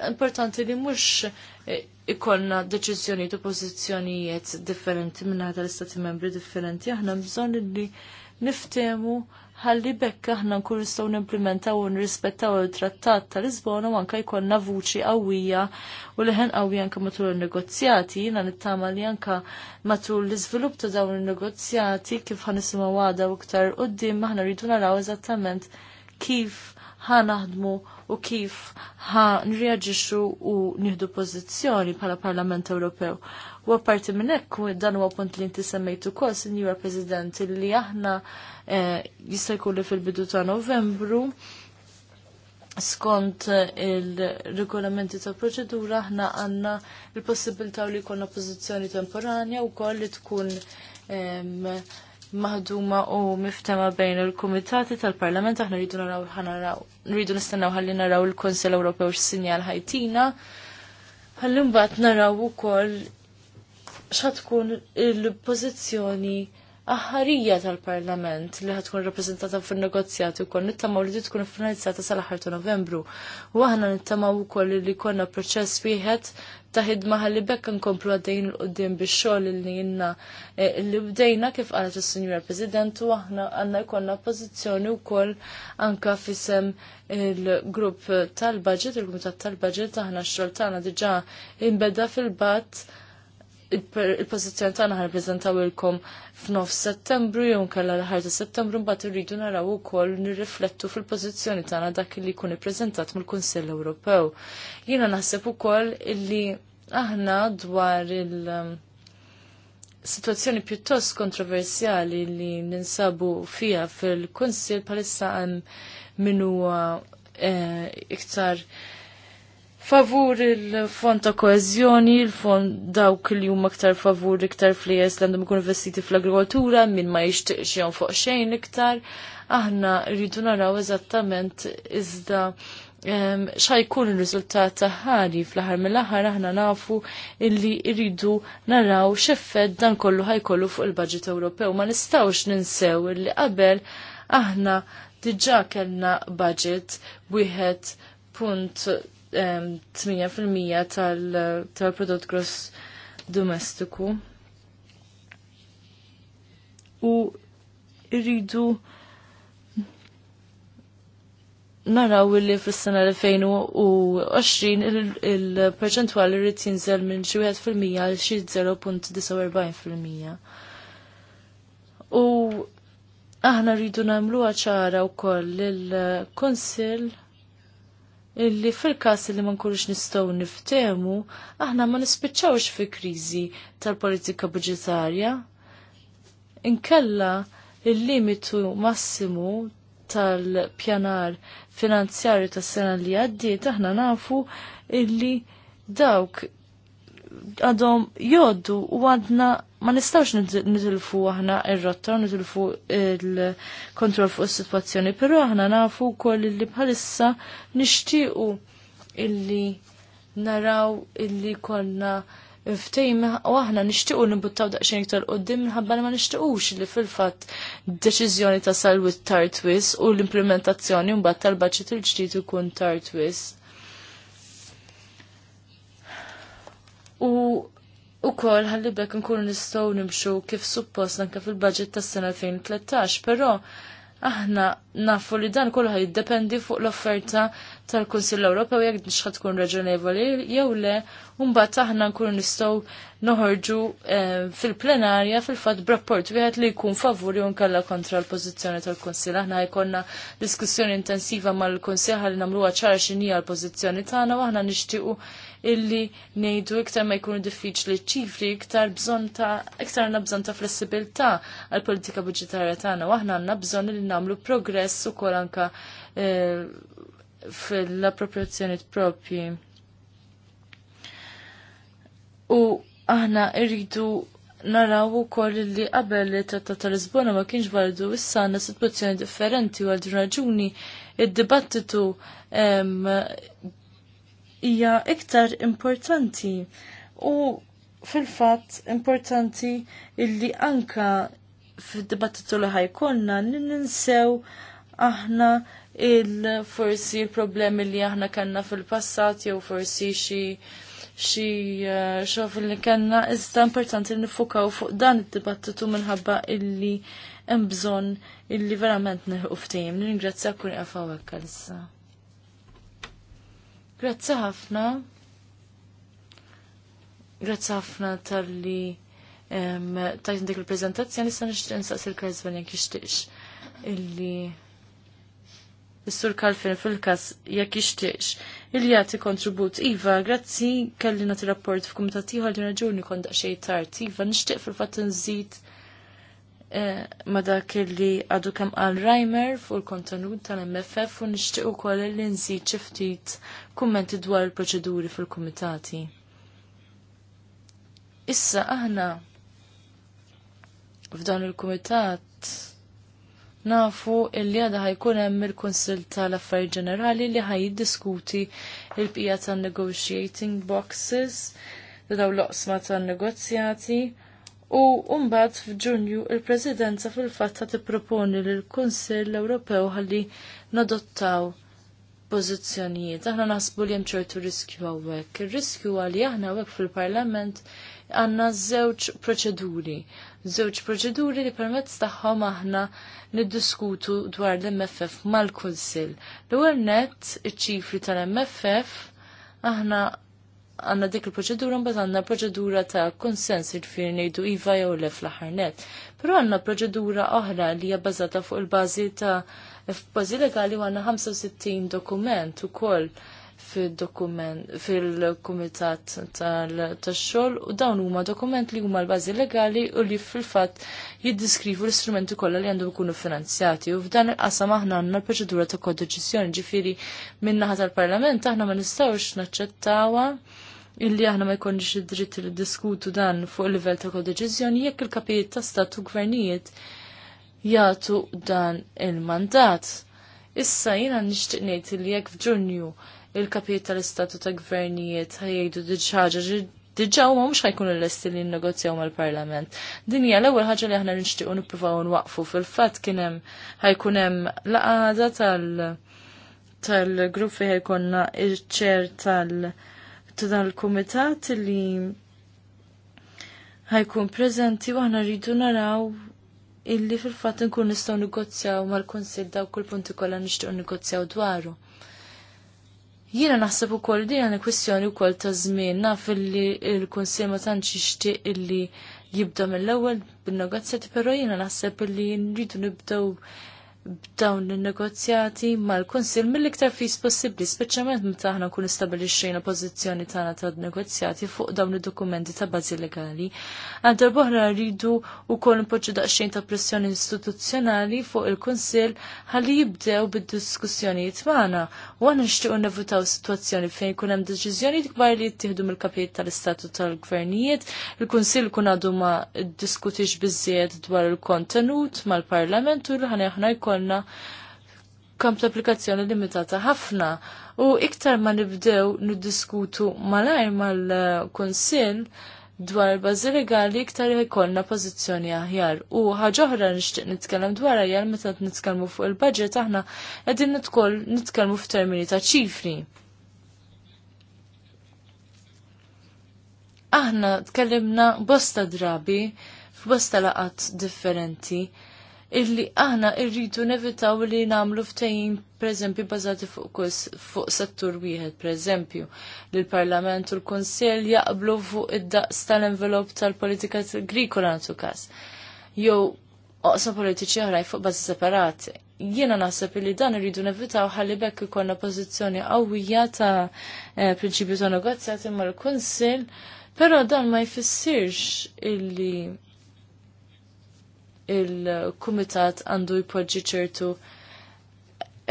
importanti li mhux e, ikonna deċiżjoni u pożizzjonijiet differenti minn ħata l-istati membri differenti aħna bżonn li niftemu ħalli bekk aħna nkun nistgħu nimplementaw u nirrispettaw il-Trattat ta' Lisbona u anke jkollna vuċi qawwija u leħen qawwi anke matul in-negozjati, jiena nittama li anke matul l-iżvilupp ta' dawn in-negozjati kif ħanisimgħu għada u iktar quddiem aħna rridu naraw eżattament kif ħa naħdmu u kif ħa nreagġixxu u nieħdu pożizzjoni bħala Parlament Ewropew. U apparti minn hekk dan huwa punt li inti semmejtu ukoll, Sinjura President, li aħna eh, jista' fil-bidu ta' Novembru skont eh, il-regolamenti ta' proċedura aħna għandna il possibilta li jkollna pożizzjoni temporanja wkoll li tkun maħduma u miftema bejn il-Kumitati tal-Parlament aħna rridu naraw rridu nistennew ħalli naraw il-Konsell Ewropew x'sinjal ħajtina. Ħalli mbagħad naraw ukoll xatkun il-pozizjoni aħħarija tal-Parlament li ħatkun rappresentata fin negozjati u koll nittamaw li tkun finalizzata sal-aħħar ta' Novembru. U aħna nittamaw ukoll li konna proċess wieħed ta' ħidma ħalli bekk nkomplu għaddejn l-qoddim biex xogħol li jinna eh, li bdejna kif qalet is-Sinjura President u aħna għandna jkollna pożizzjoni wkoll anke fisem il-grupp tal-budget, il-Kumitat tal-Budget aħna x-xogħol tagħna diġà imbeda fil-batt il-pozizjoni tagħna ħarpreżentaw ilkom f'nof Settembru jew kellha l-ħar ta' Settembru mbagħad irridu naraw ukoll nirriflettu fil-pożizzjoni tagħna dak li jkun ippreżentat mill-Kunsill Ewropew. Jiena naħseb ukoll illi aħna dwar il- um, situazzjoni pjuttost kontroversjali li ninsabu fija fil-Kunsill palissa hemm min eh, iktar favur il-fond ta' koezjoni, il-fond dawk li huma aktar favur iktar flijes li għandhom ikun investiti fl-agrikoltura, minn ma jixtieqx jew fuq xejn iktar. Aħna rridu naraw eżattament iżda xajkun il-rizultat ħari fl-ħar mill-ħar aħna nafu illi rridu naraw xeffed dan kollu ħajkollu fuq il-budget Ewropew. Ma nistawx ninsew illi qabel aħna diġa kellna budget wieħed punt 8% tal-prodott tal gross domestiku. U irridu naraw li fis-sena 2020 il-perċentwal il irrid jinżel minn xi wieħed fil-mija għal xi 0.49%. U aħna rridu nagħmluha ċara wkoll il-Kunsill illi fil-kas li ma nkunux nistgħu niftehmu, aħna ma nispiċċawx fi kriżi tal-politika budġetarja. Inkella il-limitu massimu tal-pjanar finanzjarju tas-sena li għaddiet aħna nafu illi dawk għadhom joddu u għadna ma nistawx nitilfu aħna ir-rotta, nitilfu il-kontroll fuq is-sitwazzjoni, però aħna nafu wkoll li bħalissa nixtiequ illi naraw illi konna ftejm u aħna nixtiequ nibuttaw daqsxejn iktar dim minħabba li ma nixtiequx li fil-fatt deċiżjoni ta' salwit tartwis u l-implementazzjoni mbagħad tal-baġġet il-ġdid ikun tartwis. u u kol ħalli bekk nkunu nistgħu nimxu kif suppost anke fil-budget tas-sena 2013, però aħna nafu li dan kollu jiddependi fuq l-offerta tal-Kunsill Ewropew jekk nix tkun raġonevoli jew le, mbagħad aħna nkunu nistgħu noħorġu eh, fil-plenarja fil-fatt b'rapport wieħed li jkun favuri u nkella kontra l-pożizzjoni tal-Kunsill. Aħna jkollna diskussjoni intensiva mal-Kunsill ħalli nagħmluha ċara x'inhi l-pożizzjoni tagħna u aħna nixtiequ illi ngħidu iktar ma jkunu diffiċli ċifri iktar bżonn ta' iktar għanna bżonn ta' flessibilità għall politika budġetarja tagħna u aħna għandna bżonn li nagħmlu progress ukoll anke fil appropriazzjoni propji. U aħna rridu naraw u li qabel li trattat ta' Lisbona ma kienx validu issa għandna situazzjoni differenti u għal raġuni id-dibattitu hija iktar importanti u fil-fatt importanti illi anka fid-dibattitu li ħajkonna ninsew aħna il-forsi problemi li aħna kanna fil-passat jew forsi xi xi eh, xof li kanna iżda importanti nifukaw fuq dan id-dibattitu minħabba illi hemm bżonn illi verament neħu ftehim. Ningrazzja kull qafawek issa. Grazzi ħafna. Grazzi ħafna tal-li tajt dik il-prezentazzjoni sa nixtieq nsaqs il-Kazvan jek jixtieqx illi Is-Sur Kalfin fil-każ jek jixtieqx illi jagħti kontribut. Iva, grazzi kelli nagħti rapport f'kumitat ieħor li raġuni kont daqsxejn tard. Iva, nixtieq fil-fatt nżid Eh, ma dak li għadu kam għal Reimer fuq il-kontenut tal-MFF u nixtieq ukoll li nżid xi ftit kummenti dwar il-proċeduri fil-kumitati. Issa aħna f'dan il-kumitat nafu illi għada ħajkun hemm il-Kunsill tal-Affarijiet Ġenerali li jiddiskuti il-bqija tan-negotiating boxes daw l-oqsma tan-negozjati U mbagħad f'Ġunju il-Presidenza fil-fatt ta' tipproponi l kunsill Ewropew ħalli nadottaw pożizzjonijiet. Aħna naħsbu li hemm ċertu riskju hawnhekk. Ir-riskju għalli aħna għawek fil-Parlament għandna żewġ proċeduri. Żewġ proċeduri li permezz tagħhom aħna niddiskutu dwar l-MFF mal-Kunsill. L-ewwel nett iċ-ċifri tal-MFF aħna għanna dik il-proċedura mbagħad għandna proċedura ta' konsens il-fir ngħidu iva jew le fl-aħarnet. Però għandna proċedura oħra li hija bbażata fuq il-bażi ta' f'bażi legali għanna 65 dokument ukoll fil-Kumitat tal-Xol u dawn huma dokument li huma l-bażi legali u li fil-fatt jiddiskrivu l-istrumenti kollha li għandhom ikunu finanzjati u f'dan il-qasam aħna għandna l-proċedura ta' kodeċizjoni ġifieri min-naħa tal-Parlament aħna ma nistgħux naċċettawa illi aħna ma jkunx id-dritt li diskutu dan fuq il-livell ta' kodeċiżjoni jekk il-kapijiet ta' stat u gvernijiet jagħtu dan il-mandat. Issa jiena nixtieq ngħid li jekk f'Ġunju il kapiet tal-istatu ta' gvernijiet ħajjgħidu diġħaġa diġa u mhux ħajkunu l-lesti li nnegozjaw mal-Parlament. Din hija l-ewwel ħaġa li aħna nixtiequ nippruvaw nwaqfu fil-fatt kien hemm laqada tal- tal-grupp fejn ħajkonna il-ċer tal- tal-kumitat li ħajkun preżenti u aħna rridu naraw illi fil-fatt nkun nistgħu negozjaw mal-Kunsill dawk kull punti kollha nixtiequ negozjaw dwaru. Jiena naħseb ukoll din għandha kwistjoni wkoll ta' żmien naf illi l-Kunsill ma tantx jixtieq illi jibda mill-ewwel bin-negozjati, però jiena naħseb illi nridu nibdew b'dawn il-negozjati mal-Konsil mill-iktar fis possibbli, speċjalment meta aħna nkunu stabilixxejna pożizzjoni tagħna tan-negozjati fuq dawn id-dokumenti ta' bażi legali. Għal darbohra rridu wkoll npoġġu daqsxejn ta' pressjoni istituzzjonali fuq il-Kunsill ħalli jibdew bid-diskussjonijiet magħna. U aħna nixtiequ nevutaw sitwazzjoni fejn jkun hemm deċiżjonijiet kbar li jittieħdu mill-kapijiet tal-istatu tal-gvernijiet, il-Kunsill kun għadu ma ddiskutix biżjed dwar il-kontenut mal-Parlament u l ħanejħna jkun ikollna kamp l applikazzjoni limitata ħafna. U iktar ma nibdew niddiskutu malajr mal-konsil dwar bażi legali iktar jkollna pożizzjoni aħjar. U ħaġa oħra nixtieq nitkellem dwar aħjar meta nitkellmu fuq il-budget aħna qegħdin nitkoll nitkellmu f'termini ta' ċifri. Aħna tkellimna bosta drabi f'bosta laqat differenti illi aħna irridu nevitaw li namlu ftejn preżempju bazati fuq fuq settur wieħed preżempju li l-Parlament u l-Kunsell jaqblu fuq id-daqs tal-envelop tal-politika agrikola natu każ. Jew oqsa politiċi oħraj fuq bażi separati. Jiena naħseb li dan irridu nevitaw ħalli bekk ikollna pożizzjoni qawwija ta' eh, prinċipju ta' negozjati mal l-Kunsill, però dan ma jfissirx illi il-kumitat għandu jpoġġi ċertu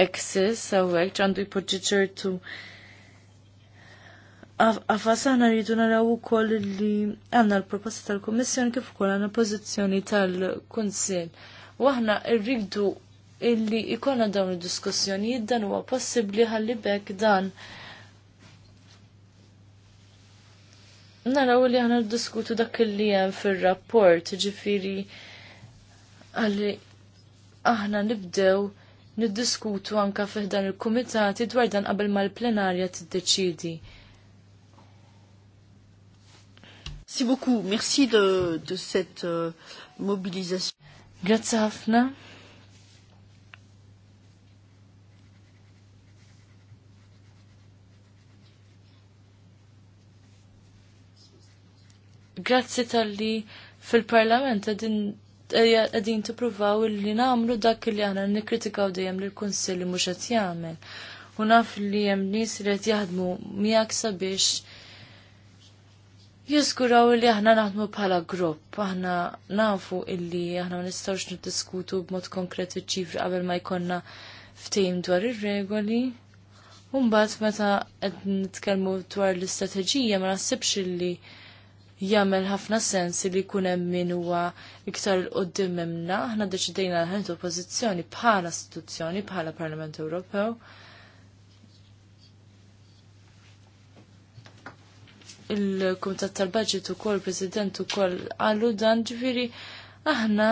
excess għawek, għandu jpoġġi ċertu Għafas għana rridu naraw u koll li għanna l-proposta tal-Komissjon kif ukoll għanna pozizjoni tal-Kunsil. U għahna rridu illi ikonna dawn il-diskussjonijiet dan huwa possibbli ħalli bekk dan naraw li għana diskutu dak li hemm fir-rapport, ġifiri għalli aħna nibdew niddiskutu anka fiħdan il-komitati dwar dan qabel ma l-plenarja t-deċidi. Si beaucoup, merci de, de set uh, mobilisation. Grazie ħafna. Grazzi tal-li fil-parlament din qegħdin tippruvaw li nagħmlu dak li aħna nikkritikaw dejjem l-konsil li mhux qed jagħmel. U naf li hemm nies li qed jaħdmu miegħek sabiex jizguraw li aħna naħdmu bħala grupp, aħna nafu illi aħna ma nistgħux niddiskutu b'mod konkret iċ-ċifri qabel ma jkollna ftehim dwar ir-regoli. mbagħad meta qed nitkellmu dwar l-istrateġija ma naħsibx illi li jagħmel ħafna sens li jkun hemm min huwa iktar il qoddim minna, aħna deċidejna ħantu pożizzjoni bħala istituzzjoni bħala Parlament Ewropew. Il-Kumitat tal-Baġit ukoll, President ukoll qalu dan ġifieri aħna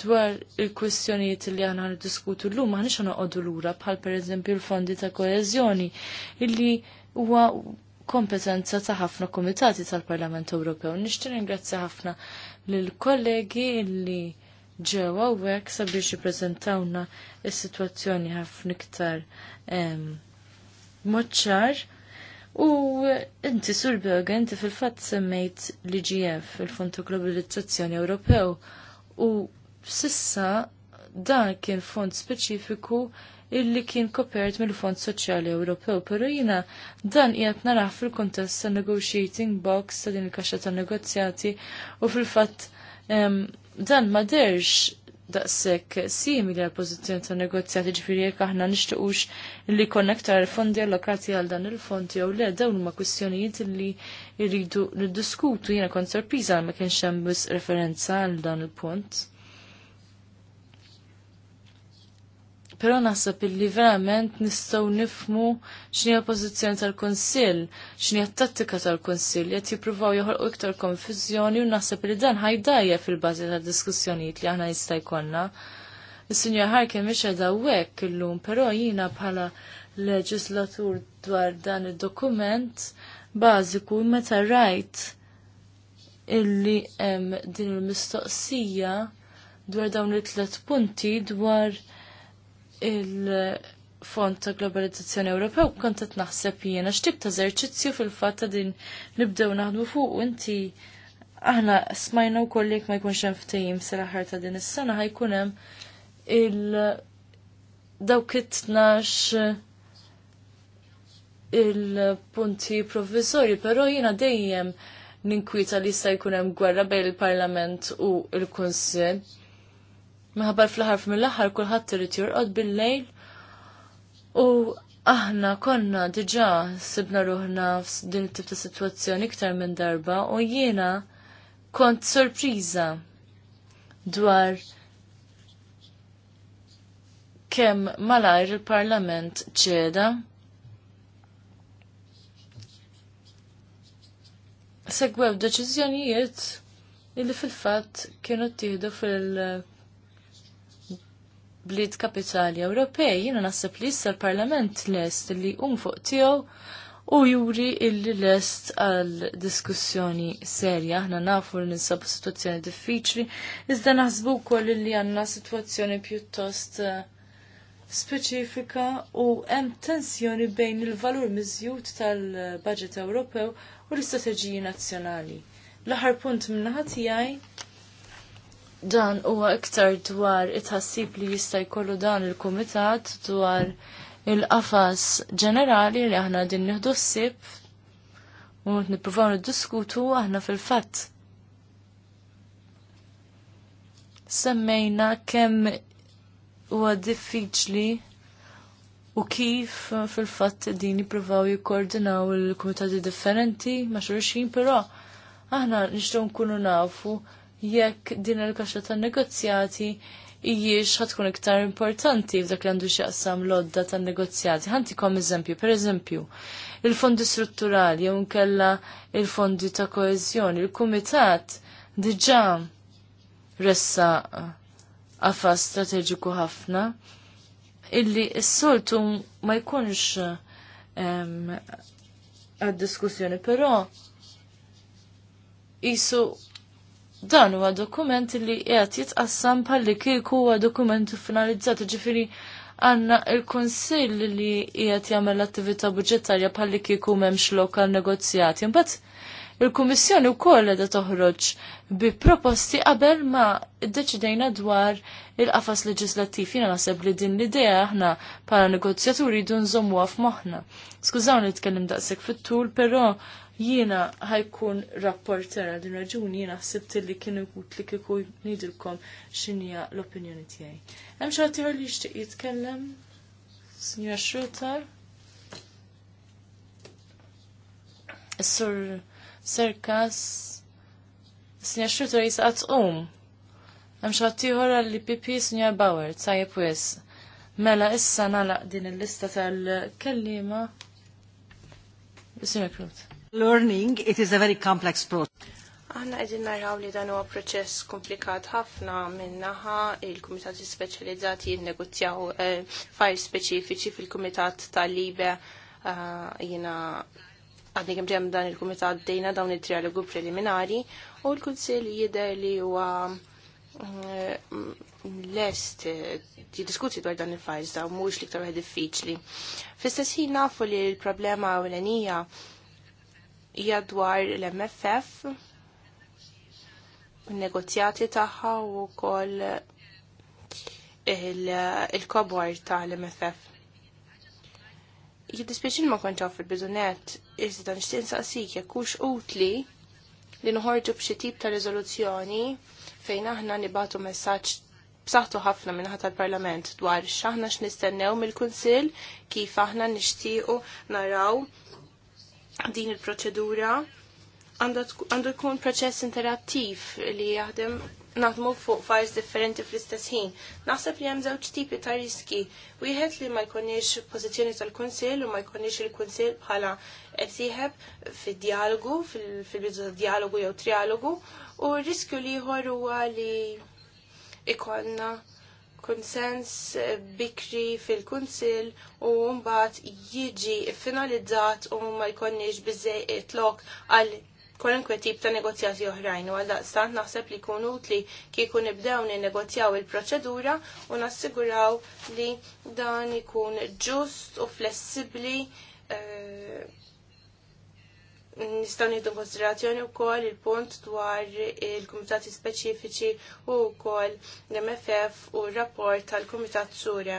dwar il-kwestjonijiet li għana diskutu l-lum, għan iċħana għoddu l-ura, bħal per eżempju l-fondi ta' koezjoni, illi huwa kompetenza ta' ħafna komitati tal-Parlament Ewropew. Nixtieq ringrazzja ħafna lill kollegi li ġew hawnhekk sabiex jippreżentawna s sitwazzjoni ħafna iktar moċċar. U inti sur Bjorg, inti fil-fatt semmejt l-IGF, il-Fond ta' Globalizzazzjoni Ewropew, u sissa dan kien fond speċifiku illi kien kopert mill-Fond Soċjali Ewropew, pero jina dan qiegħed narah fil-kontest ta' negotiating box ta' din il-kaxxa ta' negozjati u fil-fatt dan ma derx daqshekk simili għal pożizzjoni ta' negozjati ġifieri jekk aħna nixtiequx li konnektar fondi allokati għal dan il-fond jew le dawn huma kwistjonijiet li jridu niddiskutu jiena kont sorpriża ma kienx hemm referenza għal dan il-punt. però naħseb illi verament nistgħu nifmu x'inhi l-pożizzjoni tal-Kunsill, x'inhi t-tattika tal-Kunsill qed jippruvaw joħolqu iktar konfużjoni u naħseb li dan ħajdajja fil-bażi tad-diskussjonijiet li aħna jista' jkollna. Is-Sinjor Harkin mhix qiegħda hawnhekk illum, però jiena bħala leġislatur dwar dan id-dokument bażiku meta rajt illi hemm din il-mistoqsija dwar dawn it-tlet punti dwar il-Fond ta' Globalizzazzjoni Ewropew kont qed naħseb jiena x'tib ta' eżerċizzju fil-fatt ta' din nibdew naħdmu fuq inti aħna smajna wkoll jekk ma jkunx hemm ftehim sal-aħħar ta' din is-sena ħajkun hemm il dawk it il-punti provvisorji, però jiena dejjem ninkwita li jista' jkun hemm gwerra bejn il-Parlament u l-Kunsill. Meħabba fl-ħarf mill-aħħar kulħadd irid jorqod bil-lejl u aħna konna diġà sibna ruħna f'din it-tip ta' sitwazzjoni iktar minn darba u jiena kont sorpriża dwar kemm malajr il-Parlament ċeda segwew deċiżjonijiet illi fil-fatt kienu ttieħdu fil- bliet kapitali Ewropej, jiena naħseb li issa l-Parlament lest li hum fuq tiegħu u juri illi lest għal diskussjoni serja. Aħna nafu li ninsabu situazzjoni diffiċli, iżda naħsbu wkoll li għandna situazzjoni pjuttost eh, speċifika u hemm tensjoni bejn il-valur miżjud tal-budget Ewropew u l-istrateġiji nazzjonali. L-aħħar punt minnaħa tiegħi dan huwa iktar dwar it-ħassib li jista' jkollu dan il-kumitat dwar il-qafas ġenerali li aħna din nieħdu ssib u nippruvaw niddiskutu aħna fil-fatt. Semmejna kemm huwa diffiċli u kif fil-fatt din jippruvaw jikkoordinaw il-kumitati differenti ma' xulxin, però aħna nixtru nkunu nafu jekk din il-kaxxa tan-negozjati jiex ħatkun iktar importanti f'dak li għandu xaqsam lodda tan negozjati. kom eżempju, per eżempju, il-fondi strutturali jew nkella il-fondi ta' koezjoni, il-kumitat diġà ressa għafa strateġiku ħafna illi s-soltu ma jkunx għad-diskussjoni, però jisu dan huwa dokument li qed jitqassam bħalli kieku huwa dokument finalizzat, ġifieri għandna il-Kunsill li qiegħed jagħmel attività budġettarja bħalli kieku m'hemmx lokal negozjati. Imbagħad il-Kummissjoni wkoll qiegħda toħroġ bi proposti qabel ma ddeċidejna dwar il-qafas leġislattiv. Jiena naħseb li din l-idea aħna bħala negozjaturi jdu nżommuha f'moħħna. Skużawni nitkellem daqshekk fit-tul, però Jiena ħajkun rapportera għal din raġuni jiena ħsibt li kien ikut li kieku nidilkom x'inhija l-opinjoni tiegħi. Hemm xi ħadd li jixtieq jitkellem? Signora Schroeter? Sur Serkas? Signora Schroeter jisqat um. Hemm xi ħadd ieħor għall PP Signora Bauer, tajjeb wis. Mela issa nalaq din il-lista tal-kellima. Signora Klot. Learning, it is a very complex process. Aħna qegħdin naraw li dan huwa proċess komplikat ħafna minnaħa il-kumitati speċjalizzati jinnegozjaw eh, fajl speċifiċi fil-kumitat tal-libe eh, jiena għadni kemm dan il-kumitat dejna dawn il-trialogu preliminari u l-kunsill jidher li huwa eh, lest jiddiskuti dwar dan il-fajls da mux li iktar wieħed diffiċli. Fl-istess nafu li l-problema ewlenija hija dwar l-MFF, negozjati tagħha u wkoll il-kobor il tal-MFF. Jiddispieċin ma kon fil-bidunet, iżda nixtieq saqsik jekk hux utli li nħorġu b'xi tip ta' riżoluzzjoni fejn aħna nibatu messaġġ b'saħħtu ħafna minn l parlament dwar x'aħna x'nistennew mill-Kunsill kif aħna nixtiequ naraw din il-proċedura għandu jkun proċess interattiv li jaħdem naħdmu fuq fajs differenti fl-istess ħin. Naħseb li hemm żewġ tipi ta' riski. Wieħed li ma jkunniex pożizzjoni tal-Kunsill u ma jkunniex il-Kunsill bħala qed sieħeb fid-dialogu, fil-bidu dialogu jew trialogu, u r-riskju li jħor huwa li ikonna konsens bikri fil-kunsil u mbagħad jiġi finalizzat u ma jkollniex biżejjed lok għal kwalunkwe tip ta' negozjati oħrajn u għaldaqstant naħseb li jkun utli kieku nibdew negozjaw il-proċedura u nassiguraw li dan ikun ġust u flessibli eh, Nistaw nieħdu konsiderazzjoni wkoll il-punt dwar il-kumitati speċifiċi u wkoll l-MFF u r-rapport tal-Kumitat Sura.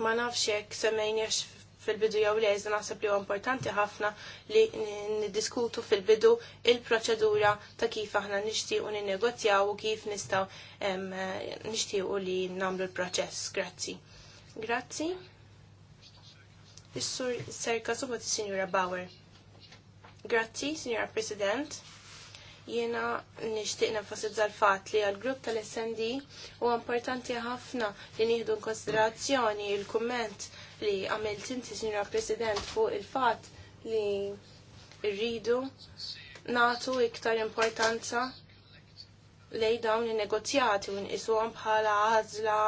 Ma nafx hekk semmejniex fil-bidu jew le iżda naħseb li huwa importanti ħafna li niddiskutu fil-bidu il-proċedura ta' kif aħna nixtiequ ninnegozjaw u kif nistgħu nixtiequ li nagħmlu l-proċess. Grazzi. Grazzi. Is-sur Serka Subot Sinjura Bauer. Grazzi, Signora President. Jiena nixtieq nenfasizza l-fatt li għall-grupp tal-SND huwa importanti ħafna li nieħdu konsiderazzjoni il-kumment li għamilt inti, Signora President, fuq il-fatt li rridu natu iktar importanza lej dawn il negozjati u nqisuhom bħala għażla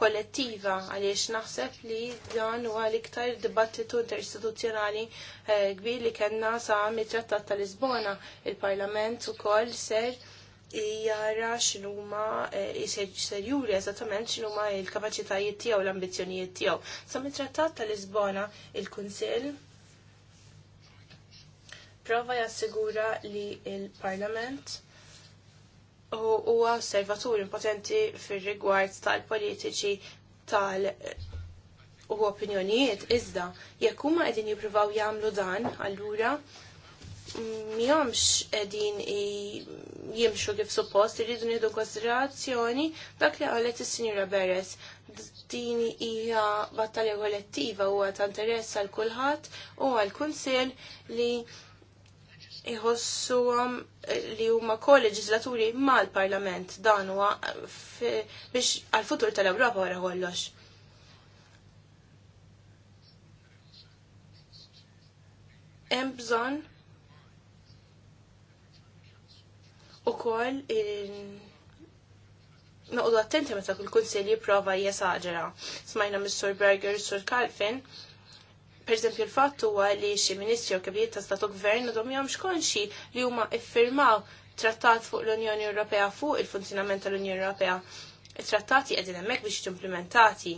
kollettiva għaliex naħseb li dan huwa l-iktar dibattitu interistituzzjonali eh, kbir li kellna sa mit-Trattat ta' Lisbona. Il-Parlament ukoll ser jara x'inhuma eh, ser juri eżattament x'inhuma l-kapaċitajiet tiegħu l-ambizzjonijiet tiegħu. Sa mit-Trattat ta' Lisbona il-Kunsill prova jassigura li il-Parlament huwa osservatur impotenti fir-rigward tal-politiċi tal u opinjonijiet iżda jekk huma qegħdin jippruvaw jagħmlu dan allura miħomx mm, qegħdin jimxu kif suppost iridu nieħdu konsiderazzjoni dak li qalet is-Sinjura Beres. Din hija battalja kollettiva huwa ta' interess għal kulħadd u għal kunsill li iħossuhom eh, li huma ma mal-Parlament dan huwa eh, biex għal-futur tal-Ewropa wara kollox. Hemm bżonn ukoll noqogħdu attenti meta kull kunsill prova jesaġera. Smajna mis-Sur Berger, Sur Kalfin, Per esempio, l fatto huwa li xi ministri jew kabijiet ta' statu gvern għadhom jomx konxi li huma iffirmaw trattat fuq l-Unjoni Ewropea fuq il-funzjonament tal-Unjoni Ewropea. Il-trattati qegħdin hemmhekk biex implementati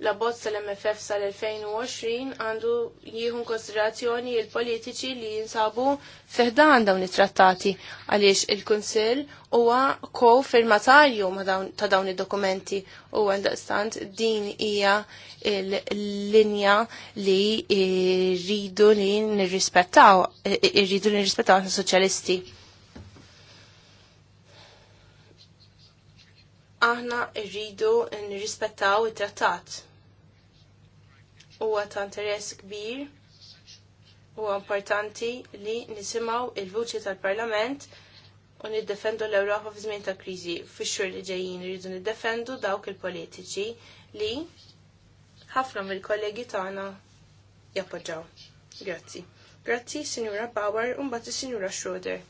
la bozz tal-MFF sal-2020 għandu jieħu konsiderazzjoni il-politiċi li jinsabu fiħdan dawn it-trattati għaliex il-Kunsill huwa ko firmatarju ta' dawn id-dokumenti u għandaqstant din hija l-linja li rridu li nirrispettaw, rridu li nirrispettaw soċjalisti. aħna rridu nirrispettaw it-trattat huwa ta' interess kbir u importanti li nisimaw il-vuċi tal-Parlament u niddefendu l-Ewropa fi żmien ta' kriżi. Fix-xhur li ġejjin rridu niddefendu dawk il-politiċi li ħafna mill-kollegi tagħna jappoġġaw. Grazzi. Grazzi, Sinjura Bauer, u mbagħad is-Sinjura Schroeder.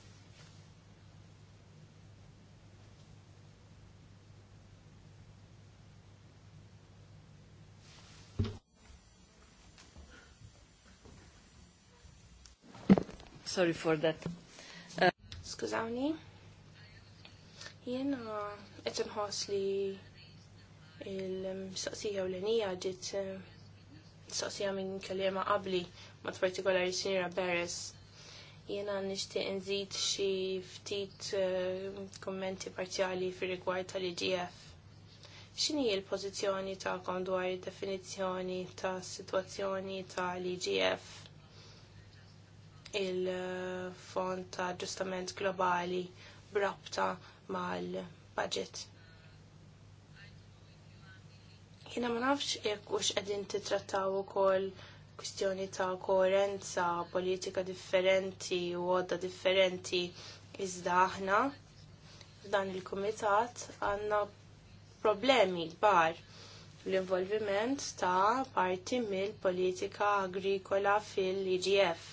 Sorry for that. Skużawni. Jena qed hos li il soqsija u l-enija ġiet eh, mistoqsija minn kelliema qabli mat partikolari Sinjora Beres. Jena nixtieq nżid xi ftit eh, kummenti parzjali fi rigward tal-IGF. X'inhi l-pożizzjoni tagħkom definizjoni id-definizzjoni ta' sitwazzjoni tal-IGF? E il-fond ta' ġustament globali brabta mal-budget. Jena ma nafx jekk ux qegħdin titrattaw ukoll kwistjoni ta' koerenza, politika differenti u għodda differenti iżda aħna f'dan il-kumitat għandna problemi kbar l-involviment ta' parti mill-politika agrikola fil-IGF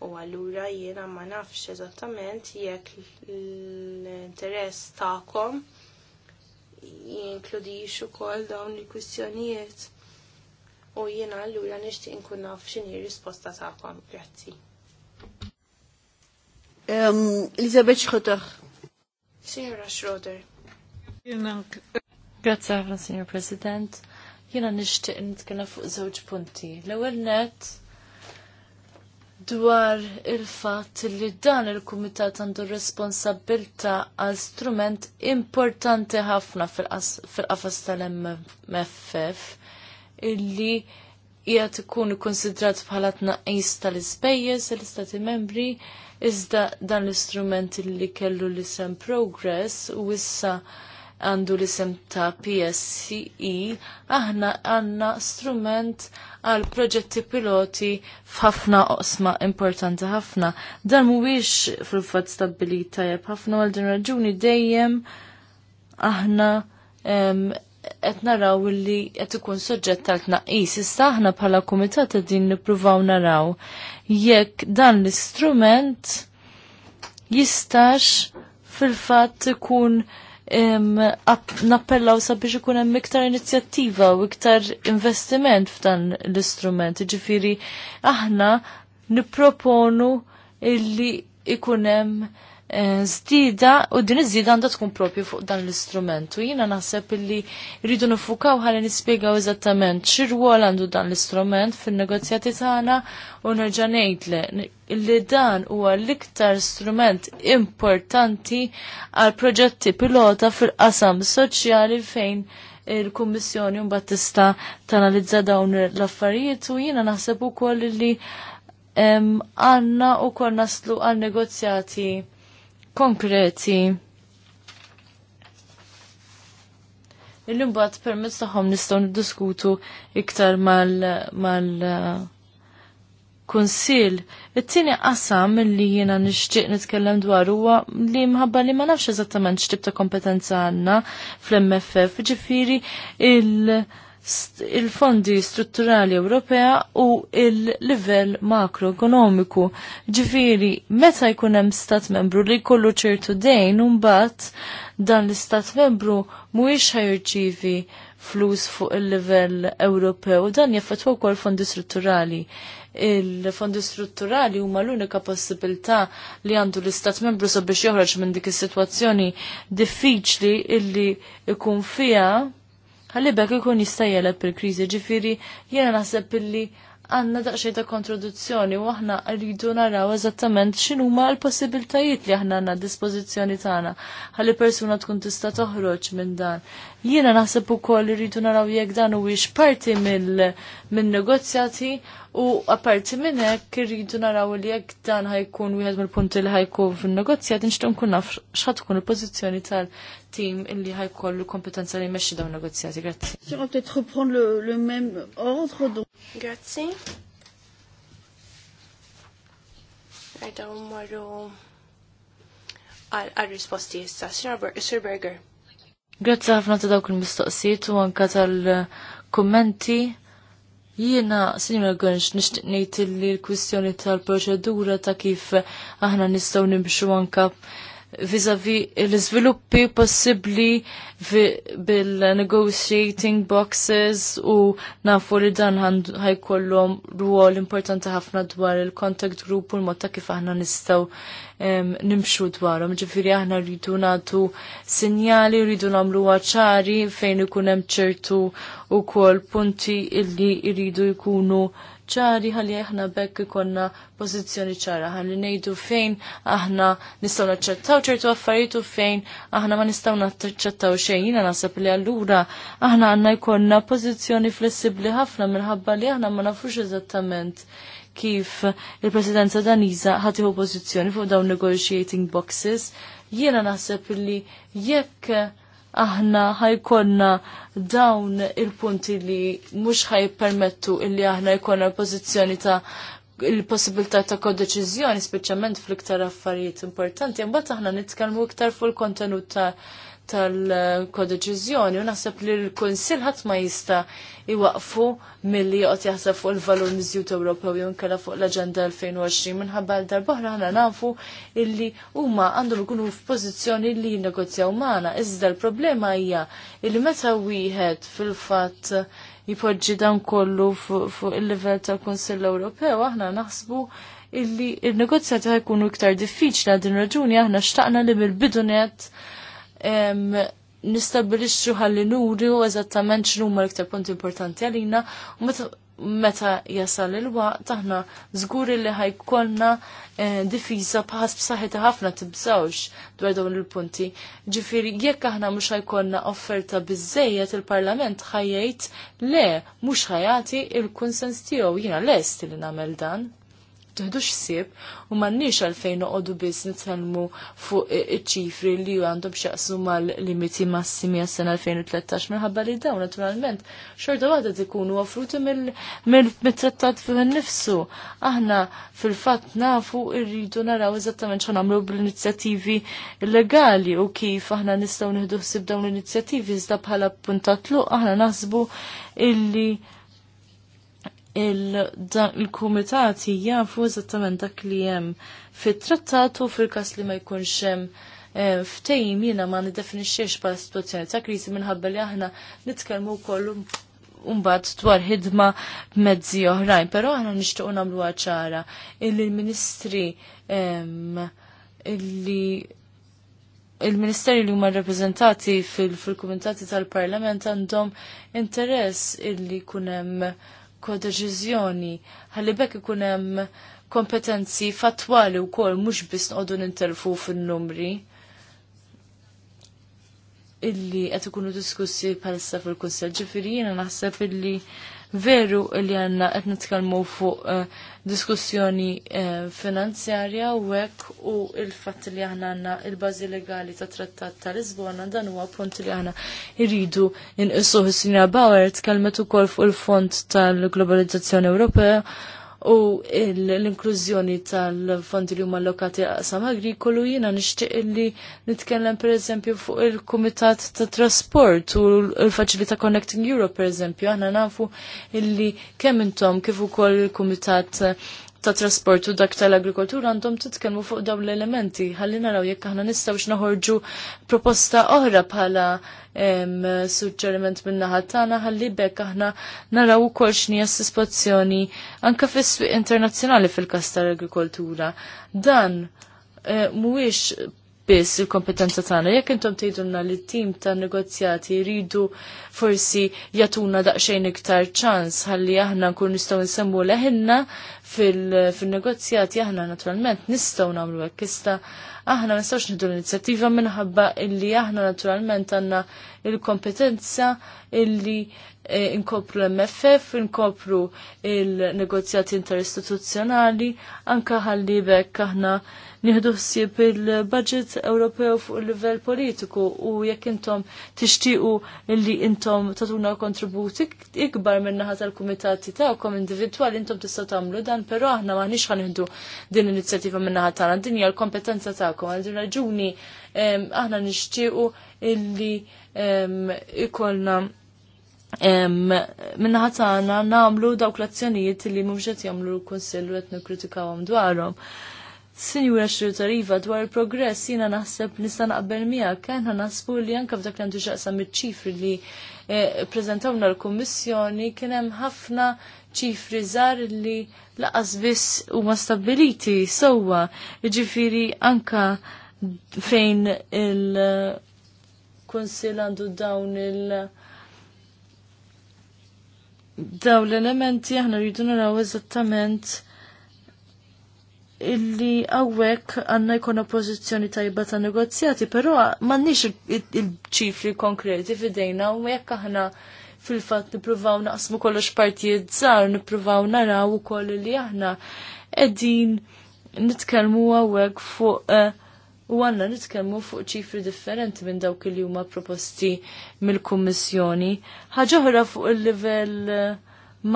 u allura jiena ma nafx eżattament jekk l-interess tagħkom jinkludix ukoll dawn il-kwistjonijiet u jiena allura nixtieq inkun naf x'inhi risposta tagħkom. Grazzi. Elizabeth Schroeder. Signora Schroeder. Grazie Signor President. Jiena nixtieq nitkellem fuq żewġ punti. L-ewwel net dwar il-fatt li dan il-Kumitat għandu responsabilta għal strument importanti ħafna fil-qafas tal-MFF illi jgħat ikun konsidrat bħala tnaqis tal-ispejjeż l-Istati Membri iżda dan l-istrument li kellu l-isem Progress u issa għandu l-isem ta' PSCE, aħna għanna strument għal proġetti piloti f'ħafna oqsma importanti ħafna. Dan mhuwiex fil-fatt stabilita jeb ħafna għal din raġuni dejjem aħna qed naraw li qed ikun soġġett tal tnaqqis issa aħna bħala kumitat din nippruvaw naraw jekk dan l-istrument jistax fil-fatt ikun nappellaw sabiex ikun hemm iktar inizjattiva u iktar investiment f'dan l-istrument. Ġifiri, aħna nipproponu illi ikun hemm zdida u din iż-żida għandha tkun propju fuq dan l-istrument. U jiena naħseb illi rridu nifukaw ħalli nispjegaw eżattament x'irwol għandu dan l-istrument fin-negozjati tagħna u nerġa' ngħid li dan huwa l-iktar strument importanti għal proġetti pilota fil-qasam soċjali fejn il-Kummissjoni mbagħad tista' tanalizza dawn l-affarijiet u jiena naħseb ukoll li għanna u kol naslu għal negozjati konkreti Illum bat permezz tagħhom nistgħu niddiskutu iktar mal uh, konsil. It-tieni qasam li jiena nixtieq nitkellem dwar huwa li mħabba li ma nafx eżattament x'tib ta' kompetenza għandna fl-MFF, ġifieri il- il-fondi strutturali Ewropea u il-livell makroekonomiku. Ġifiri, meta jkun hemm stat membru li jkollu ċertu dejn, mbagħad dan l-istat membru mhuwiex ħajrċivi flus fuq il-livell Ewropew, dan jaffetwa wkoll fondi strutturali il-fondi strutturali huma l-unika possibilità li għandu l-istat membru sabiex joħroġ minn dik is-sitwazzjoni diffiċli illi ikun fija ħalli bekk ikun jista' jeleb il-kriżi ġifieri jiena naħseb illi għandna daqsxejn ta' kontroduzzjoni u aħna rridu naraw eżattament x'inhuma l-possibiltajiet li aħna għandna dispożizzjoni tagħna ħalli persuna tkun tista' toħroġ minn dan. Jiena naħseb ukoll rridu naraw jekk dan huwiex parti minn negozjati u apparti minn hekk irridu naraw li jekk dan ħajkun wieħed mill-punti li ħajkun fin negozjati nċtun nkun naf x'ħad tkun il-pożizzjoni tal- tim illi ħajkollu kompetenza li meċi daw negozjati. Grazzi. Si on peut-être reprendre le, le même ordre donc. Grazzi. Għajda marru għal-risposti jissa. Sir Berger. Grazzi ħafna ta' dawk il-mistoqsijiet u anka tal-kommenti. Jiena, Sinjora Gunx, nishtiq ngħid li l-kwistjoni tal-proċedura ta' kif aħna nistaw nimxu anka vizavi l-izviluppi possibli bil-negotiating boxes u nafu li dan ħajkollhom ruol importanti ħafna dwar il-contact group u l-mod ta' kif aħna nistgħu nimxu dwarhom. Ġifieri aħna rridu nagħtu sinjali, rridu namlu ċari fejn ikun hemm ċertu kol punti illi rridu jkunu ċari ħalli aħna bekk ikonna pożizzjoni ċara ħalli ngħidu fejn aħna nistgħu naċċettaw ċertu affarijiet u fejn aħna ma nistgħu naċċettaw xejn. jina naħseb li allura aħna għandna jkollna pożizzjoni flessibbli ħafna minħabba li aħna ma nafux eżattament kif il-presidenza Daniża ħatiħu pożizzjoni fuq dawn negotiating boxes. Jiena naħseb li jekk aħna ħajkonna dawn il-punti li mhux ħajpermettu illi aħna jkollna pożizzjoni ta' il-possibilità ta' kodeċiżjoni speċjalment fl-iktar affarijiet importanti, imbagħad aħna nitkellmu iktar fuq il-kontenut ta' tal-kodeċizjoni u naħseb li l-Konsil ħadd ma jista' iwaqfu milli joqgħod jaħseb fuq il-valur miżjut Ewropew jew fuq l-Aġenda 2020 minħabba darbohra aħna nafu illi huma għandhom ikunu f'pożizzjoni li jinnegozjaw magħna. Iżda l-problema hija illi meta wieħed fil-fatt jipoġġi dan kollu fuq il-livell tal-Kunsill Ewropew aħna naħsbu illi il-negozjati ħajkunu iktar diffiċli għad din raġuni aħna xtaqna li mill-bidunet nett nistabilixxu ħalli nuri u eżattament x'numru iktar punti importanti għalina u meta jasal il-waqt aħna żguri li ħajkollna e, difiża pa'ħas b'saħħitha ħafna tibżawx dwar dawn il-punti. Ġifieri jekk aħna mhux ħajkollna offerta biżejjed il-Parlament ħajjgħid le mhux ħajati il-kunsens tiegħu jiena lest li nagħmel dan tiħdux sib u mannix għalfejn noqogħdu biss nitkellmu fuq iċ-ċifri li għandhom x'jaqsmu mal-limiti massimi għas-sena 2013 minħabba li dawn naturalment xorta waħda tikunu offruti mill-trattat fih nifsu Aħna fil-fatt nafu rridu naraw eżattament xan nagħmlu bl-inizjattivi legali u kif aħna nistgħu nieħdu ħsieb dawn l inizjativi iżda bħala puntat aħna naħsbu illi il-kumitati jafu eżattament dak li hemm fit trattat u fil-każ li ma jkunx hemm eh, ftejim jiena ma nidefinixxiex bħala situazzjoni ta' kriżi minħabba li aħna nitkellmu wkoll um- mbagħad dwar ħidma b'mezzi oħrajn, però aħna nixtiequ nagħmluha ċara illi l-Ministri ehm, illi il-ministeri li huma rappreżentati fil-kumitati tal-Parlament għandhom interess illi kunem hemm kodeċiżjoni ħalli bekk ikun hemm kompetenzi fatwali wkoll mhux biss noqogħdu nintelfu fin-numri illi qed ikunu diskussi bħalissa fil-Kunsell. Ġifieri jiena naħseb illi veru li għanna qed nitkellmu fuq eh, diskussjoni eh, finanzjarja u hekk u il fat li aħna għandna il-bażi legali ta' trattat ta' Lisbona dan huwa punt li aħna irridu inqisuh is-Sinja Bauer tkellmet ukoll fuq il-Fond tal-Globalizzazzjoni Ewropea u l-inklużjoni tal-fondi li huma allokati għasam agrikolu jiena nixtieq li nitkellem pereżempju fuq il-Kumitat ta' Trasport u l-Faċilità Connecting Europe pereżempju aħna nafu illi kemm intom kif ukoll il-Kumitat ta' trasport u dak tal-agrikoltura għandhom titkellmu fuq dawn l-elementi. Ħalli naraw jekk aħna nistgħu naħorġu proposta oħra bħala suġġeriment min-naħa tagħna ħalli bekk aħna naraw ukoll x'nija s anke fis-swieq internazzjonali fil kas tal-agrikoltura. Dan eh, mhuwiex biss il-kompetenza tagħna. Jekk intom tgħidulna li t-tim ta' negozjati jridu forsi jatuna daqsxejn iktar ċans ħalli aħna nkun nistgħu nsemmu leħinna fil-negozjati aħna naturalment nistgħu nagħmlu hekk issa aħna ma nistgħux nieħdu l-inizjattiva minħabba illi aħna naturalment għandna il-kompetenza illi e, inkopru MFF, inkopru il-negozjati interistituzzjonali, anka ħalli bekk aħna nieħdu ħsieb il-budget Ewropew fuq il-livell politiku u jekk intom tixtiequ li intom tatuna kontribut ikbar minnaħa tal-kumitati tagħkom individwali intom tistgħu tagħmlu dan, però aħna m'aħniex ħanieħdu din l-inizjattiva min-naħa tagħna, din hija l-kompetenza tagħkom għal din raġuni aħna nixtiequ illi ikolna minna tagħna namlu dawk l-azzjonijiet li mumġet jamlu l-Konsillu qed nikkritikawhom dwarom. Sinjura Xirtariva dwar il-progress jina naħseb nista' naqbel miegħek kien naħsbu li anke f'dak li għandu xaqsam iċ-ċifri li eh, prezentawna l-Kummissjoni kien hemm ħafna ċifri żar li laqas biss huma stabiliti sewwa. Jiġifieri anke fejn il-Kunsill għandu dawn il- dawn l-elementi aħna rridu naraw eżattament illi għawek għanna jkun oppozizjoni tajba ta' negozjati, pero mannix il-ċifri konkreti fidejna u jekk aħna fil-fat nipruvaw naqsmu kollox partijiet zar, nipruvaw naraw u koll li aħna edin nitkelmu għawek fuq eh, u għanna nitkelmu fuq ċifri differenti minn dawk li huma proposti mill-Kummissjoni. ħaġa fuq il-livell eh,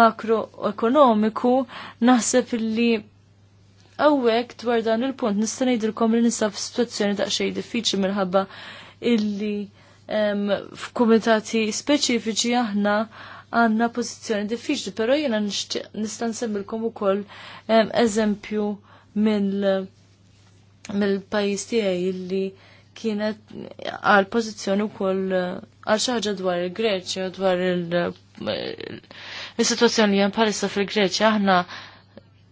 makroekonomiku naħseb illi Awek, dwar dan il-punt nista' ngħidilkom li nista' f'sitwazzjoni daqsxejn diffiċli minħabba illi f'kumitati speċifiċi aħna għandna pożizzjoni diffiċli, però jiena nista' nsemmilkom ukoll eżempju mill-pajjiż tiegħi illi kienet għal pożizzjoni wkoll għal xi ħaġa dwar il-Greċja dwar il situazzjoni li hemm bħalissa fil-Greċja aħna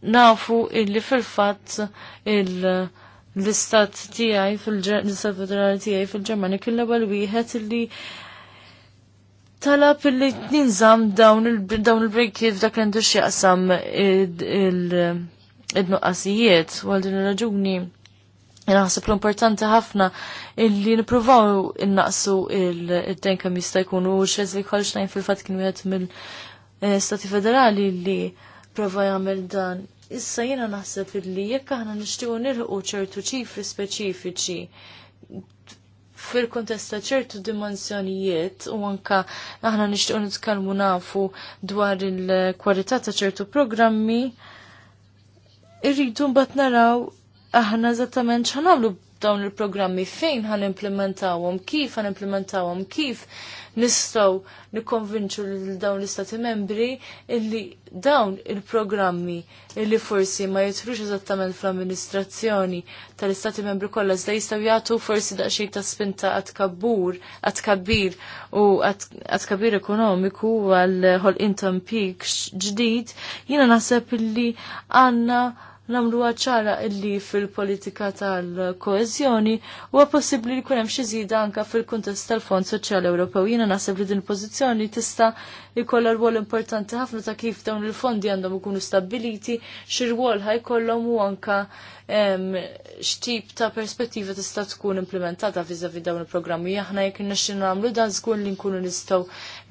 nafu illi fil-fatt il- l-istat tiegħi fil-istat federali tiegħi fil ġermani kien bal wieħed illi talab illi ninżam dawn il-breakiet dak li għandu x'jaqsam il-nuqqasijiet għal din ir-raġuni. Naħseb l-importanti ħafna illi nipruvaw innaqsu il-den kemm jista' jkun u xeżli kolxnajn fil-fatt kien wieħed mill-Stati Federali illi prova jagħmel dan. Issa jiena naħseb illi jekk aħna nixtiequ nilħu ċertu ċifri speċifiċi fil-kontest ta' ċertu dimensjonijiet u anka aħna nixtiequ nitkellmu nafu dwar il-kwalità ta' ċertu programmi, irridu mbagħad naraw aħna eżattament x'għamlu dawn il-programmi fejn għan implementawom, kif għan implementawom, kif nistgħu nikkonvinċu lil dawn l-istati membri illi dawn il-programmi illi forsi ma jitrux eżattament fl-amministrazzjoni tal-istati membri kollha zda jistgħu jagħtu forsi daqsxejn ta' spinta għat-kabur u għad ekonomiku għal ħolqien Peak ġdid, jiena naħseb illi għandna namlu ċara illi fil-politika tal-koezjoni huwa possibbli li kunem xi anka fil-kuntest tal-Fond Soċjali Ewropew. Jina naħseb li din pożizzjoni tista' jkollha rwol importanti ħafna ta' kif dawn il-fondi għandhom ikunu stabiliti, xi rwol ħajkollhom u anka xtip ta' perspettiva tista' tkun implementata viżavi dawn il-programmi. Aħna jekk nixxi nagħmlu dan żgur li nkunu nistgħu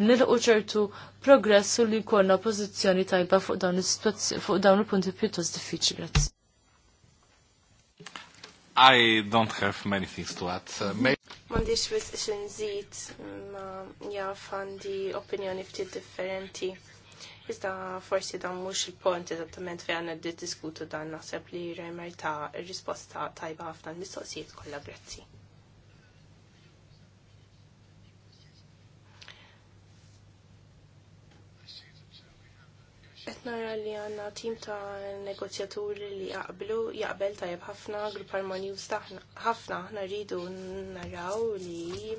nilqu ċertu progress u li jkollna pożizzjoni tajba fuq dawn fuq dawn il-punti pjuttost diffiċli. I don't have many things to add. Uh, Mandiċ bis xinżit ma jaf għandi opinjoni ftit differenti. Iżda forsi dan mhux il-pont eżattament fejn għandna diskutu dan naħseb li rejmer ta' risposta tajba ħafna l-mistoqsijiet kollha grazzi. nara li għanna tim ta' negozjaturi li jaqblu, jaqbel tajab ħafna, grupp armonjus ħafna, ħna rridu naraw li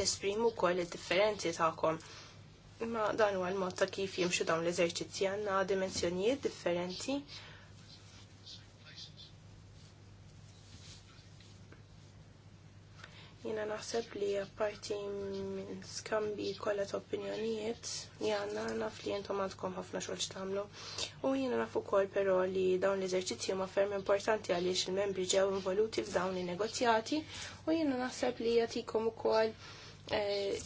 tesprimu kol il-differenzi ta' kom. Ma dan huwa l-mod ta' kif jimxu dawn l-eżerċizzi għandna dimensjonijiet differenti. Jiena naħseb li apparti minn skambi kollha ta' opinjonijiet li għandna naf li jentom għandkom ħafna xogħol tagħmlu. U jiena naf ukoll però li dawn l-eżerċizzi huma ferm importanti għaliex il-membri ġew involuti f'dawn in negozjati u jiena naħseb li jagħtikom ukoll eh,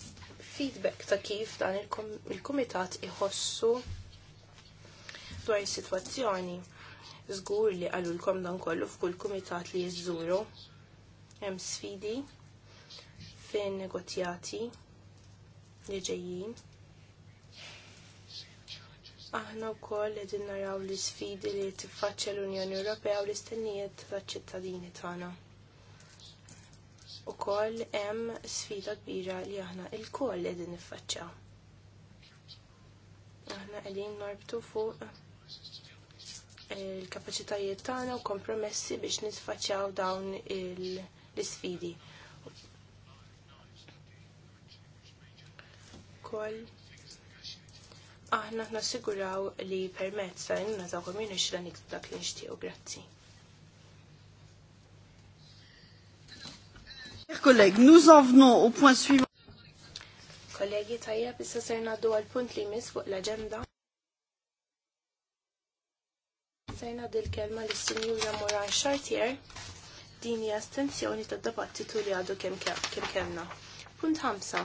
feedback ta' kif dan il-kumitat iħossu dwar is-sitwazzjoni. Żgur li għalulkom dan kollu f'kull kumitat li jizzuru Hemm sfidi fejn negozjati li ġejjin. Aħna wkoll qegħdin naraw l-isfidi li tiffaċċja l-Unjoni Ewropea u l-istennijiet taċ-ċittadini tagħna ukoll hemm sfida kbira li aħna il qegħdin niffaċċjaw. Aħna qegħdin norbtu fuq il-kapaċitajiet tagħna u kompromessi biex nisfaċċjaw dawn l-isfidi. Koll aħna nassiguraw li permezz ta' inna ta' komin ixra dak li nixtiequ grazzi. Kolleg, nous en venons au point suivant. Kollegi tajjeb, issa ser naddu għal punt li mis fuq l-agenda. Ser naddu l-kelma li sinjura Moran Chartier din hija ta' dabatti tu li għadu kemm kellna. Punt ħamsa.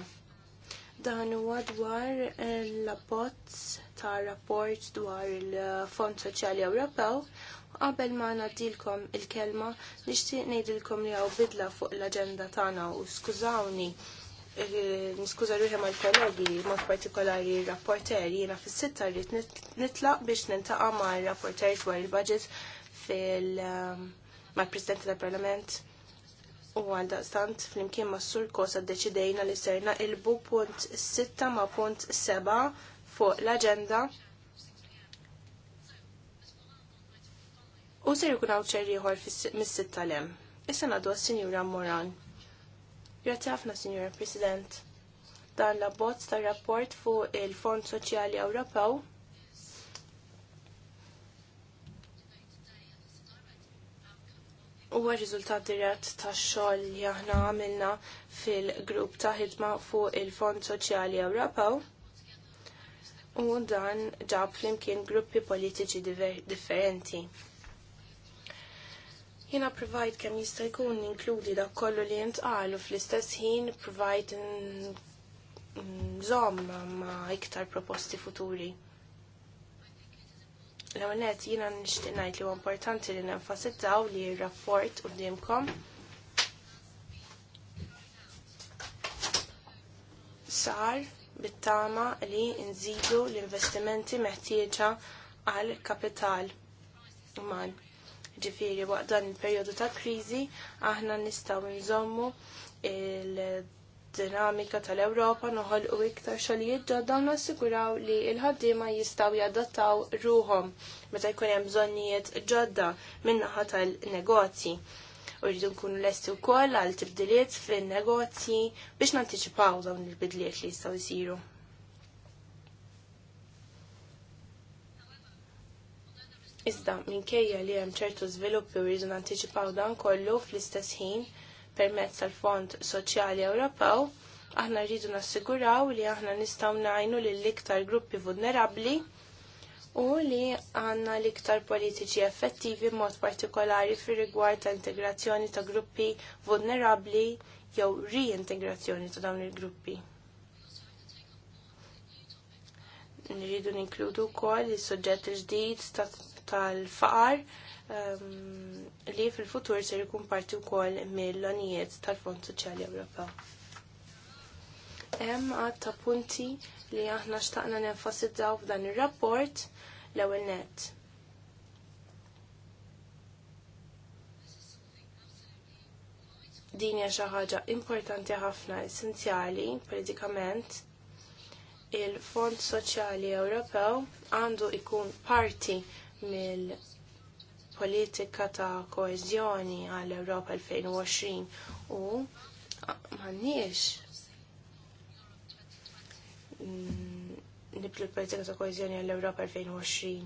Dan huwa dwar eh, l-abbozz ta' rapport dwar il-Fond Soċjali Ewropew Qabel ma nadilkom il-kelma, nixtieq ngħidilkom li hawn bidla fuq l-aġenda tagħna u skużawni eh, niskuża ruħi mal-kollegi, mod partikolari rapporter, jiena fis-sitta rrid nitlaq biex nintaqa' mar-rapporter dwar il-budget fil- eh, mal-President tal-Parlament u għaldaqstant flimkien ma' sur kosa deċidejna li serna il-bu punt 6 ma' punt 7 fuq l-agenda u ser jkun hawn ċerriħor mis-sitt tal em Issa ngħadu għas-Sinjura Moran. Grazie ħafna, Sinjura President. Dan l bozz tar-rapport fuq il-Fond Soċjali Ewropew huwa rizultat dirett tax-xogħol li aħna għamilna fil-grupp ta' ħidma fuq il-Fond Soċjali Ewropew. U dan ġab flimkien gruppi politiċi differenti. Jena provajt kem jista' jkun inkludi dak kollu li jintqalu fl-istess ħin provajt nżomm ma' iktar proposti futuri. L-għonet jina nishtiq ngħid li huwa importanti li nenfasizzaw li r-rapport dimkom sar bit-tama li nżidu l-investimenti meħtieġa għal kapital uman Ġifiri, waqt dan il-periodu ta' krizi, aħna nistaw nżommu il-dinamika tal-Ewropa u iktar xogħlijiet ġodda nassiguraw li l-ħaddiema jistgħu jadattaw ruhom meta jkun hemm bżonnijiet ġodda min-naħa tal-negozji. U rridu nkunu lesti wkoll għal tibdiliet fin-negozji biex nantiċipaw dawn il-bidliet li jistgħu jsiru. Iżda minkejja li hemm ċertu żviluppi u rridu nanticipaw dan kollu fl-istess ħin permezz tal-Fond Soċjali Ewropew, aħna rridu nassiguraw li aħna nistgħu ngħinu lil iktar gruppi vulnerabbli u li għandna l-iktar politiċi effettivi mod partikolari fir rigward ta' integrazzjoni ta' gruppi vulnerabbli jew reintegrazzjoni ta' dawn il-gruppi. Nridu ninkludu wkoll is suġġetti il-ġdid ta' tal-faqar ehm, li fil-futur ser ikun parti wkoll mill-lonijiet tal-Fond Soċjali Ewropew. Hemm għadta punti li aħna xtaqna nenfasizzaw f'dan ir-rapport l-ewwel nett. din hija xi ħaġa importanti ħafna, essenzjali, politikament, il-Fond Soċjali Ewropew għandu ikun parti mill-politika ta' koezjoni għall europa 2020 u m'għandniex mm, nibdu l-politika ta' koezjoni għall europa 2020.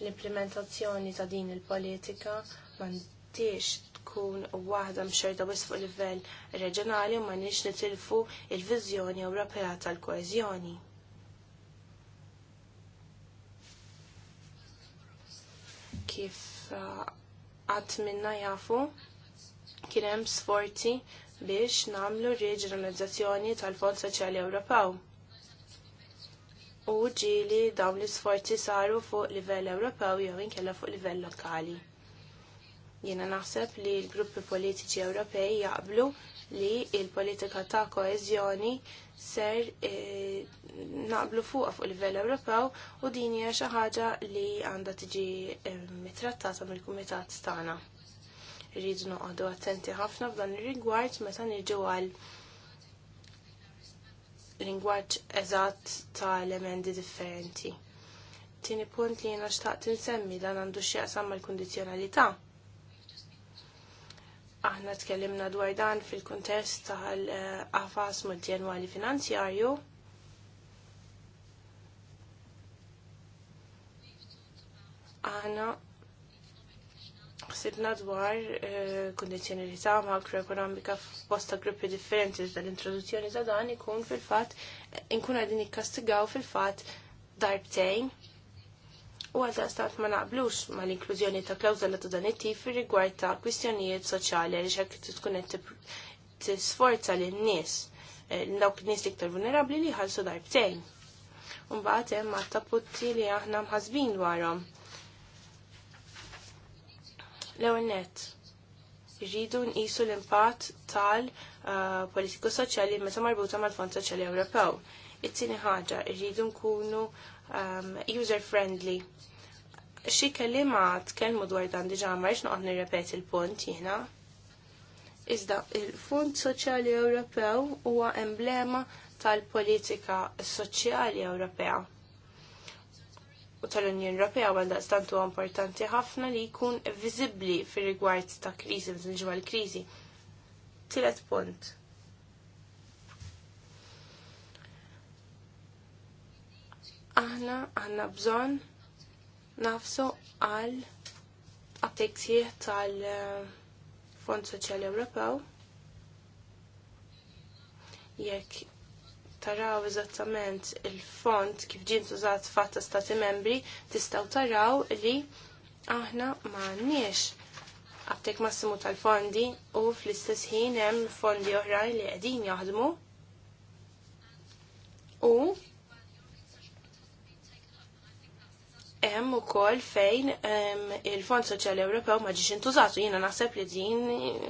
L-implementazzjoni ta' din il-politika m'għandix tkun waħda mxerda wisq fuq livell reġjonali u m'għandniex nitilfu il-viżjoni Ewropea tal-koeżjoni. kif uh, għat minna jafu kienem sforzi biex namlu reġionalizzazzjoni tal-Fond Soċjali Ewropew. U ġili dawn l-isforzi saru fuq livell Ewropew jew inkella fuq livell lokali. Jiena naħseb li l-gruppi politiċi Ewropej jaqblu li l politika ta' koeżjoni ser e, naqblu fuqha fuq livell Ewropew u din hija xi ħaġa li għandha tiġi e, mitrattata mill-kumitat tagħna. Irridu noqogħdu attenti ħafna f'dan ir-rigward meta niġu għal lingwaġġ eżatt ta' elementi differenti. Tieni punt li jiena xtaqt insemmi dan għandu x'jaqsam mal-kundizzjonalità. Aħna tkellimna dwar dan fil-kontest tal-qafas multjenwali finanzjarju. Aħna ħsibna dwar eh, kondizjonalità makroekonomika f'bosta gruppi differenti tal-introduzzjoni ta' dan ikun fil-fatt inkun qegħdin nikkastigaw fil-fatt darbtejn u għal daqstat ma naqblux ma l-inklużjoni ta' klawzola ta' dan it-tif rigward ta' kwistjonijiet soċjali li xek tkun qed tisforza lin nies eh, dawk nies iktar vulnerabbli li ħalsu darbtejn. Mbagħad hemm ta' putti li aħna mħasbin dwarhom. L-ewwel nett irridu nqisu l-impatt tal-politiku eh, soċjali meta marbuta mal-Fond Soċjali Ewropew. It-tieni ħaġa irridu nkunu ehm, user friendly xi kelliema tkellmu dwar dan diġà marx noqgħod nirrepeti l-punt jiena. Iżda il-Fond Soċjali Ewropew huwa emblema tal-politika soċjali Ewropea. U tal-Unjoni Ewropea għal daqstant huwa importanti ħafna li jkun viżibbli fir-rigward ta' kriżi ġew l-kriżi. Tielet punt. Aħna għandna bżonn nafsu għal għattektieħ tal-Fond eh, Soċjali Ewropew jekk taraw eżattament il fond kif ġin tużat ta' stati membri, tistaw taraw li aħna m'għandniex għattek massimu tal-fondi u fl-istess ħin hemm fondi oħrajn li qegħdin jaħdmu. U hemm ukoll fejn il-Fond Soċjali Ewropew ma ġiex intużatu jiena naħseb li din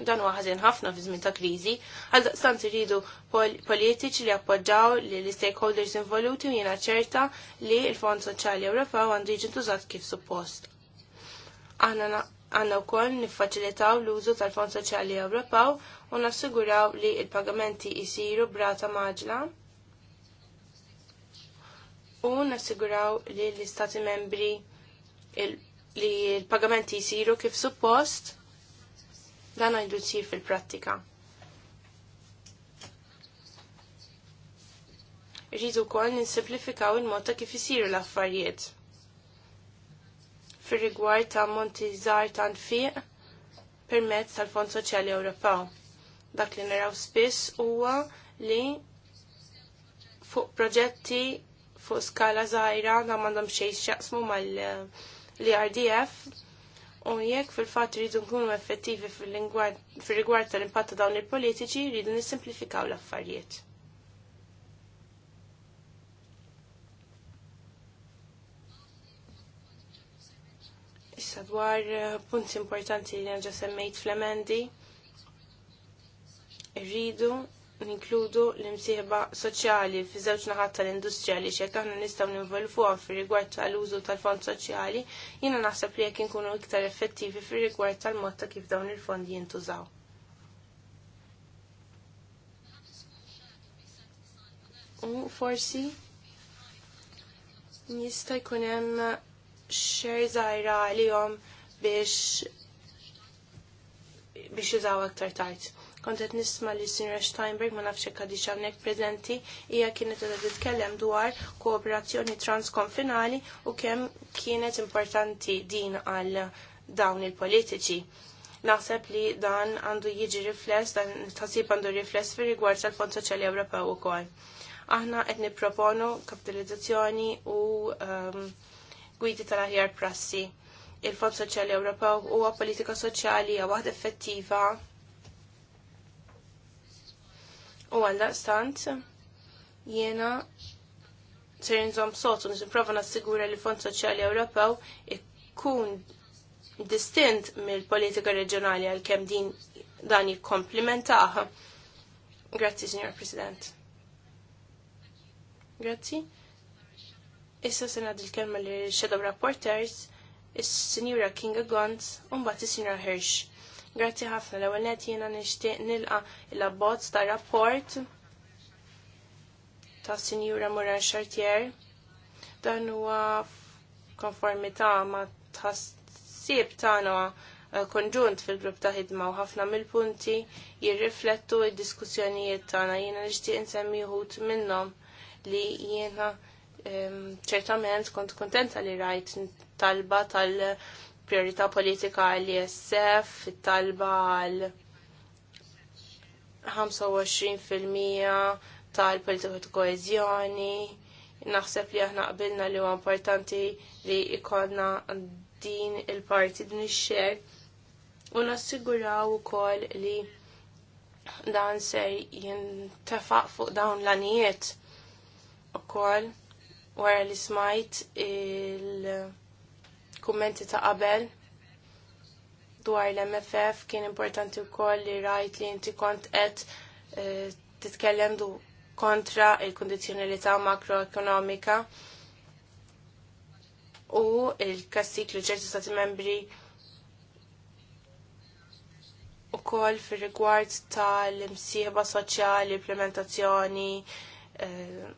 dan huwa ħażin ħafna fi żmien ta' kriżi, għal daqstant iridu politiċi li appoġġaw lill stakeholders involuti u jiena ċerta li l-Fond Soċjali Ewropew għandu jiġi intużat kif suppost. Aħna għanna wkoll niffaċilitaw l-użu tal-Fond Soċjali Ewropew u nassiguraw li l pagamenti jsiru brata maġla u nassiguraw li l-istati membri li l-pagamenti jisiru kif suppost dan għajdu tsir fil-prattika. Rridu kol ninsimplifikaw il-mod kif isiru l-affarijiet. Fir-rigward ta' monti żgħar ta' nfiq permezz tal-Fond Soċjali Ewropew. Dak li naraw spiss huwa li fuq proġetti fuq skala zaħira da għandhom xej xaqsmu mal-RDF u jekk fil-fat rridu nkunu effettivi fil-rigward tal-impatta dawn il-politiċi rridu nisimplifikaw l-affarijiet. Issa dwar eh, punti importanti li nġa semmejt fl-emendi, rridu ninkludu l-imsieħba soċjali fi żewġ naħat tal-industrija li xek aħna nistgħu ninvolvuha fir-rigward tal-użu tal-fond soċjali, jiena naħseb li jekk inkunu iktar effettivi fir-rigward tal-mod ta' kif dawn il-fondi jintużaw. U forsi nista' jkun hemm xejn żgħira għalihom biex biex jużaw aktar tard kontet nisma li Sinra Steinberg ma nafxie kadi xamnek prezenti, hija kienet edha titkellem dwar kooperazzjoni transkonfinali u kemm kienet importanti din għal dawn il-politiċi. Naħseb li dan għandu jiġi rifless, dan tasib għandu rifless fi rigward tal-Fond Soċjali Ewropew ukoll. Aħna qed nipproponu kapitalizzazzjoni u um, gwidi tal-aħjar prassi. Il-Fond Soċjali Ewropew huwa politika soċjali għawad waħda effettiva U għalla stant jena ser nżom sotu nisimprova nassigura li Fond Soċjali Ewropew ikun distint mill-politika reġjonali għal kem din dan jikkomplimentaha. Grazzi, Signor President. Grazzi. Issa se nagħdi kelma li Shadow Rapporters, is-Sinjura Kinga Gons u mbagħad is-Sinjura Hirsch. Grazzi ħafna l ewwel net jiena nixtieq nilqa' l-abbozz ta' rapport ta' Sinjura Moran Chartier. Dan huwa konformità ma' tħassib tagħna eh, konġunt fil-grupp ta' ħidma u ħafna mill-punti jirriflettu id-diskussjonijiet tagħna jiena nixtieq insemmi wħud minnhom li jiena ehm, ċertament kont kontenta li rajt talba tal priorità politika li jessef, talba għal 25% tal-politika ta' koezjoni. Naħseb li aħna qbilna li huwa importanti li ikonna din il-parti din ix-xejn u nassiguraw ukoll li dan se jintefaq fuq dawn l-anijiet ukoll wara li smajt il- kummenti ta' qabel dwar l-MFF kien importanti wkoll li rajt li inti kont qed eh, titkellem du kontra il-kondizjonalità makroekonomika u il-kassik li ċerti stati membri u kol fil rigward tal-imsieħba soċjali, implementazzjoni, eh,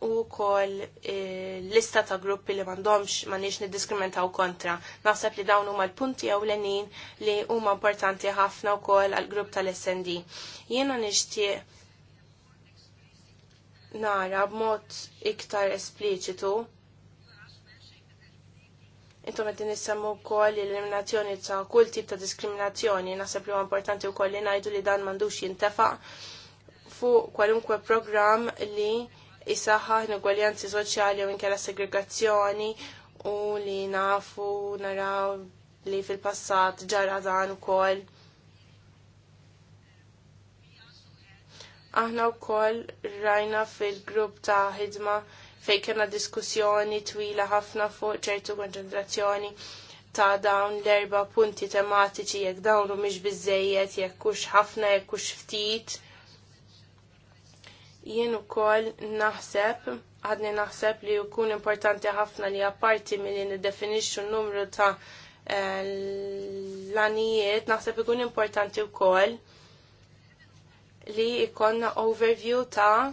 u kol eh, lista ta' gruppi li mandomx manix niddiskrimintaw kontra. Naħseb li dawn huma l-punti l-enin li huma importanti ħafna u kol għal-grupp tal-SND. Jiena nixtieq nara b'mod iktar espliċitu Intom għed nissemmu kol l-eliminazzjoni ta' kull tip ta' diskriminazzjoni, naħseb li huwa importanti wkoll li ngħidu li dan m'għandux jintefa' fuq kwalunkwe program li isaħħa l-ugwaljanzi soċjali u inkella segregazzjoni u li nafu naraw li fil-passat ġara dan ukoll. Aħna wkoll rajna fil-grupp ta' ħidma fejn kena diskussjoni twila ħafna fuq ċertu konċentrazzjoni ta' dawn l-erba punti tematiċi jekk dawn u mhix biżejjed jekk hux ħafna jekk hux ftit jien ukoll naħseb għadni naħseb li jkun importanti ħafna li apparti milli niddefinixxu n-numru ta' eh, l-anijiet, naħseb ikun importanti wkoll li ikonna overview ta'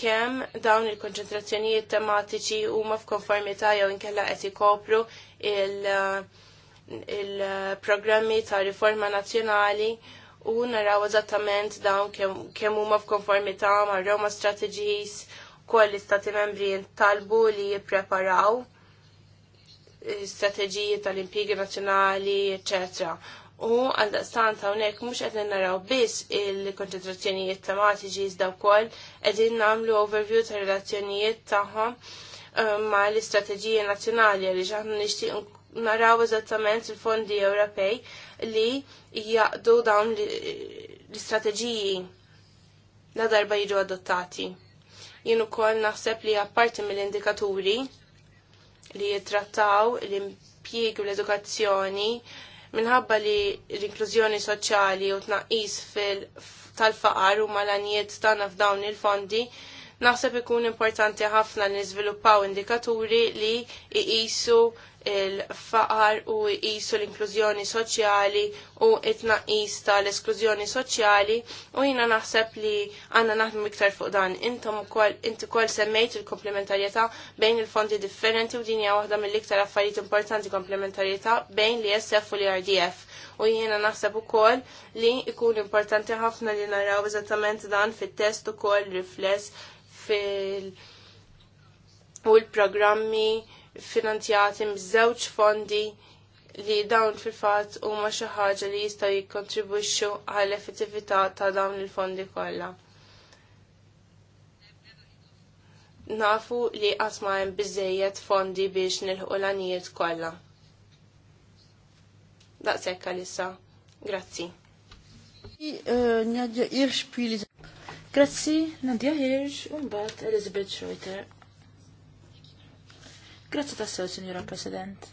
kemm dawn il-konċentrazzjonijiet tematiċi huma f'konformità jew inkella qed ikopru il-programmi ta' riforma nazzjonali u naraw eżattament dawn kemm huma f'konformità ma' Roma Strategies kol l-istati membri jintalbu li jippreparaw eh, strateġiji tal impjiegi nazzjonali, eccetera. U għal-daqstant hawnhekk mhux qed naraw biss il-konċentrazzjonijiet tematiċi iżda wkoll qegħdin nagħmlu overview tar relazzjonijiet tagħhom eh, ma l-istrateġiji nazzjonali li ġaħna nixtieq naraw eżattament il-fondi Ewropej li jaqdu dawn l-istrateġiji la darba jiġu adottati. Jien ukoll naħseb li apparti mill-indikaturi li jittrattaw l-impjieg u l-edukazzjoni minħabba li l-inklużjoni soċjali u tnaqqis tal-faqar u malanijiet tagħna f'dawn il-fondi naħseb ikun importanti ħafna li niżviluppaw indikaturi li jqisu il-faqar u jisu l-inklużjoni soċjali u it-naqis tal-esklużjoni soċjali u jina naħseb li għanna naħdmu iktar fuq dan. Intom ukoll inti kol semmejt il-komplementarjetà bejn il-fondi differenti u dinja waħda mill-iktar affarijiet importanti komplementarjetà bejn li SF u li RDF. U jiena naħseb ukoll li ikun importanti ħafna li naraw eżattament dan fit-test ukoll rifless fil- u l-programmi finanzjati mżewġ fondi li dawn fil-fatt huma xi ħaġa li jistaw jikkontribwixxu għall effettività ta' dawn il-fondi kollha. Nafu li qatt ma hemm fondi biex nilħu l kolla. kollha. Daqshekk għalissa. Grazzi. Grazzi, Nadja Hirsch, un bat Elizabeth Schroeter. Grazzi tassew, Signora President.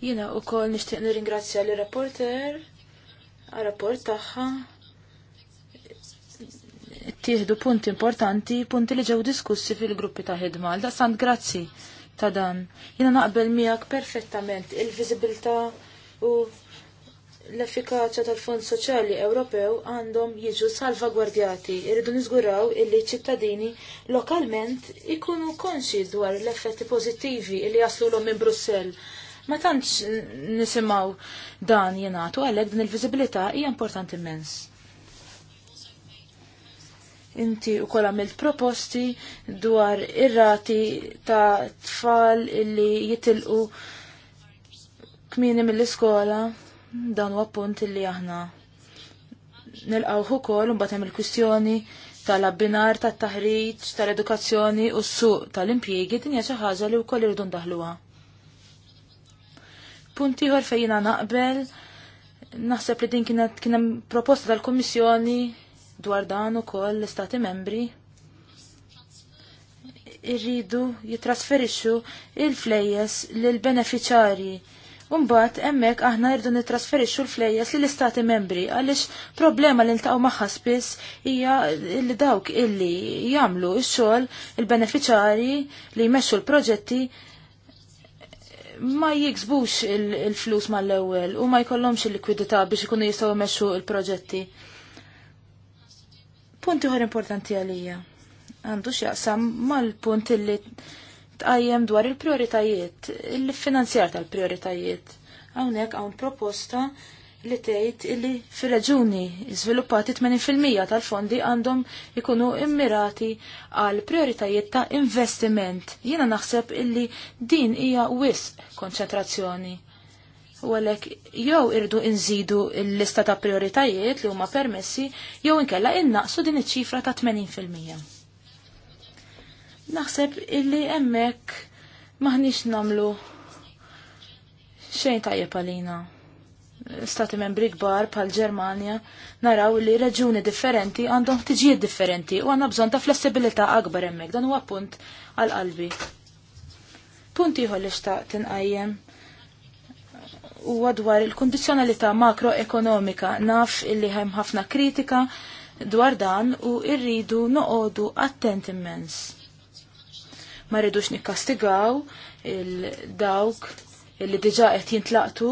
Jina u kol nishtiq nir-ingrazzja li rapporter, għal-rapport taħħa, tieħdu punti importanti, punti li ġew diskussi fil-gruppi ta' ħidma. Da sant grazzi ta' dan. Jina naqbel miegħek perfettament il vizibilta u l-effikaċja tal-Fond Soċjali Ewropew għandhom jiġu salvagwardjati. Irridu niżguraw illi ċittadini lokalment ikunu konxi dwar l-effetti pożittivi illi jaslu l minn Brussell. Ma tantx nisimaw dan jenatu għalhekk din il vizibilità hija importanti immens. Inti u kol għamilt proposti dwar irrati ta' tfal illi jitilqu kmini mill-iskola Dan huwa appunt li aħna nilqgħu ukoll imbagħad hemm il-kwistjoni tal-abbinar tat-taħriġ tal-edukazzjoni u s-suq tal-impjiegi din hija xi ħaġa li wkoll irridu ndaħluha. daħluwa. ieħor fejn fejjina naqbel naħseb li din kienet kien hemm proposta tal-Kummissjoni dwar dan ukoll l-Istati membri irridu jitrasferixxu il-flejjes l beneficjari Umbat, emmek aħna rridu nitrasferixxu l-flejjes li l-istati membri, għaliex problema li ntaqgħu magħha spiss hija li dawk illi jagħmlu x-xogħol il-beneficjari li jmexxu l-proġetti ma jiksbux il-flus mal-ewwel u ma jkollhomx il-likwidità biex ikunu jistgħu jmexxu l-proġetti. Punti oħra importanti għalija. Għandu x'jaqsam mal-punt illi tqajjem dwar il-prioritajiet, il-finanzjar tal-prioritajiet. Hawnhekk hawn proposta li tgħid illi fir-reġuni żviluppati 80% tal-fondi għandhom ikunu immirati għal prioritajiet ta' investiment. Jiena naħseb illi din hija wisq konċentrazzjoni. U għalhekk jew irdu inżidu l-lista ta' prioritajiet li huma permessi jew inkella innaqsu din iċ-ċifra ta' 80%. Naħseb illi emmek maħnix namlu xejn tajjeb għalina. Stati membri kbar bħal Ġermanja naraw li reġuni differenti għandhom ħtiġijiet differenti u għandna bżonn ta' flessibilità akbar hemmhekk dan huwa punt għal qalbi. Punt ieħor li xtaq tinqajjem huwa dwar il kundizzjonalità makroekonomika naf illi hemm ħafna kritika dwar dan u irridu noqogħdu attent immens ma rridux nikkastigaw il-dawk li diġa qed jintlaqtu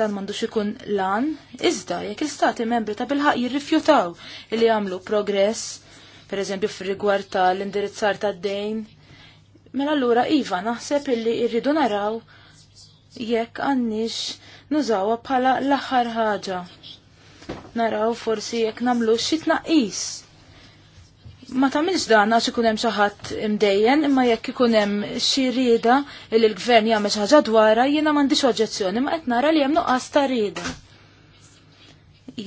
dan m'għandux ikun lan, iżda jekk il-stati membri ta' bilħaq jirrifjutaw li jagħmlu progress, per eżempju fir-rigward tal-indirizzar tad-dejn, mela allura iva naħseb illi rridu naraw jekk għandix nużawha bħala l-aħħar ħaġa. Naraw forsi jekk nagħmlu xi tnaqqis Ma tamilx dan għax ikun hemm xi ħadd imdejjen, imma jekk ikun hemm xi rieda li l-gvern jagħmel xi ħaġa dwarha, jiena m'għandix oġġezzjoni, ma qed nara li hemm nuqqas ta' rieda.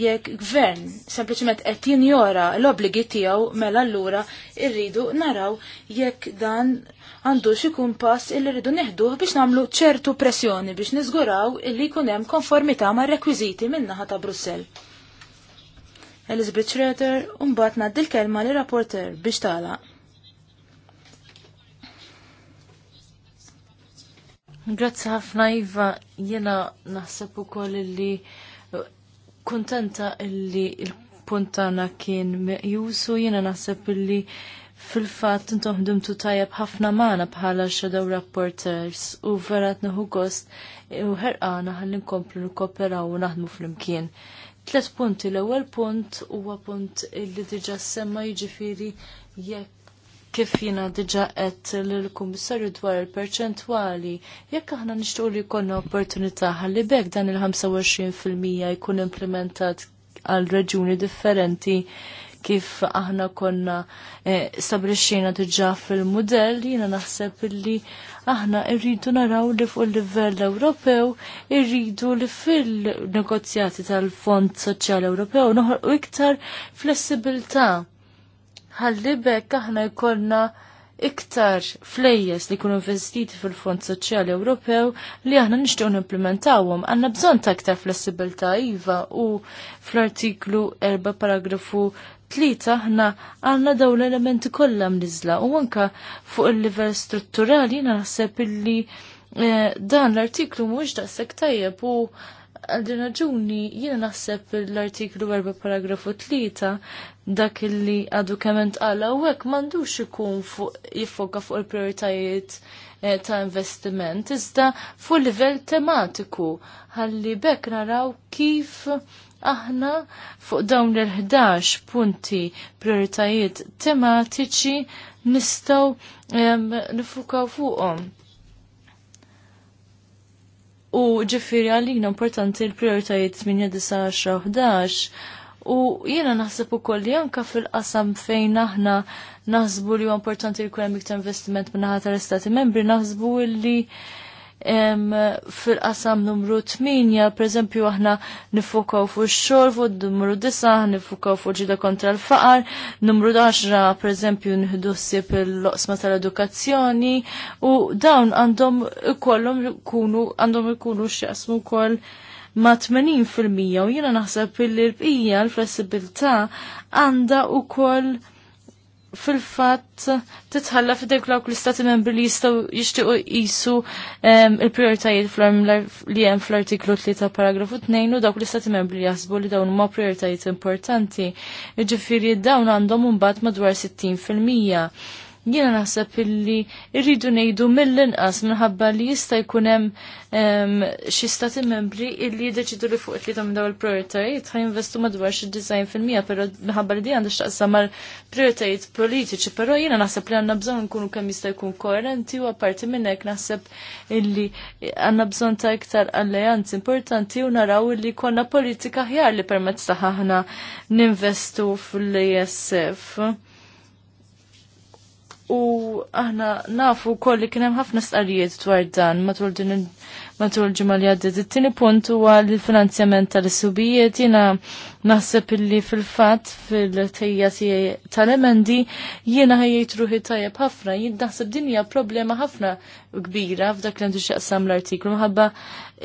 Jekk gvern sempliċement qed jinjora l-obbligi tiegħu mela allura irridu naraw jekk dan għandu ikun pass illi rridu neħduh biex nagħmlu ċertu pressjoni biex niżguraw illi jkun hemm konformità mar-rekwiżiti min-naħa ta' Brussell. Elizabeth Schroeder, un-bat naddil kelma li rapporter biex tala. Grazzi ħafna Iva, jena naħseb ukoll li eh, kontenta li il-puntana kien meqjusu, jena naħseb illi fil-fat intom ħdimtu tajab ħafna maħna bħala shadow rapporters u verat neħu gost u ħerqana ħallin komplu nkoperaw u naħdmu fl-imkien. Tlet punti, l-ewwel punt huwa punt li diġà semma jiġifieri jekk kif jiena diġà qed lill-Kummissarju dwar il-perċentwali, jekk aħna nixtiequ li jkollna opportunità ħalli bekk dan il-25% jkun implementat għal reġuni differenti kif aħna konna eh, diġa diġà fil-mudell, jiena naħseb illi aħna irridu naraw li fuq il-livell Ewropew irridu li fil-negozjati tal-Fond Soċjali Ewropew noħolqu iktar flessibilità. Ħalli bekk aħna jkollna iktar flejjes li kunu investiti fil-Fond Soċjali Ewropew li aħna nixtiequ nimplementawhom. Għandna bżonn ta' iktar flessibilità iva u fl-artiklu 4 paragrafu tlieta aħna għandna daw l-elementi kollha mniżla u anke fuq il-livell strutturali naħseb illi eh, dan l-artiklu mhux daqshekk tajjeb u għal din raġuni jiena naħseb l-artiklu 4 paragrafu 3 dak li għadu kement għala u għek mandux ikun jiffoka fuq il-prioritajiet eh, ta' investiment, iżda fuq livell tematiku ħalli bekk naraw kif aħna fuq dawn l-11 punti prioritajiet tematiċi nistaw nifukaw fuqhom. U ġifiri għalina importanti l-prioritajiet 8-9-11 u jiena naħseb ukoll li janka fil-qasam fejn aħna naħsbu li huwa importanti li jkun hemm iktar investiment minn ħadd tal-Istati Membri naħsbu li fil-qasam numru 8, per eżempju aħna nifukaw fuq xor fu numru 9, nifukaw fuq ġida kontra l-faqar, numru 10, per eżempju nħidu il-loqsma tal-edukazzjoni, u dawn għandhom kollum ikunu għandhom ikunu x'jaqsmu wkoll ma' 80% u jiena naħseb li l-bqija l-flessibilità għandha fil-fatt titħalla f'dek dawk l-istati membri li jistgħu jixtiequ jisu ehm, il-prijoritajiet li hemm fl-artiklu 3 paragrafu 2 u dawk l-istati membri li jasbu li dawn huma prioritajiet importanti. Jiġifieri dawn għandhom imbagħad madwar 60 fil-mija Jiena naħseb illi rridu ngħidu mill-inqas minħabba li jista' jkun hemm xi stati membri illi jdeċidu li fuq li tam dawn il-prioritajiet investu madwar xi design fil-mija, però minħabba li di għandha xtaqsa mal-prioritajiet politiċi, però jiena naħseb li għandna bżonn nkunu kemm jista' jkun koerenti u apparti minn hekk naħseb illi għandna bżonn ta' iktar alleanzi importanti u naraw illi konna politika ħjar li permezz taħħa aħna ninvestu fl-ISF. U aħna nafu koll li kienem ħafna stqarijiet dwar dan matul din matul ġimma li għaddit. It-tieni puntu huwa l-finanzjament tal-subijiet jiena naħseb illi fil-fatt fil-tejja tal-emendi jiena ħajjejt ruħi tajjeb ħafna, Jina naħseb din hija problema ħafna kbira f'dak li għandu x'jaqsam l-artiklu minħabba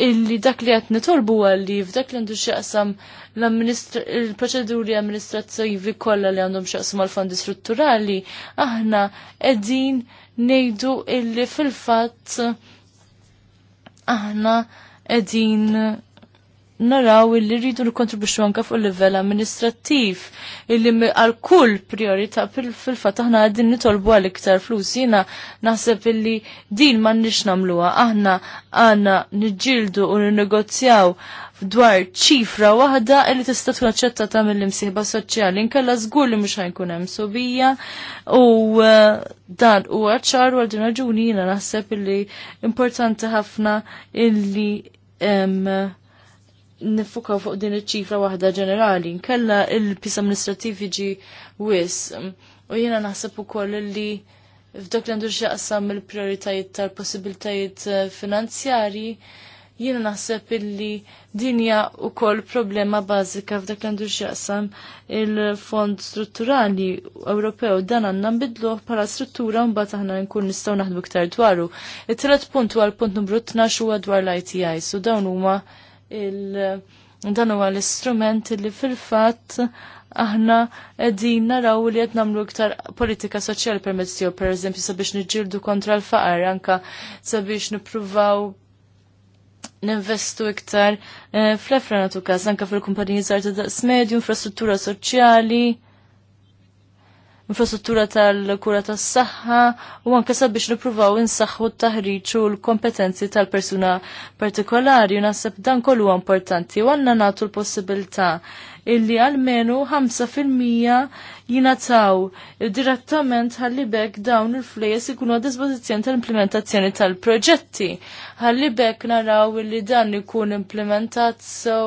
illi dak li qed torbu għalli f'dak li għandu x'jaqsam il-proċeduri amministrattivi kollha li għandhom xaqsam għal-fondi strutturali, aħna qegħdin ngħidu illi fil-fatt aħna qegħdin naraw illi rridu nikontribuxxu anke fuq livell amministrattiv illi għal kull priorità fil-fatt aħna qegħdin nitolbu għal iktar flus jiena naħseb illi din m'għandniex nagħmluha aħna għandna niġġieldu u ninnegozjaw dwar ċifra waħda li tista' tkun aċċettata mill-imsieħba soċjali. Inkella żgur li mhux ħajkun hemm sobija u uh, dan huwa ċar għal din raġuni jiena naħseb li importanti ħafna illi nifukaw fuq din iċ-ċifra waħda ġenerali. Nkella il-pis amministrativ jiġi wis. U jiena naħseb ukoll li f'dak li għandu xaqsam il-prioritajiet tal-possibilitajiet eh, finanzjari, jiena naħseb illi dinja u kol problema bażika f'dak għandu x'jaqsam il-Fond Strutturali Ewropew dan għandna nbidluh bħala struttura mbagħad aħna nkun nistgħu naħdu iktar dwaru. it tret punt għal punt numru 12 huwa dwar l-ITI, so dawn huma il- dan huwa l-istrument li fil-fatt aħna qegħdin naraw li qed nagħmlu iktar politika soċjali permezz tiegħu pereżempju sabiex niġġieldu kontra l-faqar anke sabiex nippruvaw ninvestu iktar eh, fl-efra natu kas, anka fil-kumpaniji żgħar ta' daqs medju, infrastruttura soċjali, infrastruttura tal-kura tas-saħħa u anke sabiex nippruvaw insaħħu t-taħriġ u l-kompetenzi tal-persuna partikolari u naħseb dan kollu importanti u għanna nagħtu l-possibilità illi għalmenu 5% jinataw direttament bekk dawn il-flejes ikunu għad-dispozizjoni tal-implementazzjoni tal-proġetti. bekk naraw illi dan ikun implementat so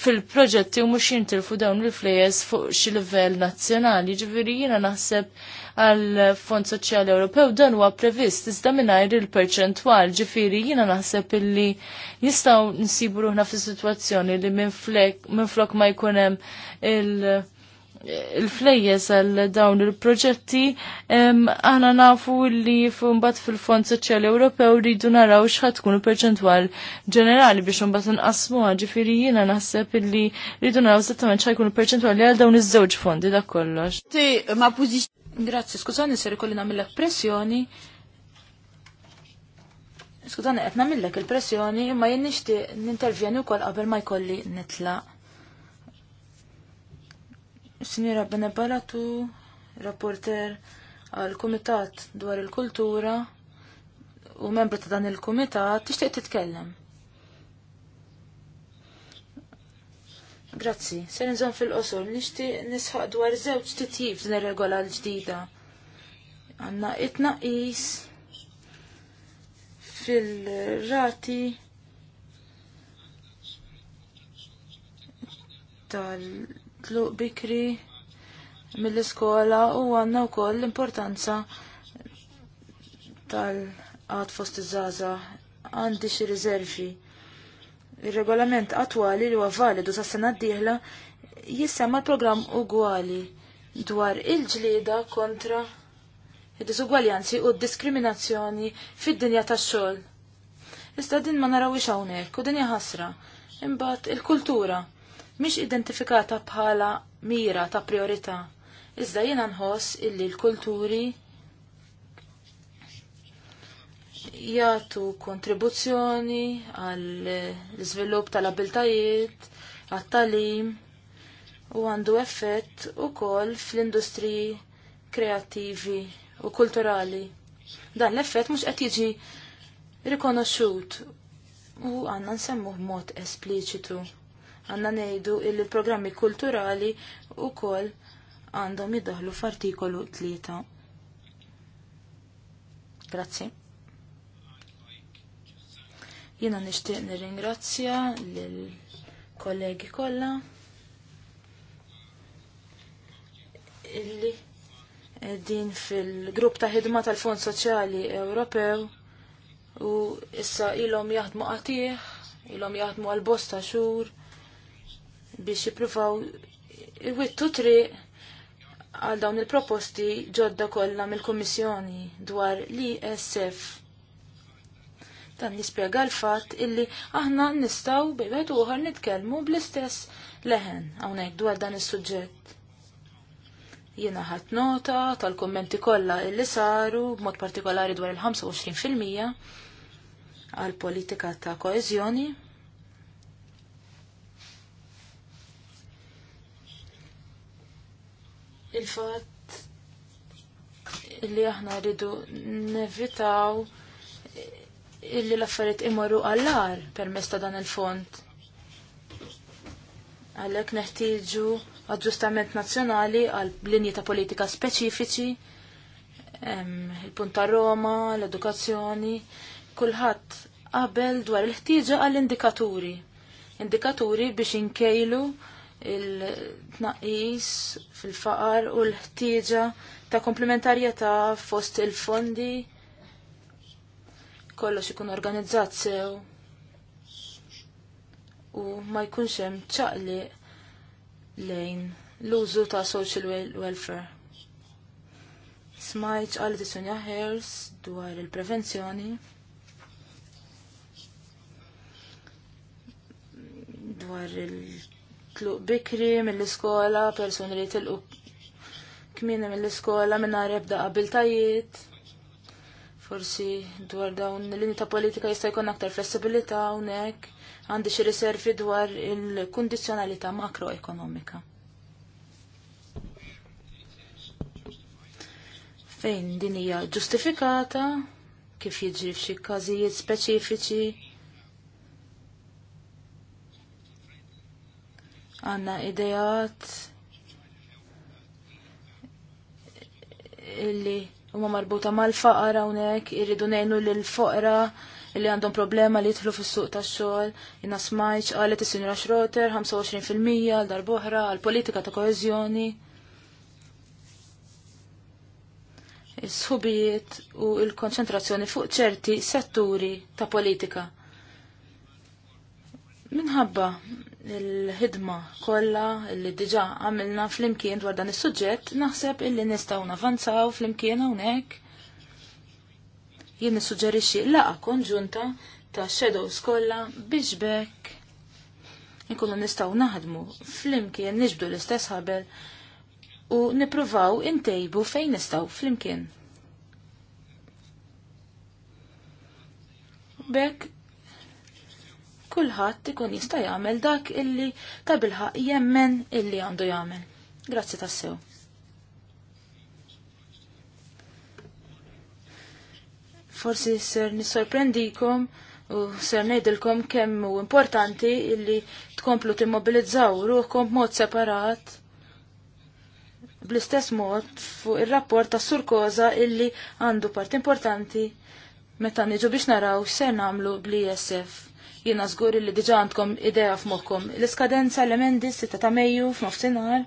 fil-proġetti u mux jintilfu dawn il flejes fuq xi livell nazzjonali, ġiviri jiena naħseb għal Fond Soċjali Ewropew dan huwa previst iżda mingħajr il-perċentwal, ġifieri jiena naħseb illi jistgħu nsibu ruħna fi sitwazzjoni li minn flok ma jkun hemm il- il-flejjes għal dawn il-proġetti, aħna nafu li fumbat fil-Fond Soċjali Ewropew rridu naraw xħat tkun il-perċentwal ġenerali biex mbagħad inqasmu ġifieri jiena naħseb li rridu naraw esattament x'ħajkun il-perċentwal li għal dawn iż-żewġ fondi dak kollox. Grazzi, skużani ser ikolli namillak pressjoni. Skużani qed nagħmilek il-pressjoni imma jien nixtieq u wkoll qabel ma jkolli nitlaq. Sinjora Benebalatu, rapporter għal kumitat dwar il-kultura u membru ta' dan il-kumitat, tixtieq titkellem. Grazzi, ser nżon fil-qosor, nixtieq nisħaq dwar żewġ titjib din ir-regola l-ġdida. Għandna itnaqis fil-rati tal- tluq bikri mill-iskola u għanna u koll l-importanza tal-għad fost iż-żaza għandi xi riservi. Il-regolament attuali li huwa validu sa sena d-dieħla jissema l-programm ugwali dwar il-ġlieda kontra id-disugwaljanzi u d-diskriminazzjoni fid-dinja tax-xogħol. Iżda din ma narawix hawnhekk u dinja ħasra. Imbagħad il-kultura mhix identifikata bħala mira ta' priorità. Iżda jiena nħoss illi l-kulturi jagħtu kontribuzzjoni għall-iżvilupp tal-abiltajiet, għat-talim u għandu effett ukoll fl-industriji kreattivi u kulturali. Dan l-effett mhux qed jiġi rikonoxxut u għandna nsemmuh b'mod espliċitu għanna nejdu il programmi kulturali u kol għandhom jiddaħlu f'artikolu 3. Grazzi. Jina nishtiq nirringrazzja lill-kollegi kollha illi din fil-grupp ta' ħidma tal-Fond Soċjali Ewropew u issa ilhom jaħdmu qatih, ilhom jaħdmu għal bosta xhur biex jipruvaw iwittu tri għal dawn il-proposti ġodda kollha mill-Kummissjoni dwar l-ISF. Dan jispjega l-fatt illi aħna nistgħu bejwet uħar nitkellmu bl-istess leħen hawnhekk dwar dan is-suġġett. Jiena ħadd nota tal-kummenti kollha illi saru b'mod partikolari dwar il-25% għal politika ta' koeżjoni il-fatt li aħna rridu nevitaw illi l-affarijiet imorru għallar permess ta' dan il-fond. Għalhekk neħtieġu aġġustament nazzjonali għal linji ta' politika speċifiċi, il-punt Roma, l-edukazzjoni, kulħadd qabel dwar il-ħtieġa għall indikaturi. Indikaturi biex inkejlu il-tnaqis fil-faqar u l-ħtieġa ta' komplementarjetà fost il-fondi kollox ikun organizzat sew u ma jkunx hemm ċaqli lejn l-użu ta' social welfare. Smajt għal Sonja Hers dwar il-prevenzjoni. dwar il tluq bikri mill-iskola, persuni li tilqu kmini mill-iskola minna ebda qabiltajiet. Forsi dwar dawn l-linja ta' politika jista' jkun aktar flessibilità hawnhekk għandi xi riservi dwar il-kundizzjonalità makroekonomika. Fejn din hija ġustifikata kif jiġri f'xi każijiet speċifiċi għanna idejat illi huma marbuta mal-faqra hawnhekk irridu ngħinu lil foqra illi għandhom problema li jidħlu fis-suq tax-xogħol. Jiena smajċ qalet is-Sinjura Xroter 25% għal darb'oħra għal politika ta' koeżjoni. is subijiet u l-konċentrazzjoni fuq ċerti setturi ta' politika. Minħabba il-ħidma kollha li diġà għamilna flimkien dwar dan is-suġġett, naħseb illi nistgħu navanzaw flimkien hawnhekk. Jien nissuġġerixxi laqa konġunta ta' shadows kollha biex bekk nkunu nistgħu naħdmu flimkien niġbdu l-istess ħabel u nippruvaw intejbu fejn nistgħu flimkien. Bekk kulħadd ikun jista' jagħmel dak illi ta' bilħaq jemmen illi għandu jagħmel. Grazzi tassew. Forsi ser nissorprendikom u ser ngħidilkom kemm u importanti illi tkomplu timmobilizzaw ruħkom b'mod separat bl-istess mod fuq ir-rapport ta' surkoza illi għandu part importanti meta niġu biex naraw x'ser nagħmlu bl-ISF. Jiena żgur li diġà għandkom idea f'mokkom L-iskadenza l-emendi 6 ta' Mejju f'nofsinhar.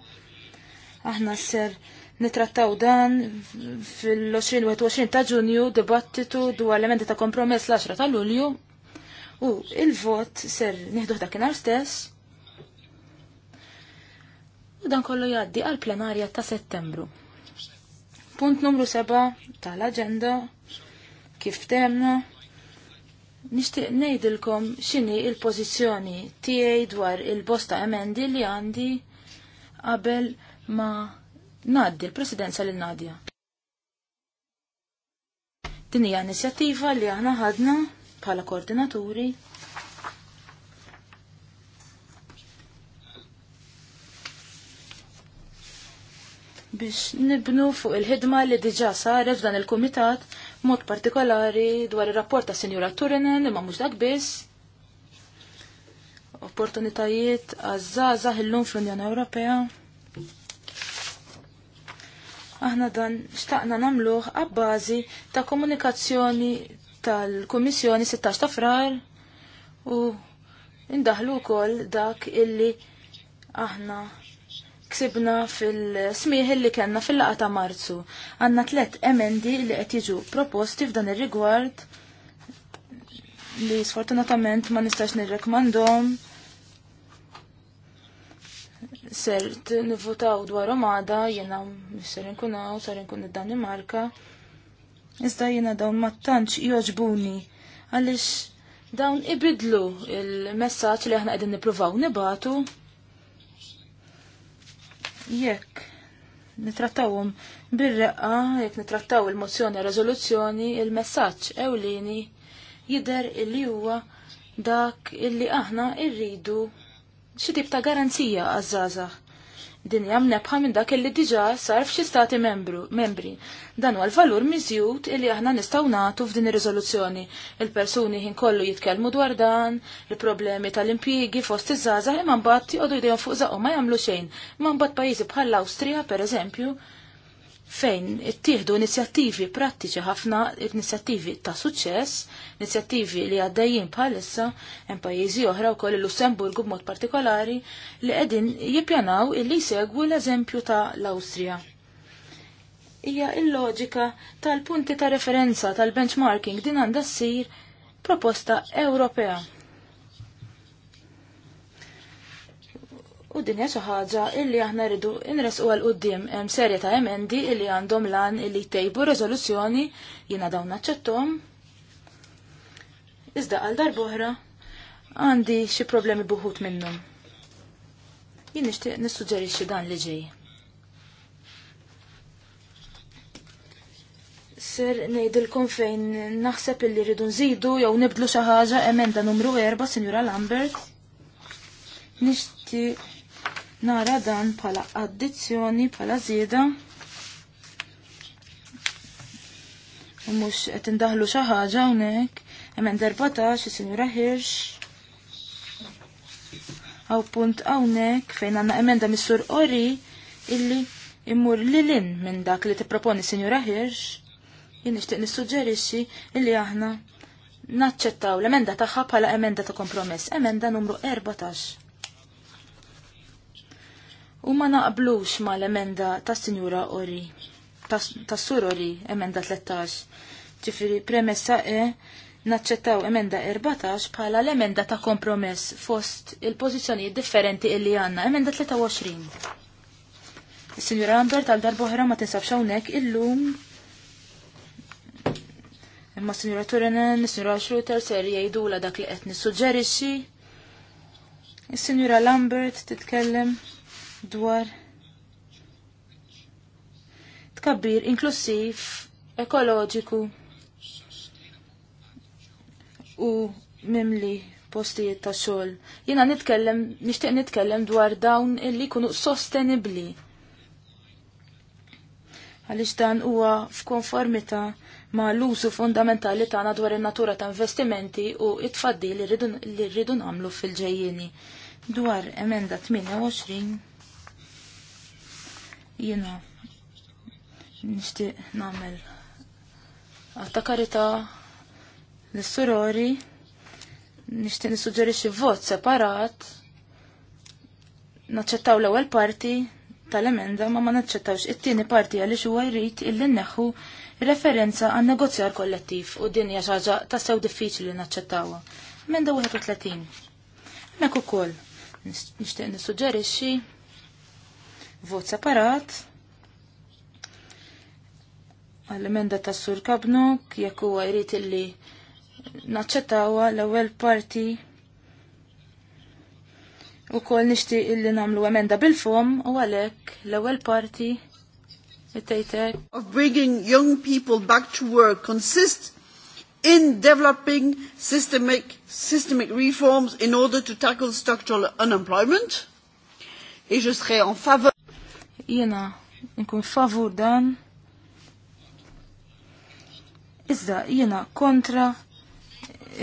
Aħna ser nitrattaw dan fil-20-21 ta' Ġunju dibattitu dwar l-emendi ta' kompromess l-10 ta' Lulju. U il-vot ser nieħduh dakinhar stess. U dan kollu jgħaddi għal plenarja ta' Settembru. Punt numru 7 tal-agenda kif temna Nishtiq nejdilkom xini il-pozizjoni tiegħi dwar il-bosta emendi li għandi qabel ma naddi l-presidenza lil Nadja. Din hija inizjattiva li aħna ħadna bħala koordinaturi biex nibnu fuq il-ħidma li diġa saret f'dan il-kumitat mod partikolari dwar ir-rapport ta' Sinjura Turinen li ma mhux dak biss. Opportunitajiet għaż-żgħażagħ illum fl-Unjoni Ewropea. Aħna dan xtaqna nagħmluh għabbażi ta' komunikazzjoni tal-Kummissjoni 16 ta' frar u indaħlu wkoll dak illi aħna ksibna fil-smieħ li kellna fil-laqa ta' marzu. Għanna tlet emendi li qed jiġu proposti f'dan ir-rigward li sfortunatament ma nistax nirrekmandhom sert nivvotaw dwar omada jena misser nkunaw, ser nkun id-Danimarka. Iżda jena dawn ma tantx joġbuni għaliex dawn ibidlu il-messaġġ li aħna qegħdin nippruvaw nibatu jekk nitrattawhom bir-reqqa, jekk nitrattaw il-mozzjoni rezoluzzjoni, il-messaġġ ewlieni jidher illi huwa dak illi aħna rridu xi tip ta' garanzija għaż-żgħażagħ. Din hija mnebħa minn dak li diġà sar f'xi stati membru, membri. Dan huwa l-valur miżjud illi aħna nistgħu nagħtu f'din ir-riżoluzzjoni. Il-persuni ħin kollu jitkellmu dwar dan, il-problemi tal-impjiegi fost iż-żgħażagħ imma mbagħad jogħdu jdejhom fuq zaqgħu ma jagħmlu xejn. Imma mbagħad pajjiżi bħall-Awstrija pereżempju fejn ittieħdu inizjattivi prattiċi ħafna, inizjattivi ta' suċċess, inizjattivi li għaddejjin bħalissa hemm pajjiżi oħra wkoll il-Lussemburgu b'mod partikolari li qegħdin jippjanaw illi jsegwu l-eżempju ta' l-Awstrija. Hija il-loġika tal-punti ta' referenza tal-benchmarking din għandha ssir proposta Ewropea U din hija xi ħaġa illi aħna rridu nresqu għal qudiem hemm serje ta' emendi illi għandhom lan illi jtejbu riżoluzzjoni jiena dawn naċċettom. Iżda għal darb'oħra għandi xi problemi buħut minnhom. Jien nixtieq nissuġġerixxi dan li ġej. Ser ngħidilkom fejn naħseb illi rridu nżidu jew nibdlu xi ħaġa emenda numru 4, Sinjura Lambert. Nixtieq nara dan pala addizzjoni, pala zida. U mux qed indaħlu xi ħaġa hawnhekk, hemm darbatax is-Sinjura Hirsch. Aw punt hawnhekk fejn għandna emenda mis-sur qori illi immur lilin minn dak li tipproponi Sinjura Hirsch. Jien nixtieq nissuġġerixxi illi aħna naċċettaw l-emenda tagħha bħala emenda ta' kompromess, emenda numru 14 u ma naqblux ma l-emenda ta' sinjura ori, ta' sur ori, emenda 13. Ġifiri, premessa e, naċċettaw emenda 14 bħala l-emenda ta' kompromess fost il-pozizjoni differenti illi għanna, emenda 23. Sinjura Lambert għal darboħra ma tinsabx hawnhekk illum imma Sinjura Turenen, Sinjura Schruter ser jgħidula dak li qed nissuġġerixxi. Is-Sinjura Lambert titkellem dwar tkabbir inklusiv, ekoloġiku u mimli postijiet ta' xogħol. Jiena nitkellem, nixtieq nitkellem dwar dawn illi jkunu sostenibbli. Għaliex dan huwa f'konformità ma' l-użu fundamentali tagħna dwar in-natura ta' investimenti u it-tfaddi li rridu nagħmlu fil-ġejjieni. Dwar emenda 28 Jiena nixtieq nagħmel għatta karita l-surori nixtieq xie vot separat naċċettaw l-ewwel parti tal-emenda ma ma naċċettawx it-tieni parti għalix u jrid illi nneħħu referenza għan negozjar kollettiv u din hija xaġa tassew diffiċli naċċettawha. Emenda 31. Hemmhekk ukoll nixtieq nisuġġerixxi vot separat. għal emenda ta' sur kabnu, jekk huwa jrid illi naċċettawha l-ewwel parti u kol nishti illi namlu emenda bil-fom u għalek l ewel parti of bringing young people back to work consist in developing systemic, systemic reforms in order to tackle structural unemployment. Et je serai en faveur jiena nkun favur dan. Iżda jiena kontra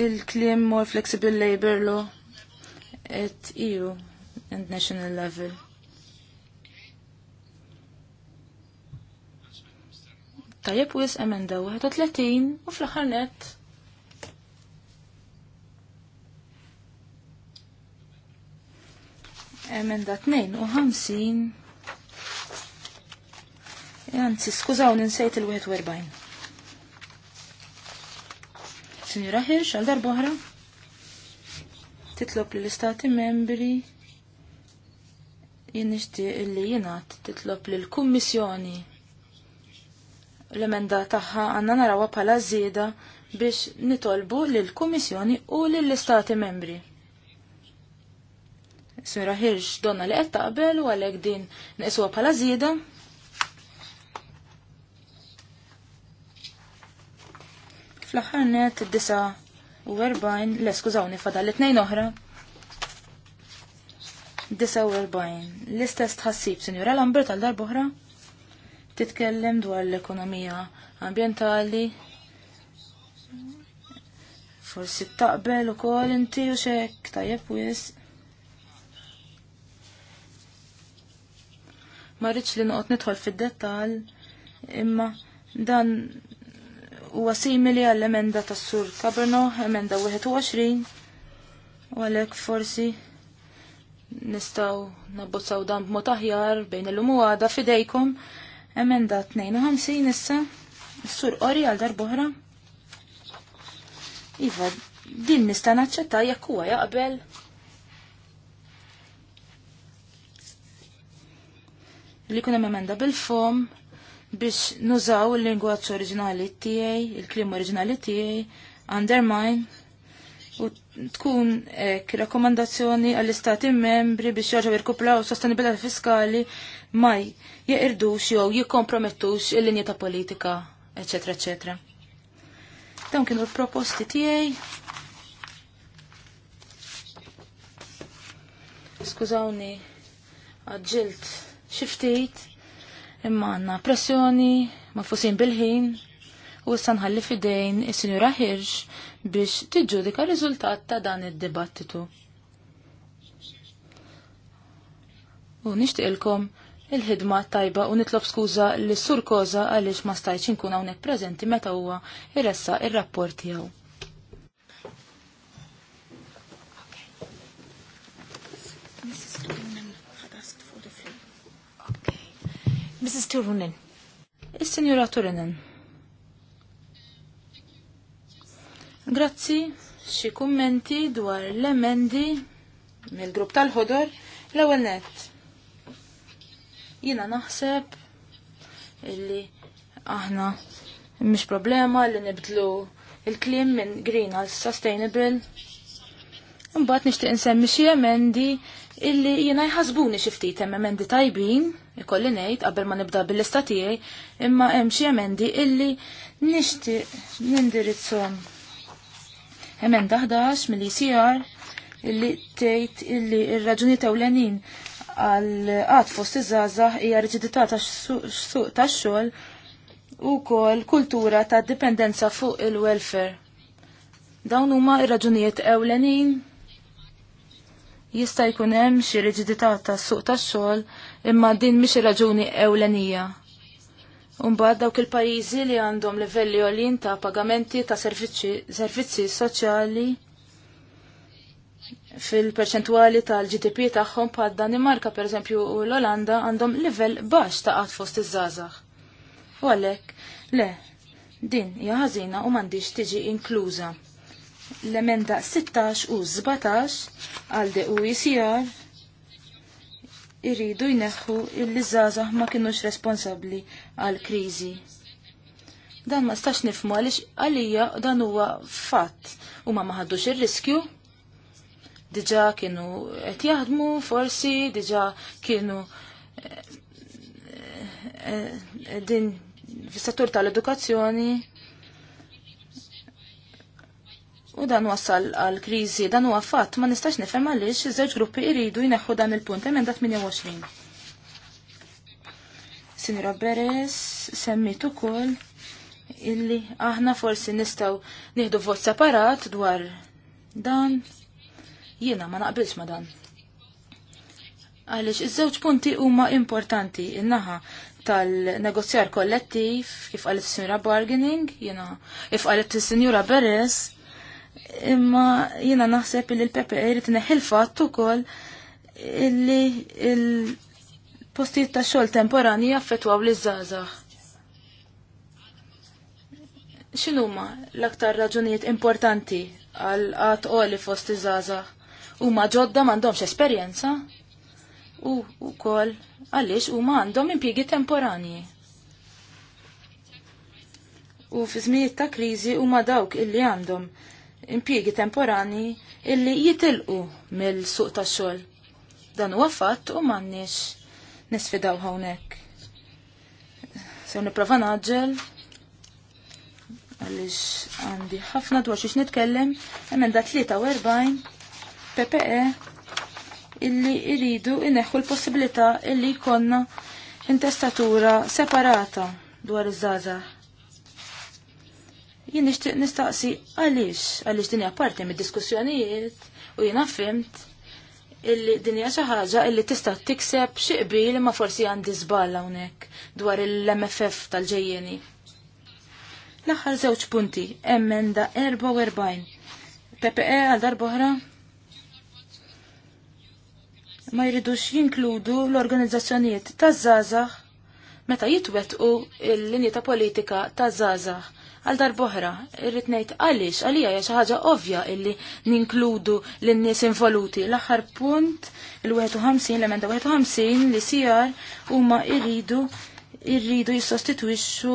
il-kliem more flexible labor law at EU and national level. Tajjeb wis emenda 31 u fl-aħħar net emenda 52 Eh, anzi, skużaw, ninsejt il-41. Signora Hirsch, għal boħra? titlob li l-istati membri jinnixti illi jenat titlob li l-kummissjoni l-emenda taħħa għanna narawa pala zida biex nitolbu li l-kummissjoni u li l-istati membri. Signora Hirsch, donna li qed taqbel u għalhekk din nqisuha pala zida Fl-aħħar net 49, l-eskużawni fadal l tnejn oħra. 49. L-istess tħassib, senjora Lambert għal darboħra titkellem dwar l-ekonomija ambientali, forsi taqbel u kol inti u xek, tajjeb u jess. Marriċ li noqot nidħol fid detal imma dan huwa simili għall-emenda tas-sur Kabrno, emenda 21, u għalhekk forsi nistaw nabbozzaw dan b'mod aħjar bejn illum u għada fidejkom emenda 52 issa sur ori għal darboħra, Iva, din nista' naċċetta jekk huwa jaqbel. Li kunem hemm emenda bil-fom biex nużaw il-lingwaġġ oriġinali tiegħi, il-kliem oriġinali tiegħi, undermine u tkun ek rakkomandazzjoni għall-istati membri biex jarġaw jirkuplaw sostenibilità fiskali ma jeqirdux jew jikkompromettux il-linja ta' politika, eċetera, eċetera. Dawn kienu l-proposti tiegħi. Skużawni, għadġilt xiftit imma għanna pressjoni, ma fusin bil-ħin, u sanħalli fidejn is-sinjura Hirsch biex tiġġudika riżultat ta' dan id-dibattitu. U nixtieqilkom il-ħidma tajba u nitlob skuża li sur koza għaliex ma stajċ inkun hawnhekk preżenti meta huwa irressa ir-rapport tiegħu. Okay. Mrs. Turunen. Is-Sinjura Turunen. Grazzi, xi kummenti dwar l-emendi mill-grupp tal-ħodor l-ewwel nett. Jiena naħseb illi aħna mhix problema li nibdlu il-klim minn green għal sustainable. Mbagħad nixtieq insemmi xi emendi illi jena jħasbuni xiftit hemm emendi tajbin, ikolli ngħid qabel ma nibda bil istatijaj tiegħi, imma hemm xi emendi illi nixtieq nindirizzhom. Emenda 11 mill-ICR illi tgħid illi il raġunijiet ewlenin għal qatt fost iż-żgħażagħ hija riġidità tax-suq tax-xogħol u kol kultura ta' dipendenza fuq il-welfare. Dawn huma ir-raġunijiet ewlenin Jista' jkun hemm xi riġidità tas-suq tax-xogħol imma din mhix raġuni ewlenija. Umbagħad dawk il-pajjiżi li għandhom livelli għolin ta' pagamenti ta' servizzi soċjali fil-perċentwali tal-GDP tagħhom bħal Danimarka pereżempju u l-Olanda għandhom livell baxx ta' qatt fost iż-żgħażagħ. U għalhekk, le, din hija ħażina u m'għandix tiġi inkluża l-emenda 16 u 17 għal de u jisijar irridu jneħħu li żgħażagħ ma kinux responsabbli għal kriżi. Dan ma stax nifmu għaliex għalija dan huwa fatt u ma maħadux ir-riskju diġa kienu qed jaħdmu forsi, diġa kienu eh, eh, din fis-settur tal-edukazzjoni U dan wasal għal kriżi, dan huwa fatt ma nistax nifhem għaliex iż-żewġ gruppi jridu jneħħu dan il-punt emenda 28. Sinjura Beres semmit ukoll illi aħna forsi nistgħu nieħdu vot separat dwar dan jiena ma naqbilx ma dan. Għaliex iż-żewġ punti huma importanti in-naħa tal-negozjar kollettiv kif qalet is-Sinjura Bargaining, jiena if qalet is-Sinjura Beres imma jina naħseb li l-PPE irrit neħil fatt ukoll illi il-postijiet ta' xogħol temporani jaffetwaw li żgħażagħ. X'inhuma l-aktar raġunijiet importanti għal qatt li fost iż-żgħażagħ? Huma ġodda m'għandhomx esperjenza u wkoll għaliex huma għandhom impjiegi temporanji u fi żmijiet ta' kriżi huma dawk illi għandhom impjiegi temporani illi jitilqu mill-suq tax-xogħol. Dan huwa fatt u m'għandniex nisfidaw hawnhekk. Sew nipprova naġġel għaliex għandi ħafna dwar xiex nitkellem emenda 43 PPE illi iridu ineħħu l-possibilità illi jkollna intestatura separata dwar iż-żgħażagħ Jien nixtieq nistaqsi għaliex għaliex din hija parti mid-diskussjonijiet u jien fimt illi din hija xi ħaġa illi tista' tikseb xi li ma forsi għandi żball hawnhekk dwar il-MFF tal-ġejjeni. L-aħħar żewġ punti, emenda 44. PPE għal darbohra ma jridux jinkludu l-organizzazzjonijiet taż-żgħażagħ meta u l-linji ta' politika taż zazax għal darboħra, irrit ngħid għaliex għalija hija xi ħaġa ovvja illi ninkludu lin-nies involuti. L-aħħar punt il-51 l-emenda 51 li sijar huma jridu irridu jissostitwixxu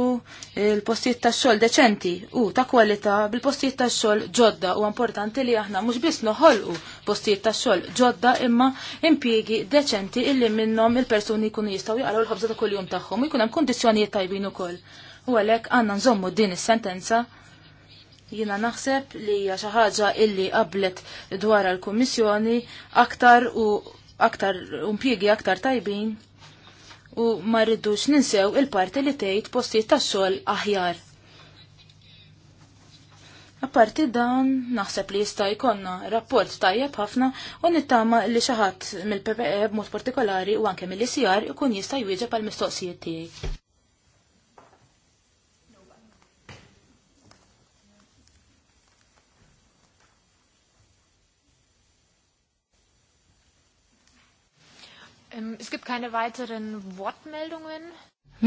il-postijiet tax-xogħol deċenti u ta' kwalità bil-postijiet tax-xogħol ġodda u importanti li aħna mhux biss noħolqu postijiet tax-xogħol ġodda imma impjiegi deċenti illi minnhom il-persuni jkunu jistgħu jaqgħu l-ħobża ta' kuljum tagħhom u jkun hemm kundizzjonijiet tajbin ukoll u għalhekk għandna nżommu din is-sentenza jina naħseb li hija xi ħaġa illi qablet dwar l-Kummissjoni aktar u aktar impjiegi aktar tajbin u ma rridux ninsew il-parti li tgħid postijiet tax-xogħol aħjar. Apparti dan, naħseb li jista' jkollna rapport tajjeb ħafna u nittama li xi ħadd mill-PPE mod partikolari u anke mill-ICR ikun jista' jwieġeb għall mistoqsijiet tiegħi. Ähm, es gibt keine weiteren Wortmeldungen.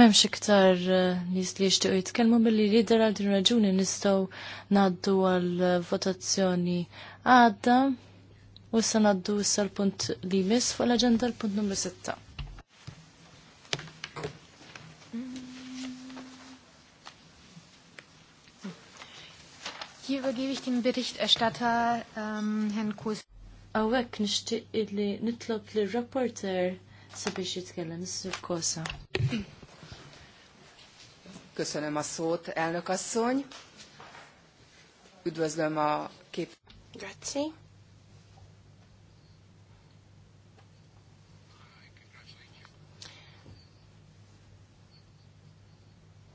Memx iktar äh, nis li jishtiqu jitkellmu billi li dara din raġuni nistaw naddu għal äh, votazzjoni għadda u sa naddu sal punt li mis fuq l agenda l-punt numru 6. Hier übergebe ich den Berichterstatter ähm, Herrn Kus. Għawek nishtiq illi nitlob li rapporter sabiex jitkellem s-sur kosa. Köszönöm a szót, elnök asszony. Üdvözlöm a kép... Grazie.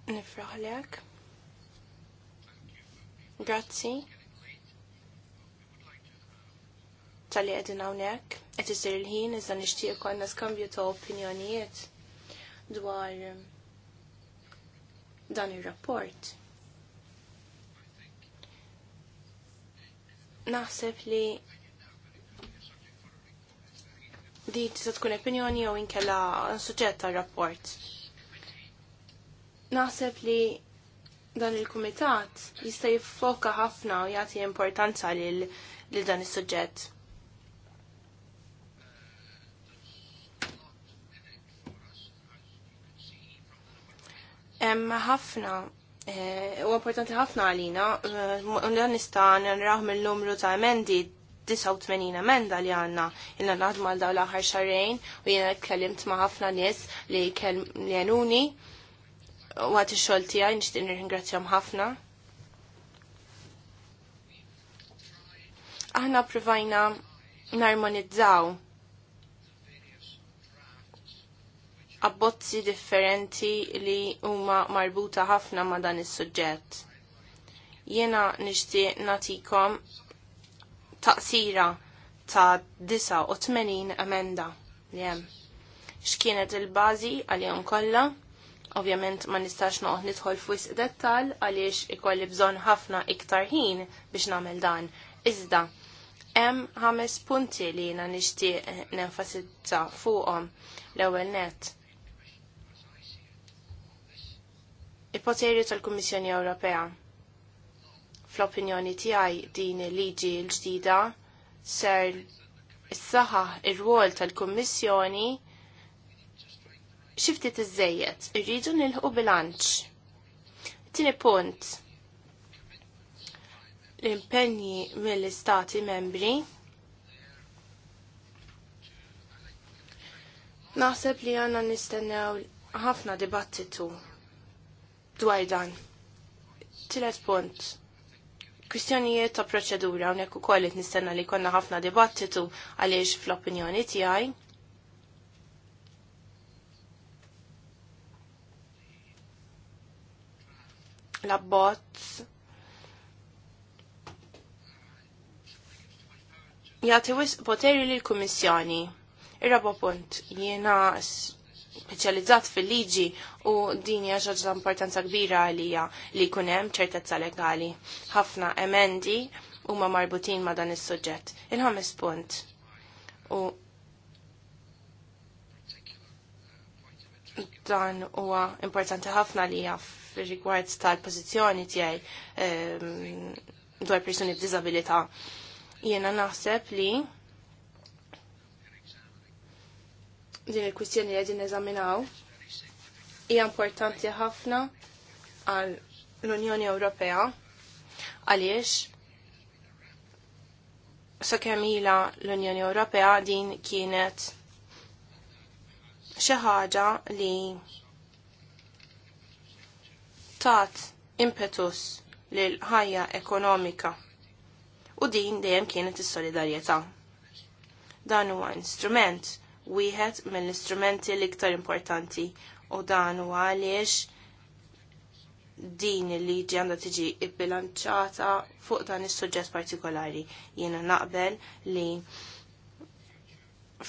Nifraħlek. Grazie tal-li għedin għawnek, għed isir il-ħin, iżda nishtiq konna skambju ta' opinjonijiet dwar dan il-rapport. Naħseb li di tista' tkun opinjoni jew inkella suġġett tar-rapport. Naħseb li dan il-kumitat jista' jiffoka ħafna u jagħti importanza lil dan is-suġġett Hemm ħafna eh, u importanti ħafna għalina, eh, u nista nraħ mill-numru ta' emendi 89 emenda li għanna illa naħdma għal dawla ħar xarrejn u jena kellimt ma' ħafna nies li jenuni u għat il-xol tijaj nishtin ringrazzjam ħafna. Aħna provajna narmonizzaw abbozzi differenti li huma marbuta ħafna ma' dan is-suġġett. Jiena nixtieq natikom taqsira ta' 89 emenda li hemm. X'kienet il-bażi għalihom kollha? Ovvjament ma nistax noqgħod nidħol f'wisq dettal għaliex ikolli bżonn ħafna iktar ħin biex nagħmel dan. Iżda hemm ħames punti li jiena nixtieq nenfasizza fuqhom l-ewwel nett il-poteri tal-Kummissjoni Ewropea. Fl-opinjoni tiegħi din il-liġi l-ġdida ser issaħa ir-rwol tal-Kummissjoni xiftit iż-żejjed, irridu nilħu bilanċ. Tini punt, l-impenji mill-istati membri Naħseb li għanna nistennew ħafna dibattitu dwar dan. Tilet punt. Kwistjonijiet ta' proċedura hawnhekk ukoll qed nistenna li konna ħafna dibattitu għaliex fl-opinjoni tiegħi. L-abbozz jagħti wisq poteri lill-Kummissjoni. Ir-raba punt Jena speċjalizzat fil-liġi u din hija ġoġla importanza kbira għalija li jkun hemm ċertezza legali. Ħafna emendi huma marbutin ma' dan is-suġġett. Il-ħames punt. U dan huwa importanti ħafna li jaff rigward tal-pożizzjoni tiegħi ehm, dwar persuni b'diżabilità. Jiena naħseb li din il-kwistjoni li għedin eżaminaw hija importanti ħafna għal l-Unjoni Ewropea għaliex sakemm ilha l-Unjoni Ewropea din kienet xi ħaġa li tat impetus lil ħajja ekonomika u din dejjem kienet is-solidarjetà. Dan huwa instrument wieħed mill-istrumenti l-iktar importanti u dan huwa għaliex din li liġi għandha tiġi bilanċata fuq dan is-suġġett partikolari. Jiena naqbel li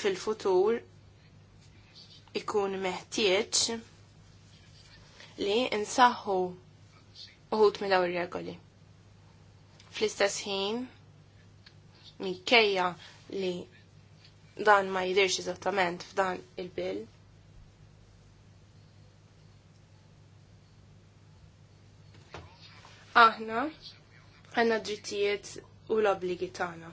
fil-futur ikun meħtieġ li nsaħħu uħut minn dawn ir-regoli. Fl-istess ħin minkejja li Dan ma jidirx eżattament f'dan il-bill. Aħna għanna drittijiet u l-obligi tagħna.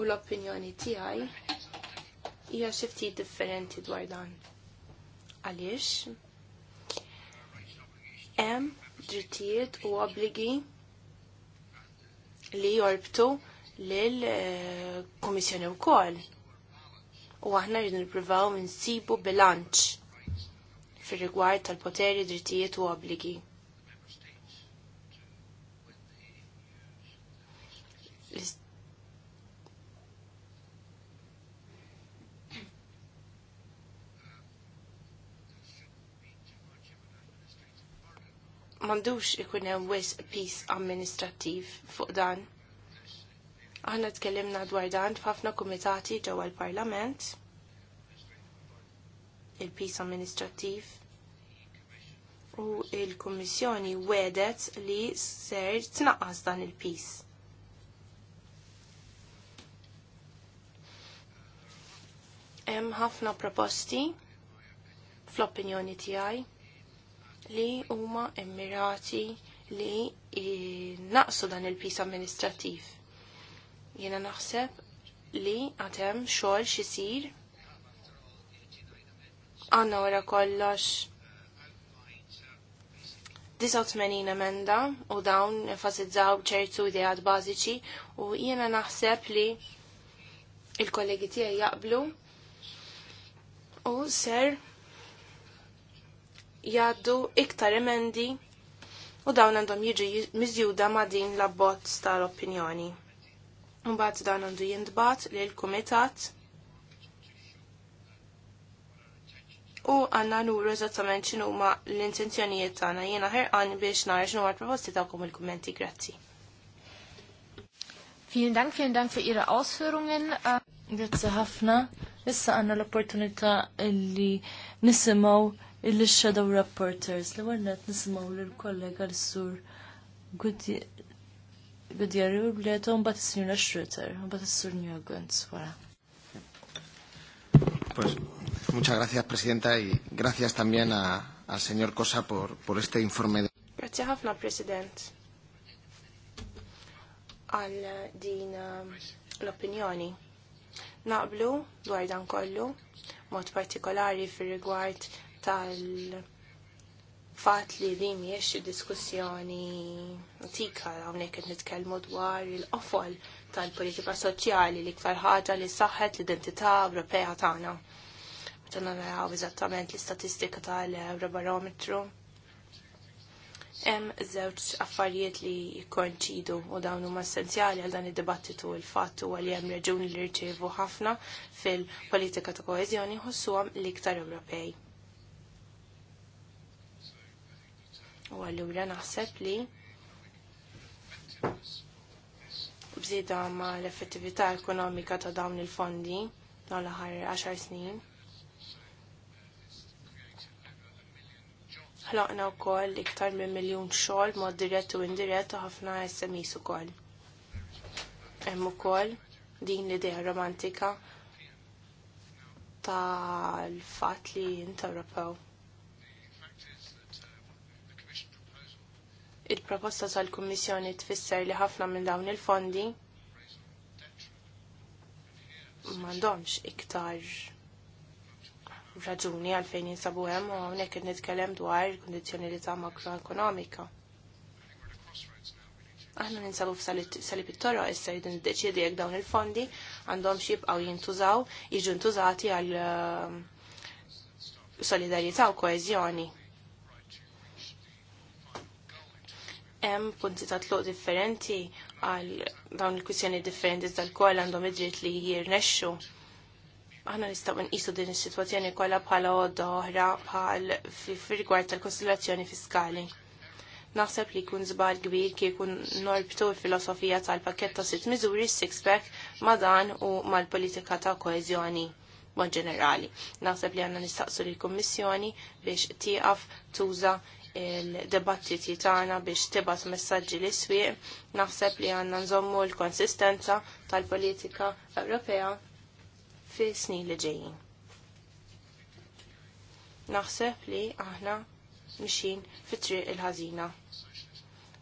U l-opinjoni tiegħi hija xi ftit differenti dwar dan. Għaliex? Hemm drittijiet u obbligi li jorbtu l-Komissjoni u wkoll. U aħna rridu nippruvaw insibu bilanċ fir-rigward tal-poteri, drittijiet u obbligi. mandux ikun hemm wisq pis fuq dan. Aħna tkellimna dwar dan f'ħafna kumitati ġewwa l-Parlament, il-pis amministrattiv u il-Kummissjoni wedet li ser tnaqqas dan il-pis. Hemm ħafna proposti fl-opinjoni tiegħi li huma immirati li naqsu dan il-pis amministrativ. Jena naħseb li għatem xol xisir għanna wara kollox 89 emenda u dawn enfasizzaw ċertu idejat bażiċi u jiena naħseb li il-kollegi tiegħi jaqblu u ser jaddu iktar emendi u dawn għandhom jiġu miżjuda ma' din l-abbozz tal-opinjoni. Mbagħad dan għandu jintbagħat lil kumitat u għanna nuru eżattament x'inhu huma l-intenzjonijiet tagħna jiena ħerqan biex nara x'inhu l-proposti tagħkom il-kummenti. Grazzi. Vielen Dank, vielen Dank für Ihre Ausführungen. Grazzi ħafna. Issa għanna l-opportunità li nisimaw il-shadow rapporters. L-ewwel qed nisimgħu kollega l-sur Gutierrez bidjar u bledu mbagħad is-Sinjura un mbagħad s sur Newgans wara. Pues muchas gracias, Presidenta, y gracias también a, al señor Cosa por, por este informe. De... Grazie ħafna, President, għal din um, l-opinjoni. Naqblu dwar dan kollu, mod partikolari fil rigward tal- fatt li rim miex diskussjoni tika hawnhekk qed nitkellmu dwar il-qofol tal-politika soċjali li iktar ħaġa li saħħet l-identità Ewropea tagħna. Meta naraw eżattament l-istatistika tal-Eurobarometru. Hemm żewġ affarijiet li jikkonċidu u dawn huma essenzjali għal dan id-dibattitu il fatt huwa li hemm reġuni li rċevu ħafna fil-politika ta' koeżjoni ħossuhom l-iktar Ewropej U għallura naħseb li bżida ma l-effettività ekonomika ta' dawn il-fondi dawn l-aħħar 10 snin. Ħloqna wkoll iktar minn miljun xogħol mod dirett u indirett u ħafna u ukoll. Hemm ukoll din l-idea romantika tal-fatt li inta Ewropew Il-proposta tal-Kummissjoni tfisser li ħafna minn dawn il-fondi m'għandhomx iktar raġuni għalfejn jinsabu hemm u hawnhekk qed nitkellem dwar il-kundizzjonalità makroekonomika. Aħna ninsabu f'salib it-torra issa jidin deċiedi jekk dawn il-fondi għandhom jibqgħu jintużaw, jiġu ntużati għal eh, solidarjetà u koeżjoni. hemm punti ta' tluq differenti għal dawn il kwissjoni differenti iżda kol għandhom id-dritt li jirnexxu. Aħna nistgħu nqisu din is-sitwazzjoni kollha bħala għodda oħra bħal rigward tal kostellazzjoni fiskali. Naħseb li jkun żbal kbir kieku norbtu l-filosofija tal-pakket ta' sitt miżuri six-pack ma' dan u mal-politika ta' koeżjoni ma' ġenerali. Naħseb li għandna nistaqsu l kummissjoni biex tieqaf tuża il-debattiti tagħna biex tibgħat messaġġi li swieq naħseb li għandna nżommu l-konsistenza tal-politika Ewropea fi snin li ġejjin. Naħseb li aħna mixin fit-triq il-ħażina.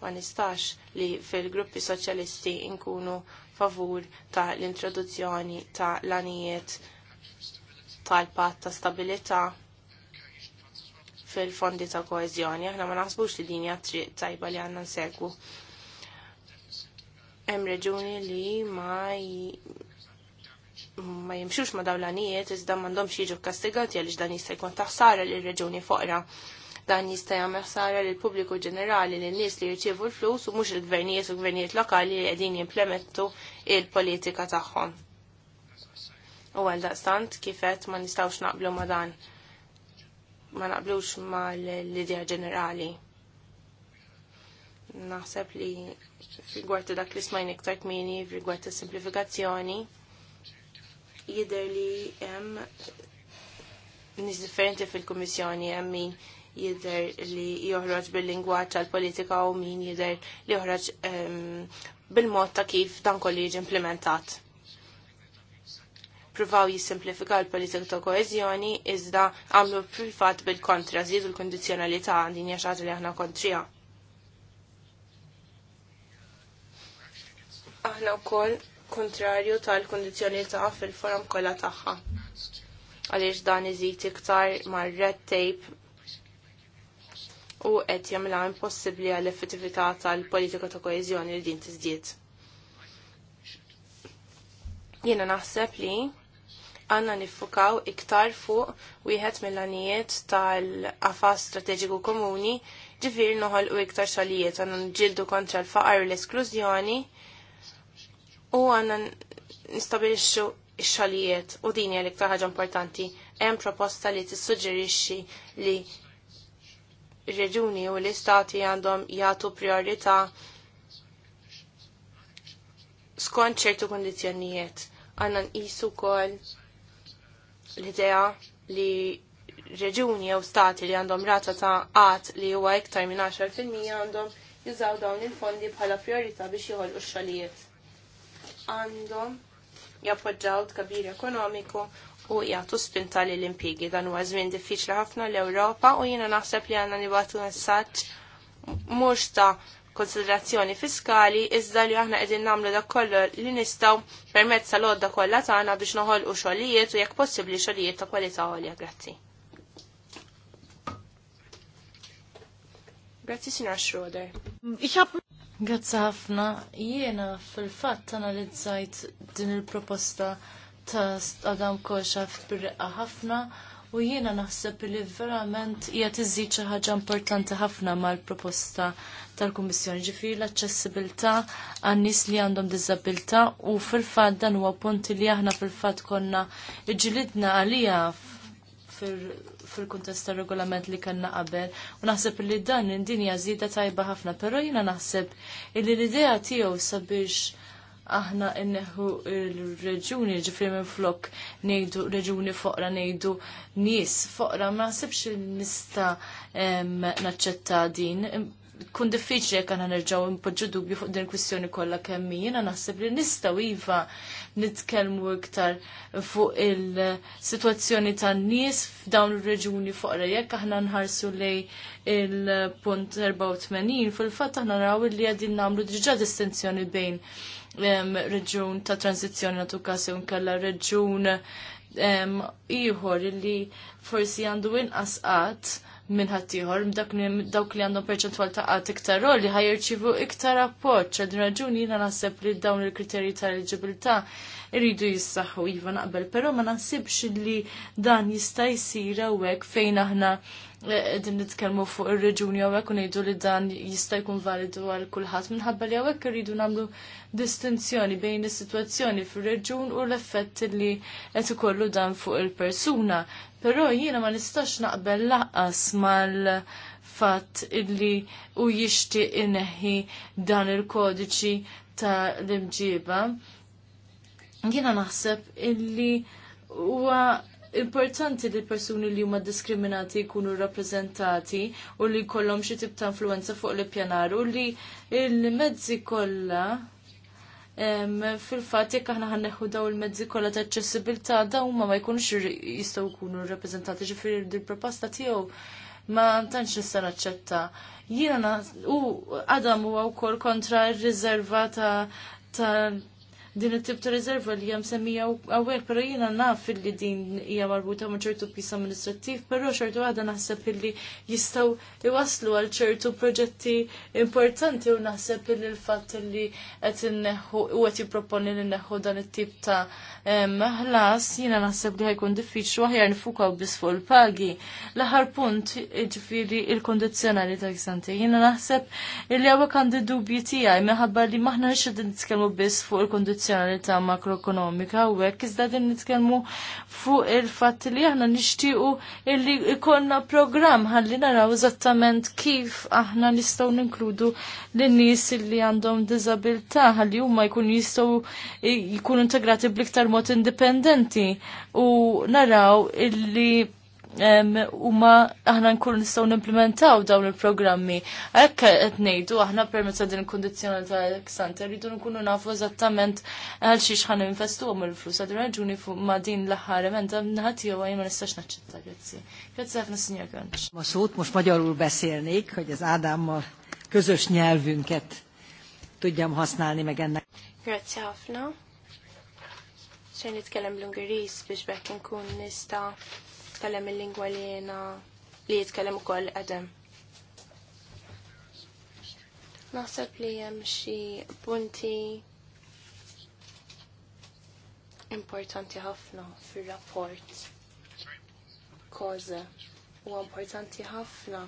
Ma nistax li fil-gruppi soċjalisti nkunu favur ta' l-introduzzjoni ta' l-anijiet tal patt ta' stabilita' fil-fondi ta' koezjoni, aħna ma naħsbux li din hija triq tajba li għandna nsegwu. Hemm reġuni li ma ma jimxux ma dawlanijiet iżda m'għandhomx jiġu kastigati għaliex dan jista' jkun taħsara lil reġuni foqra. Dan jista' jagħmel ħsara lil pubbliku ġenerali lil nies li jirċievu l-flus u mhux il-gvernijiet u gvernijiet lokali li qegħdin jimplementu il-politika tagħhom. U għal daqstant kifet ma nistawx naqblu ma dan ma naqblux ma l-idea ġenerali. Naħseb li rigward dak li smajn iktar kmini, rigward simplifikazzjoni, jider li hemm nis differenti fil-Kummissjoni hemm min jider li joħroġ bil lingwaċ għal politika u min jider li joħroġ ehm, bil-mod ta' kif dan kolli jiġi implementat pruvaw jisimplifika l-politika ta' koezjoni iżda għamlu fil bil-kontra żiedu l-kondizjonalità din hija li aħna kontrija. Aħna wkoll kontrarju tal-kondizjonalità fil-forum kollha tagħha. Għaliex dan iżid iktar mar red tape u qed jagħmilha impossibbli għall effettività tal-politika ta' koeżjoni li din tiżdied. Jiena naħseb li għanna niffukaw iktar fuq wieħed mill għanijiet tal-qafas strateġiku komuni ġifir noħol u iktar xalijiet għanna nġildu kontra l-faqar u l-esklużjoni u għanna nistabilixxu xalijiet u din hija l-iktar ħaġa importanti. Hemm proposta li tissuġġerixxi li reġuni u l-istati għandhom jagħtu priorità skont ċertu kondizjonijiet. Għanna nqisu kol l-idea li reġuni jew stati li għandhom rata ta' għat li huwa iktar minn 10% għandhom jużaw dawn il-fondi bħala priorità biex joħolqu x-xogħlijiet. Għandhom jappoġġaw tkabir ekonomiku u jagħtu spinta l-impigi dan huwa żmien diffiċli ħafna l-Ewropa u jiena naħseb li għandna nibatu messaġġ mhux ta' konsiderazzjoni fiskali iżda li aħna qegħdin nagħmlu dak kollu li nistgħu permezz tal-għodda kollha tagħna biex noħolqu xogħlijiet u jekk possibbli xogħlijiet ta' kwalità għolja. Grazzi. Grazzi Sinar Schroeder. Grazzi ħafna. Jiena fil-fatt analizzajt din il-proposta ta' Adam fil-riqqa ħafna u jiena naħseb li verament hija tiżid xi ħaġa importanti ħafna mal-proposta tal-Kummissjoni ġifieri l-aċċessibilità għan-nies li għandhom diżabilità u fil-fatt dan huwa punti li aħna fil-fatt konna ġilidna għalija fil-kuntest tar regolament li kanna qabel. U naħseb li dan din hija żieda tajba ħafna, però jiena naħseb li l-idea tiegħu sabiex aħna inneħu il-reġuni ġifri minn flok nejdu reġuni foqra nejdu nis foqra ma il- nista naċċetta din kun diffiċli jekk aħna nerġgħu impoġġu dubju fuq din kwistjoni kollha kemm jiena naħseb li nistgħu iva nitkellmu iktar fuq il-sitwazzjoni tan-nies f'dawn ir-reġuni foqra jekk aħna nħarsu lej il-punt 84 fil-fatt aħna naraw li qegħdin nagħmlu diġà distinzjoni bejn reġun ta' tranzizjoni natu kasi kalla reġun iħor li forsi għandu inqasqat minn ħaddieħor dawk li għandhom perċentwal ta' qatt iktar li ħajrċivu iktar appoċ, għal din raġuni jiena naħseb li dawn il-kriterji ta' eligibilta' iridu jissaħħu iva naqbel, però ma naħsibx li dan jista' jsir hawnhekk fejn aħna din nitkellmu fuq ir-reġuni hawnhekk u ngħidu li dan jista' jkun validu għal kulħadd minħabba li hawnhekk irridu nagħmlu distinzjoni bejn is-sitwazzjoni fir-reġun u l-effett li qed ikollu dan fuq il-persuna. Però jiena ma nistax naqbel laqqas mal-fatt illi u jixtieq inneħi dan il-kodiċi ta' l-imġiba. Jiena naħseb illi huwa importanti li persuni li huma diskriminati jkunu rappreżentati u li jkollhom xi tip ta' influenza fuq li pjanar u li il-mezzi kollha fil-fatt jekk aħna ħanneħħu daw il-mezzi kollha ta' aċċessibilità daw huma ma jkunux jistgħu jkunu rappreżentati ġifieri il proposta tiegħu ma tantx nista' naċċetta. Jiena u Adam huwa wkoll kontra r-riserva ta' din it-tip ta' riserva li hemm semmija għawek, però jiena naf fil-li din hija marbuta ma' ċertu pis amministrativ, però ċertu għadha naħseb illi jistgħu iwaslu għal ċertu proġetti importanti u naħseb illi l-fatt li qed inneħħu u qed jipproponi li nneħħu dan it-tip ta' ħlas jiena naħseb li ħajkun u aħjar nifukaw biss fuq il-pagi. L-aħħar punt ġifieri il kondizjonali ta' ksante. Jiena naħseb li għawek għandi dubji tiegħi minħabba li maħna nix nitkellmu biss fuq il kondizjonali soċjali ta' makroekonomika u hekk iżda din nitkellmu fuq il fat li aħna nixtiequ illi ikonna programm ħalli naraw eżattament kif aħna nistgħu ninkludu lin-nies li għandhom diżabilità ħalli huma jkunu jistgħu jkunu integrati bliktar mod indipendenti u naraw illi u ma aħna nkunu nistgħu nimplementaw dawn il-programmi. Hekk qed ngħidu aħna permezz din il ta' Alexander rridu nkunu nafu eżattament għal xi xħan investuhom il-flus għadu raġuni fuq ma' din l-aħħar event naħat jew ma nistax naċċetta grazzi. Grazzi ħafna Sinjor Gönċ. Ma sut mhux Magyarul beszélnék, hogy ez az Ádámmal közös nyelvünket tudjam használni meg ennek. Grazzi ħafna. Xejn nitkellem l-Ungeriż biex bekk nkun nista' jitkellem il-lingwa li jena li jitkellem ukoll qedem. Naħseb li hemm xi punti importanti ħafna fir-rapport. Koza huwa importanti ħafna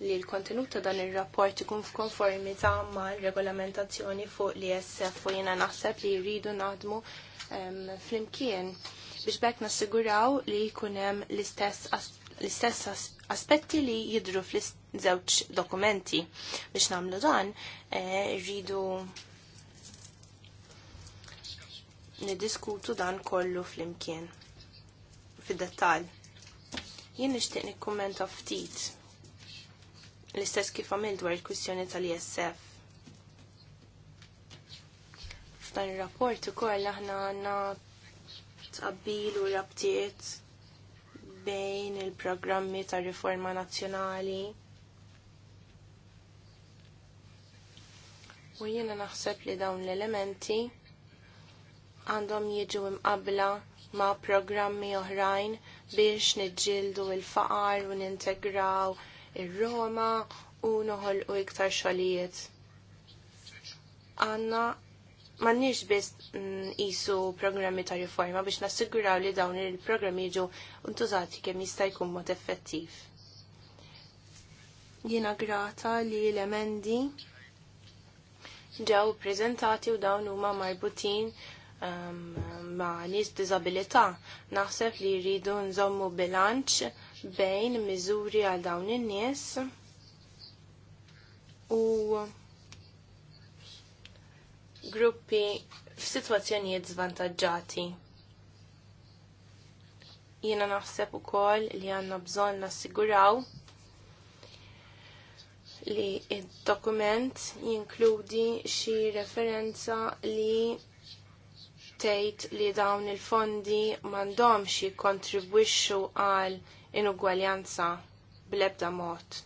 li l-kontenut ta' dan ir-rapport ikun f'konformità mal regolamentazzjoni fuq li jessef u jiena naħseb li jridu naħdmu ehm, flimkien biex bekk nassiguraw li jkunem l-istess aspetti li jidru fl-żewġ dokumenti. Biex namlu dan, eh, rridu nidiskutu dan kollu fl-imkien, fid dettal Jien nixtieq nikkumenta ftit l-istess kif għamilt dwar il-kwistjoni tal-ISF. F'dan ir-rapport ukoll aħna għandna tqabbilu u rabtiet bejn il-programmi ta' riforma nazzjonali. U jiena naħseb li dawn l-elementi għandhom jiġu imqabla ma' programmi oħrajn biex niġġieldu il-faqar u nintegraw ir-Roma u noħolqu iktar xogħlijiet għandna nix biss jisu mm, programmi ta' riforma biex nassiguraw li dawn il-programmi jiġu ntużati kemm jista' jkun mod effettiv. Jiena grata li l-emendi ġew prezentati u dawn huma marbutin um, ma' nis b'diżabilità. Naħseb li jridu nżommu bilanċ bejn miżuri għal dawn in-nies u gruppi f'sitwazzjonijiet zvantagġati. Jiena naħseb ukoll li għandna bżonn nassiguraw li il dokument jinkludi xi referenza li tgħid li dawn il-fondi m'għandhomx jikkontribwixxu għal inugwaljanza bl-ebda mod.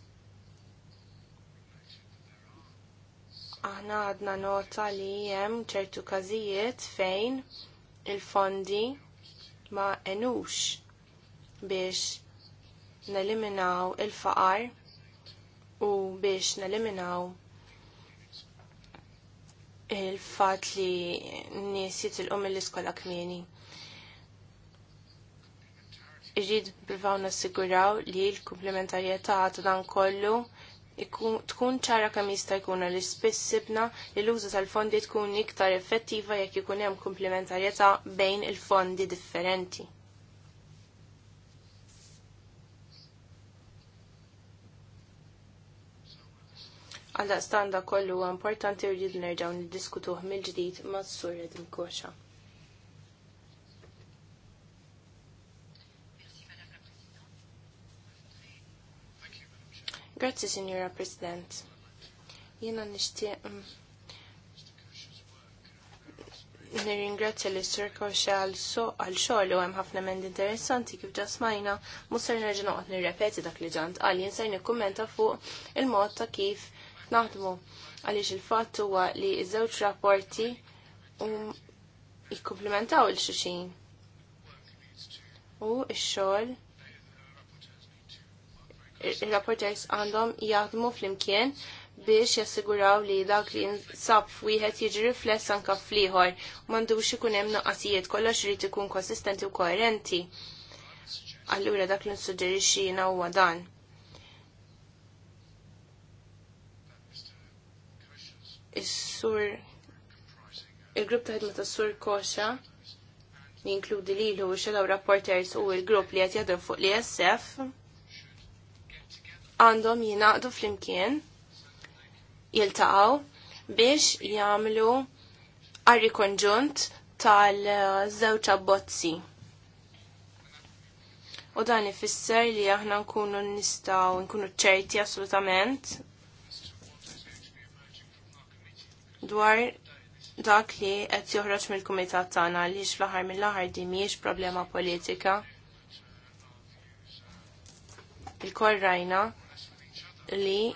aħna għadna nota li hemm ċertu każijiet fejn il-fondi ma enux biex neliminaw il-faqar u biex neliminaw il-fat li nies jitilqu mill-iskola kmieni. Irrid s nassiguraw li l komplementarieta ta' dan kollu tkun ċara kemm jista' jkun li spiss sibna li l-użu tal-fondi tkun iktar effettiva jekk ikun hemm komplementarjetà bejn il-fondi differenti. Għal-daqstanda kollu importanti u rridu nerġgħu niddiskutuh mill-ġdid s sur Edin koċa Grazzi, Signora President. Jena nishtiq mm, nirringrazzja li s-sirko għal xogħol u hemm ħafna mendi interessanti kif ġa smajna, mhux ser nerġa' noqgħod nirrepeti dak li ġant qal jien nikkummenta fuq il-mod ta' kif naħdmu għaliex il-fatt huwa li ż-żewġ rapporti um, jikkumplimentaw il xulxin U x-xogħol il-rapporters għandhom jaħdmu fl-imkien biex jassiguraw li dak li nsab wieħed jiġi rifless anka fl-ieħor m'għandux ikun hemm naqqasijiet kollox irid ikun konsistenti u koerenti. Allura dak li nsuġġerixxi jiena huwa dan. Is-sur il-grupp ta' ħidma tas-sur Koxa li jinkludi lilu u daw rapporters u l grupp li qed jaħdem fuq l-ISF għandhom jinaqdu flimkien jiltaqgħu biex jagħmlu arri konġunt tal-żewġ abbozzi. U dan ifisser li aħna nkunu nistgħu nkunu ċerti assolutament dwar dak li qed joħroġ mill-kumitat tagħna li fl-aħħar mill-aħħar di mhijiex problema politika. Il-korrajna li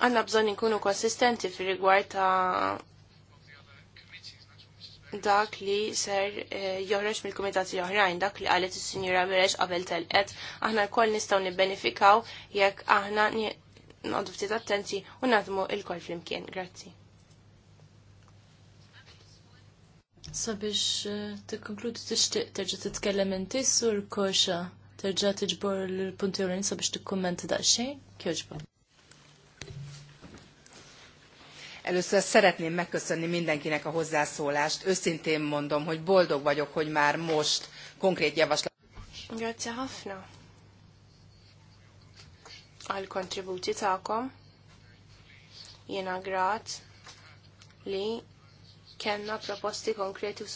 għanna bżon nkunu konsistenti fir rigward ta' dak li ser eh, joħroġ mill-kumitati oħrajn, dak li qalet is-Sinjura Berex qabel telqet, aħna l-koll nistgħu nibbenefikaw jekk aħna noqdu ftit attenti u nadmu il-kol flimkien. Grazzi. Sabiex eh, tikkonkludi tixtieq terġa' titkellem inti sur koxa terġa' tiġbor l-punti urinsa biex tikkummenta daqsxejn? Kjoġba. Először szeretném megköszönni mindenkinek a hozzászólást. Őszintén mondom, hogy boldog vagyok, hogy már most konkrét javaslat. Grazie Hafna. Al kontribúti ta'kom. Jena grát. li Kenna proposti konkreti u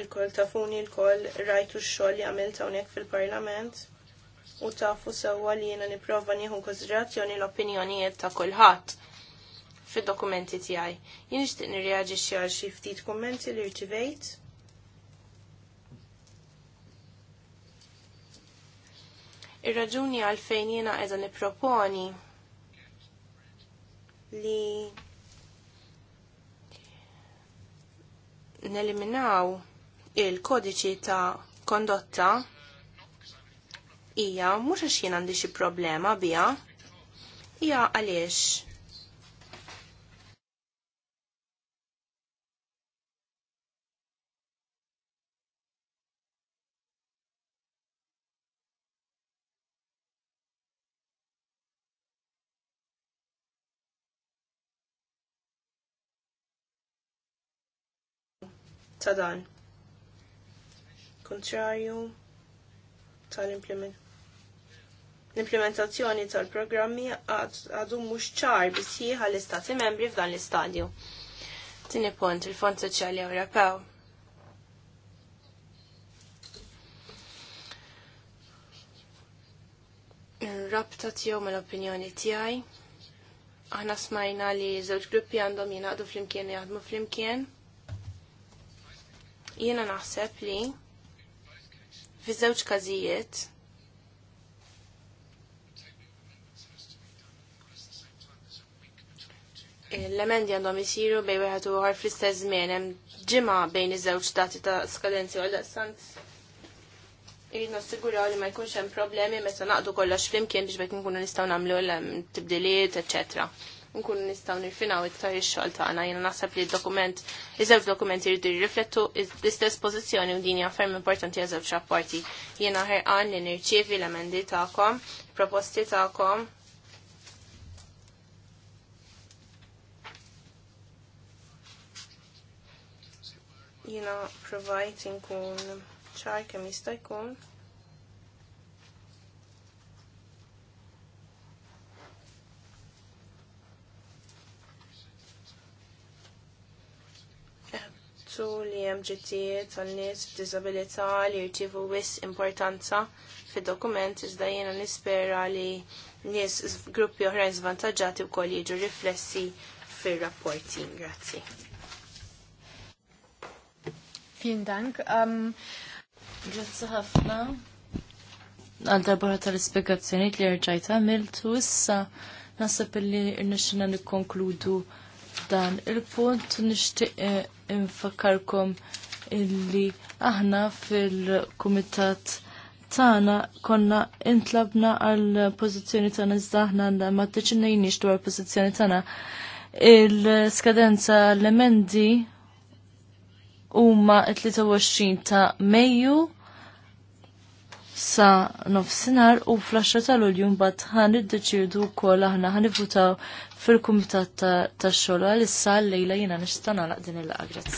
il-koll tafuni il-koll rajtu x-xogħol li għamilt hawnhekk fil-Parlament u tafu sewwa li jiena nipprova nieħu konsiderazzjoni l-opinjonijiet ta' kulħadd fid-dokumenti tiegħi. Jien nixtieq nirreaġixxi għal xi ftit kummenti li rċivejt. Ir-raġuni għalfejn jiena qiegħda nipproponi li neliminaw il-kodiċi ta' kondotta hija mhux għax jien għandi xi problema biha, ija għaliex ta' dan kontrarju tal-implement l-implementazzjoni tal-programmi għadu mhux ċar bisħiħa l-istati membri f'dan l-istadju. Tini punt il-Fond Soċjali Ewropew. Rabta tiegħu mal-opinjoni tiegħi. Aħna smajna li żewġ gruppi għandhom jingħaqdu flimkien jaħdmu flimkien. Jiena naħseb li Fi żewġ każijiet l-emendi għandhom jisiru bej wieħed u fl-istess żmien hemm ġimgħa bejn iż-żewġ dati ta' skadenzi għal sant Irrid nassiguraw li ma jkunx hemm problemi meta naqdu kollox flimkien biex bekk nkunu nistgħu nagħmlu l-tibdiliet, eċċetera nkunu nistgħu nirfinaw iktar ix-xogħol tagħna. Jiena naħseb li d-dokument iżewġ dokumenti jridu jirriflettu l-istess pożizzjoni u din hija ferm importanti eżewġ rapporti. Jiena ħerqan li nirċievi l-emendi tagħkom, proposti tagħkom. Jiena provajt inkun ċar kemm jista' jkun. naċċettu li hemm ġittijiet għal nies b'diżabilità li jirtivu wis importanza fid-dokument iżda jiena nispera li nies gruppi oħrajn żvantaġġati wkoll jiġu riflessi fir-rapporti. Grazzi. Vielen Dank. Um, Grazzi ħafna. Għal darbora tal-ispiegazzjoniet li rġajta għamiltu issa nasab li rnexxina nikkonkludu konkludu f'dan il-punt nixtieq eh, infakkarkom illi aħna fil-kumitat tagħna konna intlabna għal pożizzjoni tagħna iżda aħna ma ddeċinejniex dwar pożizzjoni tagħna. Il-skadenza l-emendi huma 23 ta' Mejju sa nofsinar u fl-10 tal-ulju mbagħad ħan iddeċiedu wkoll aħna ħan fil-kumitat tax-xogħol għalissa l-lejla jiena nista' nagħlaq din il-laqgħa.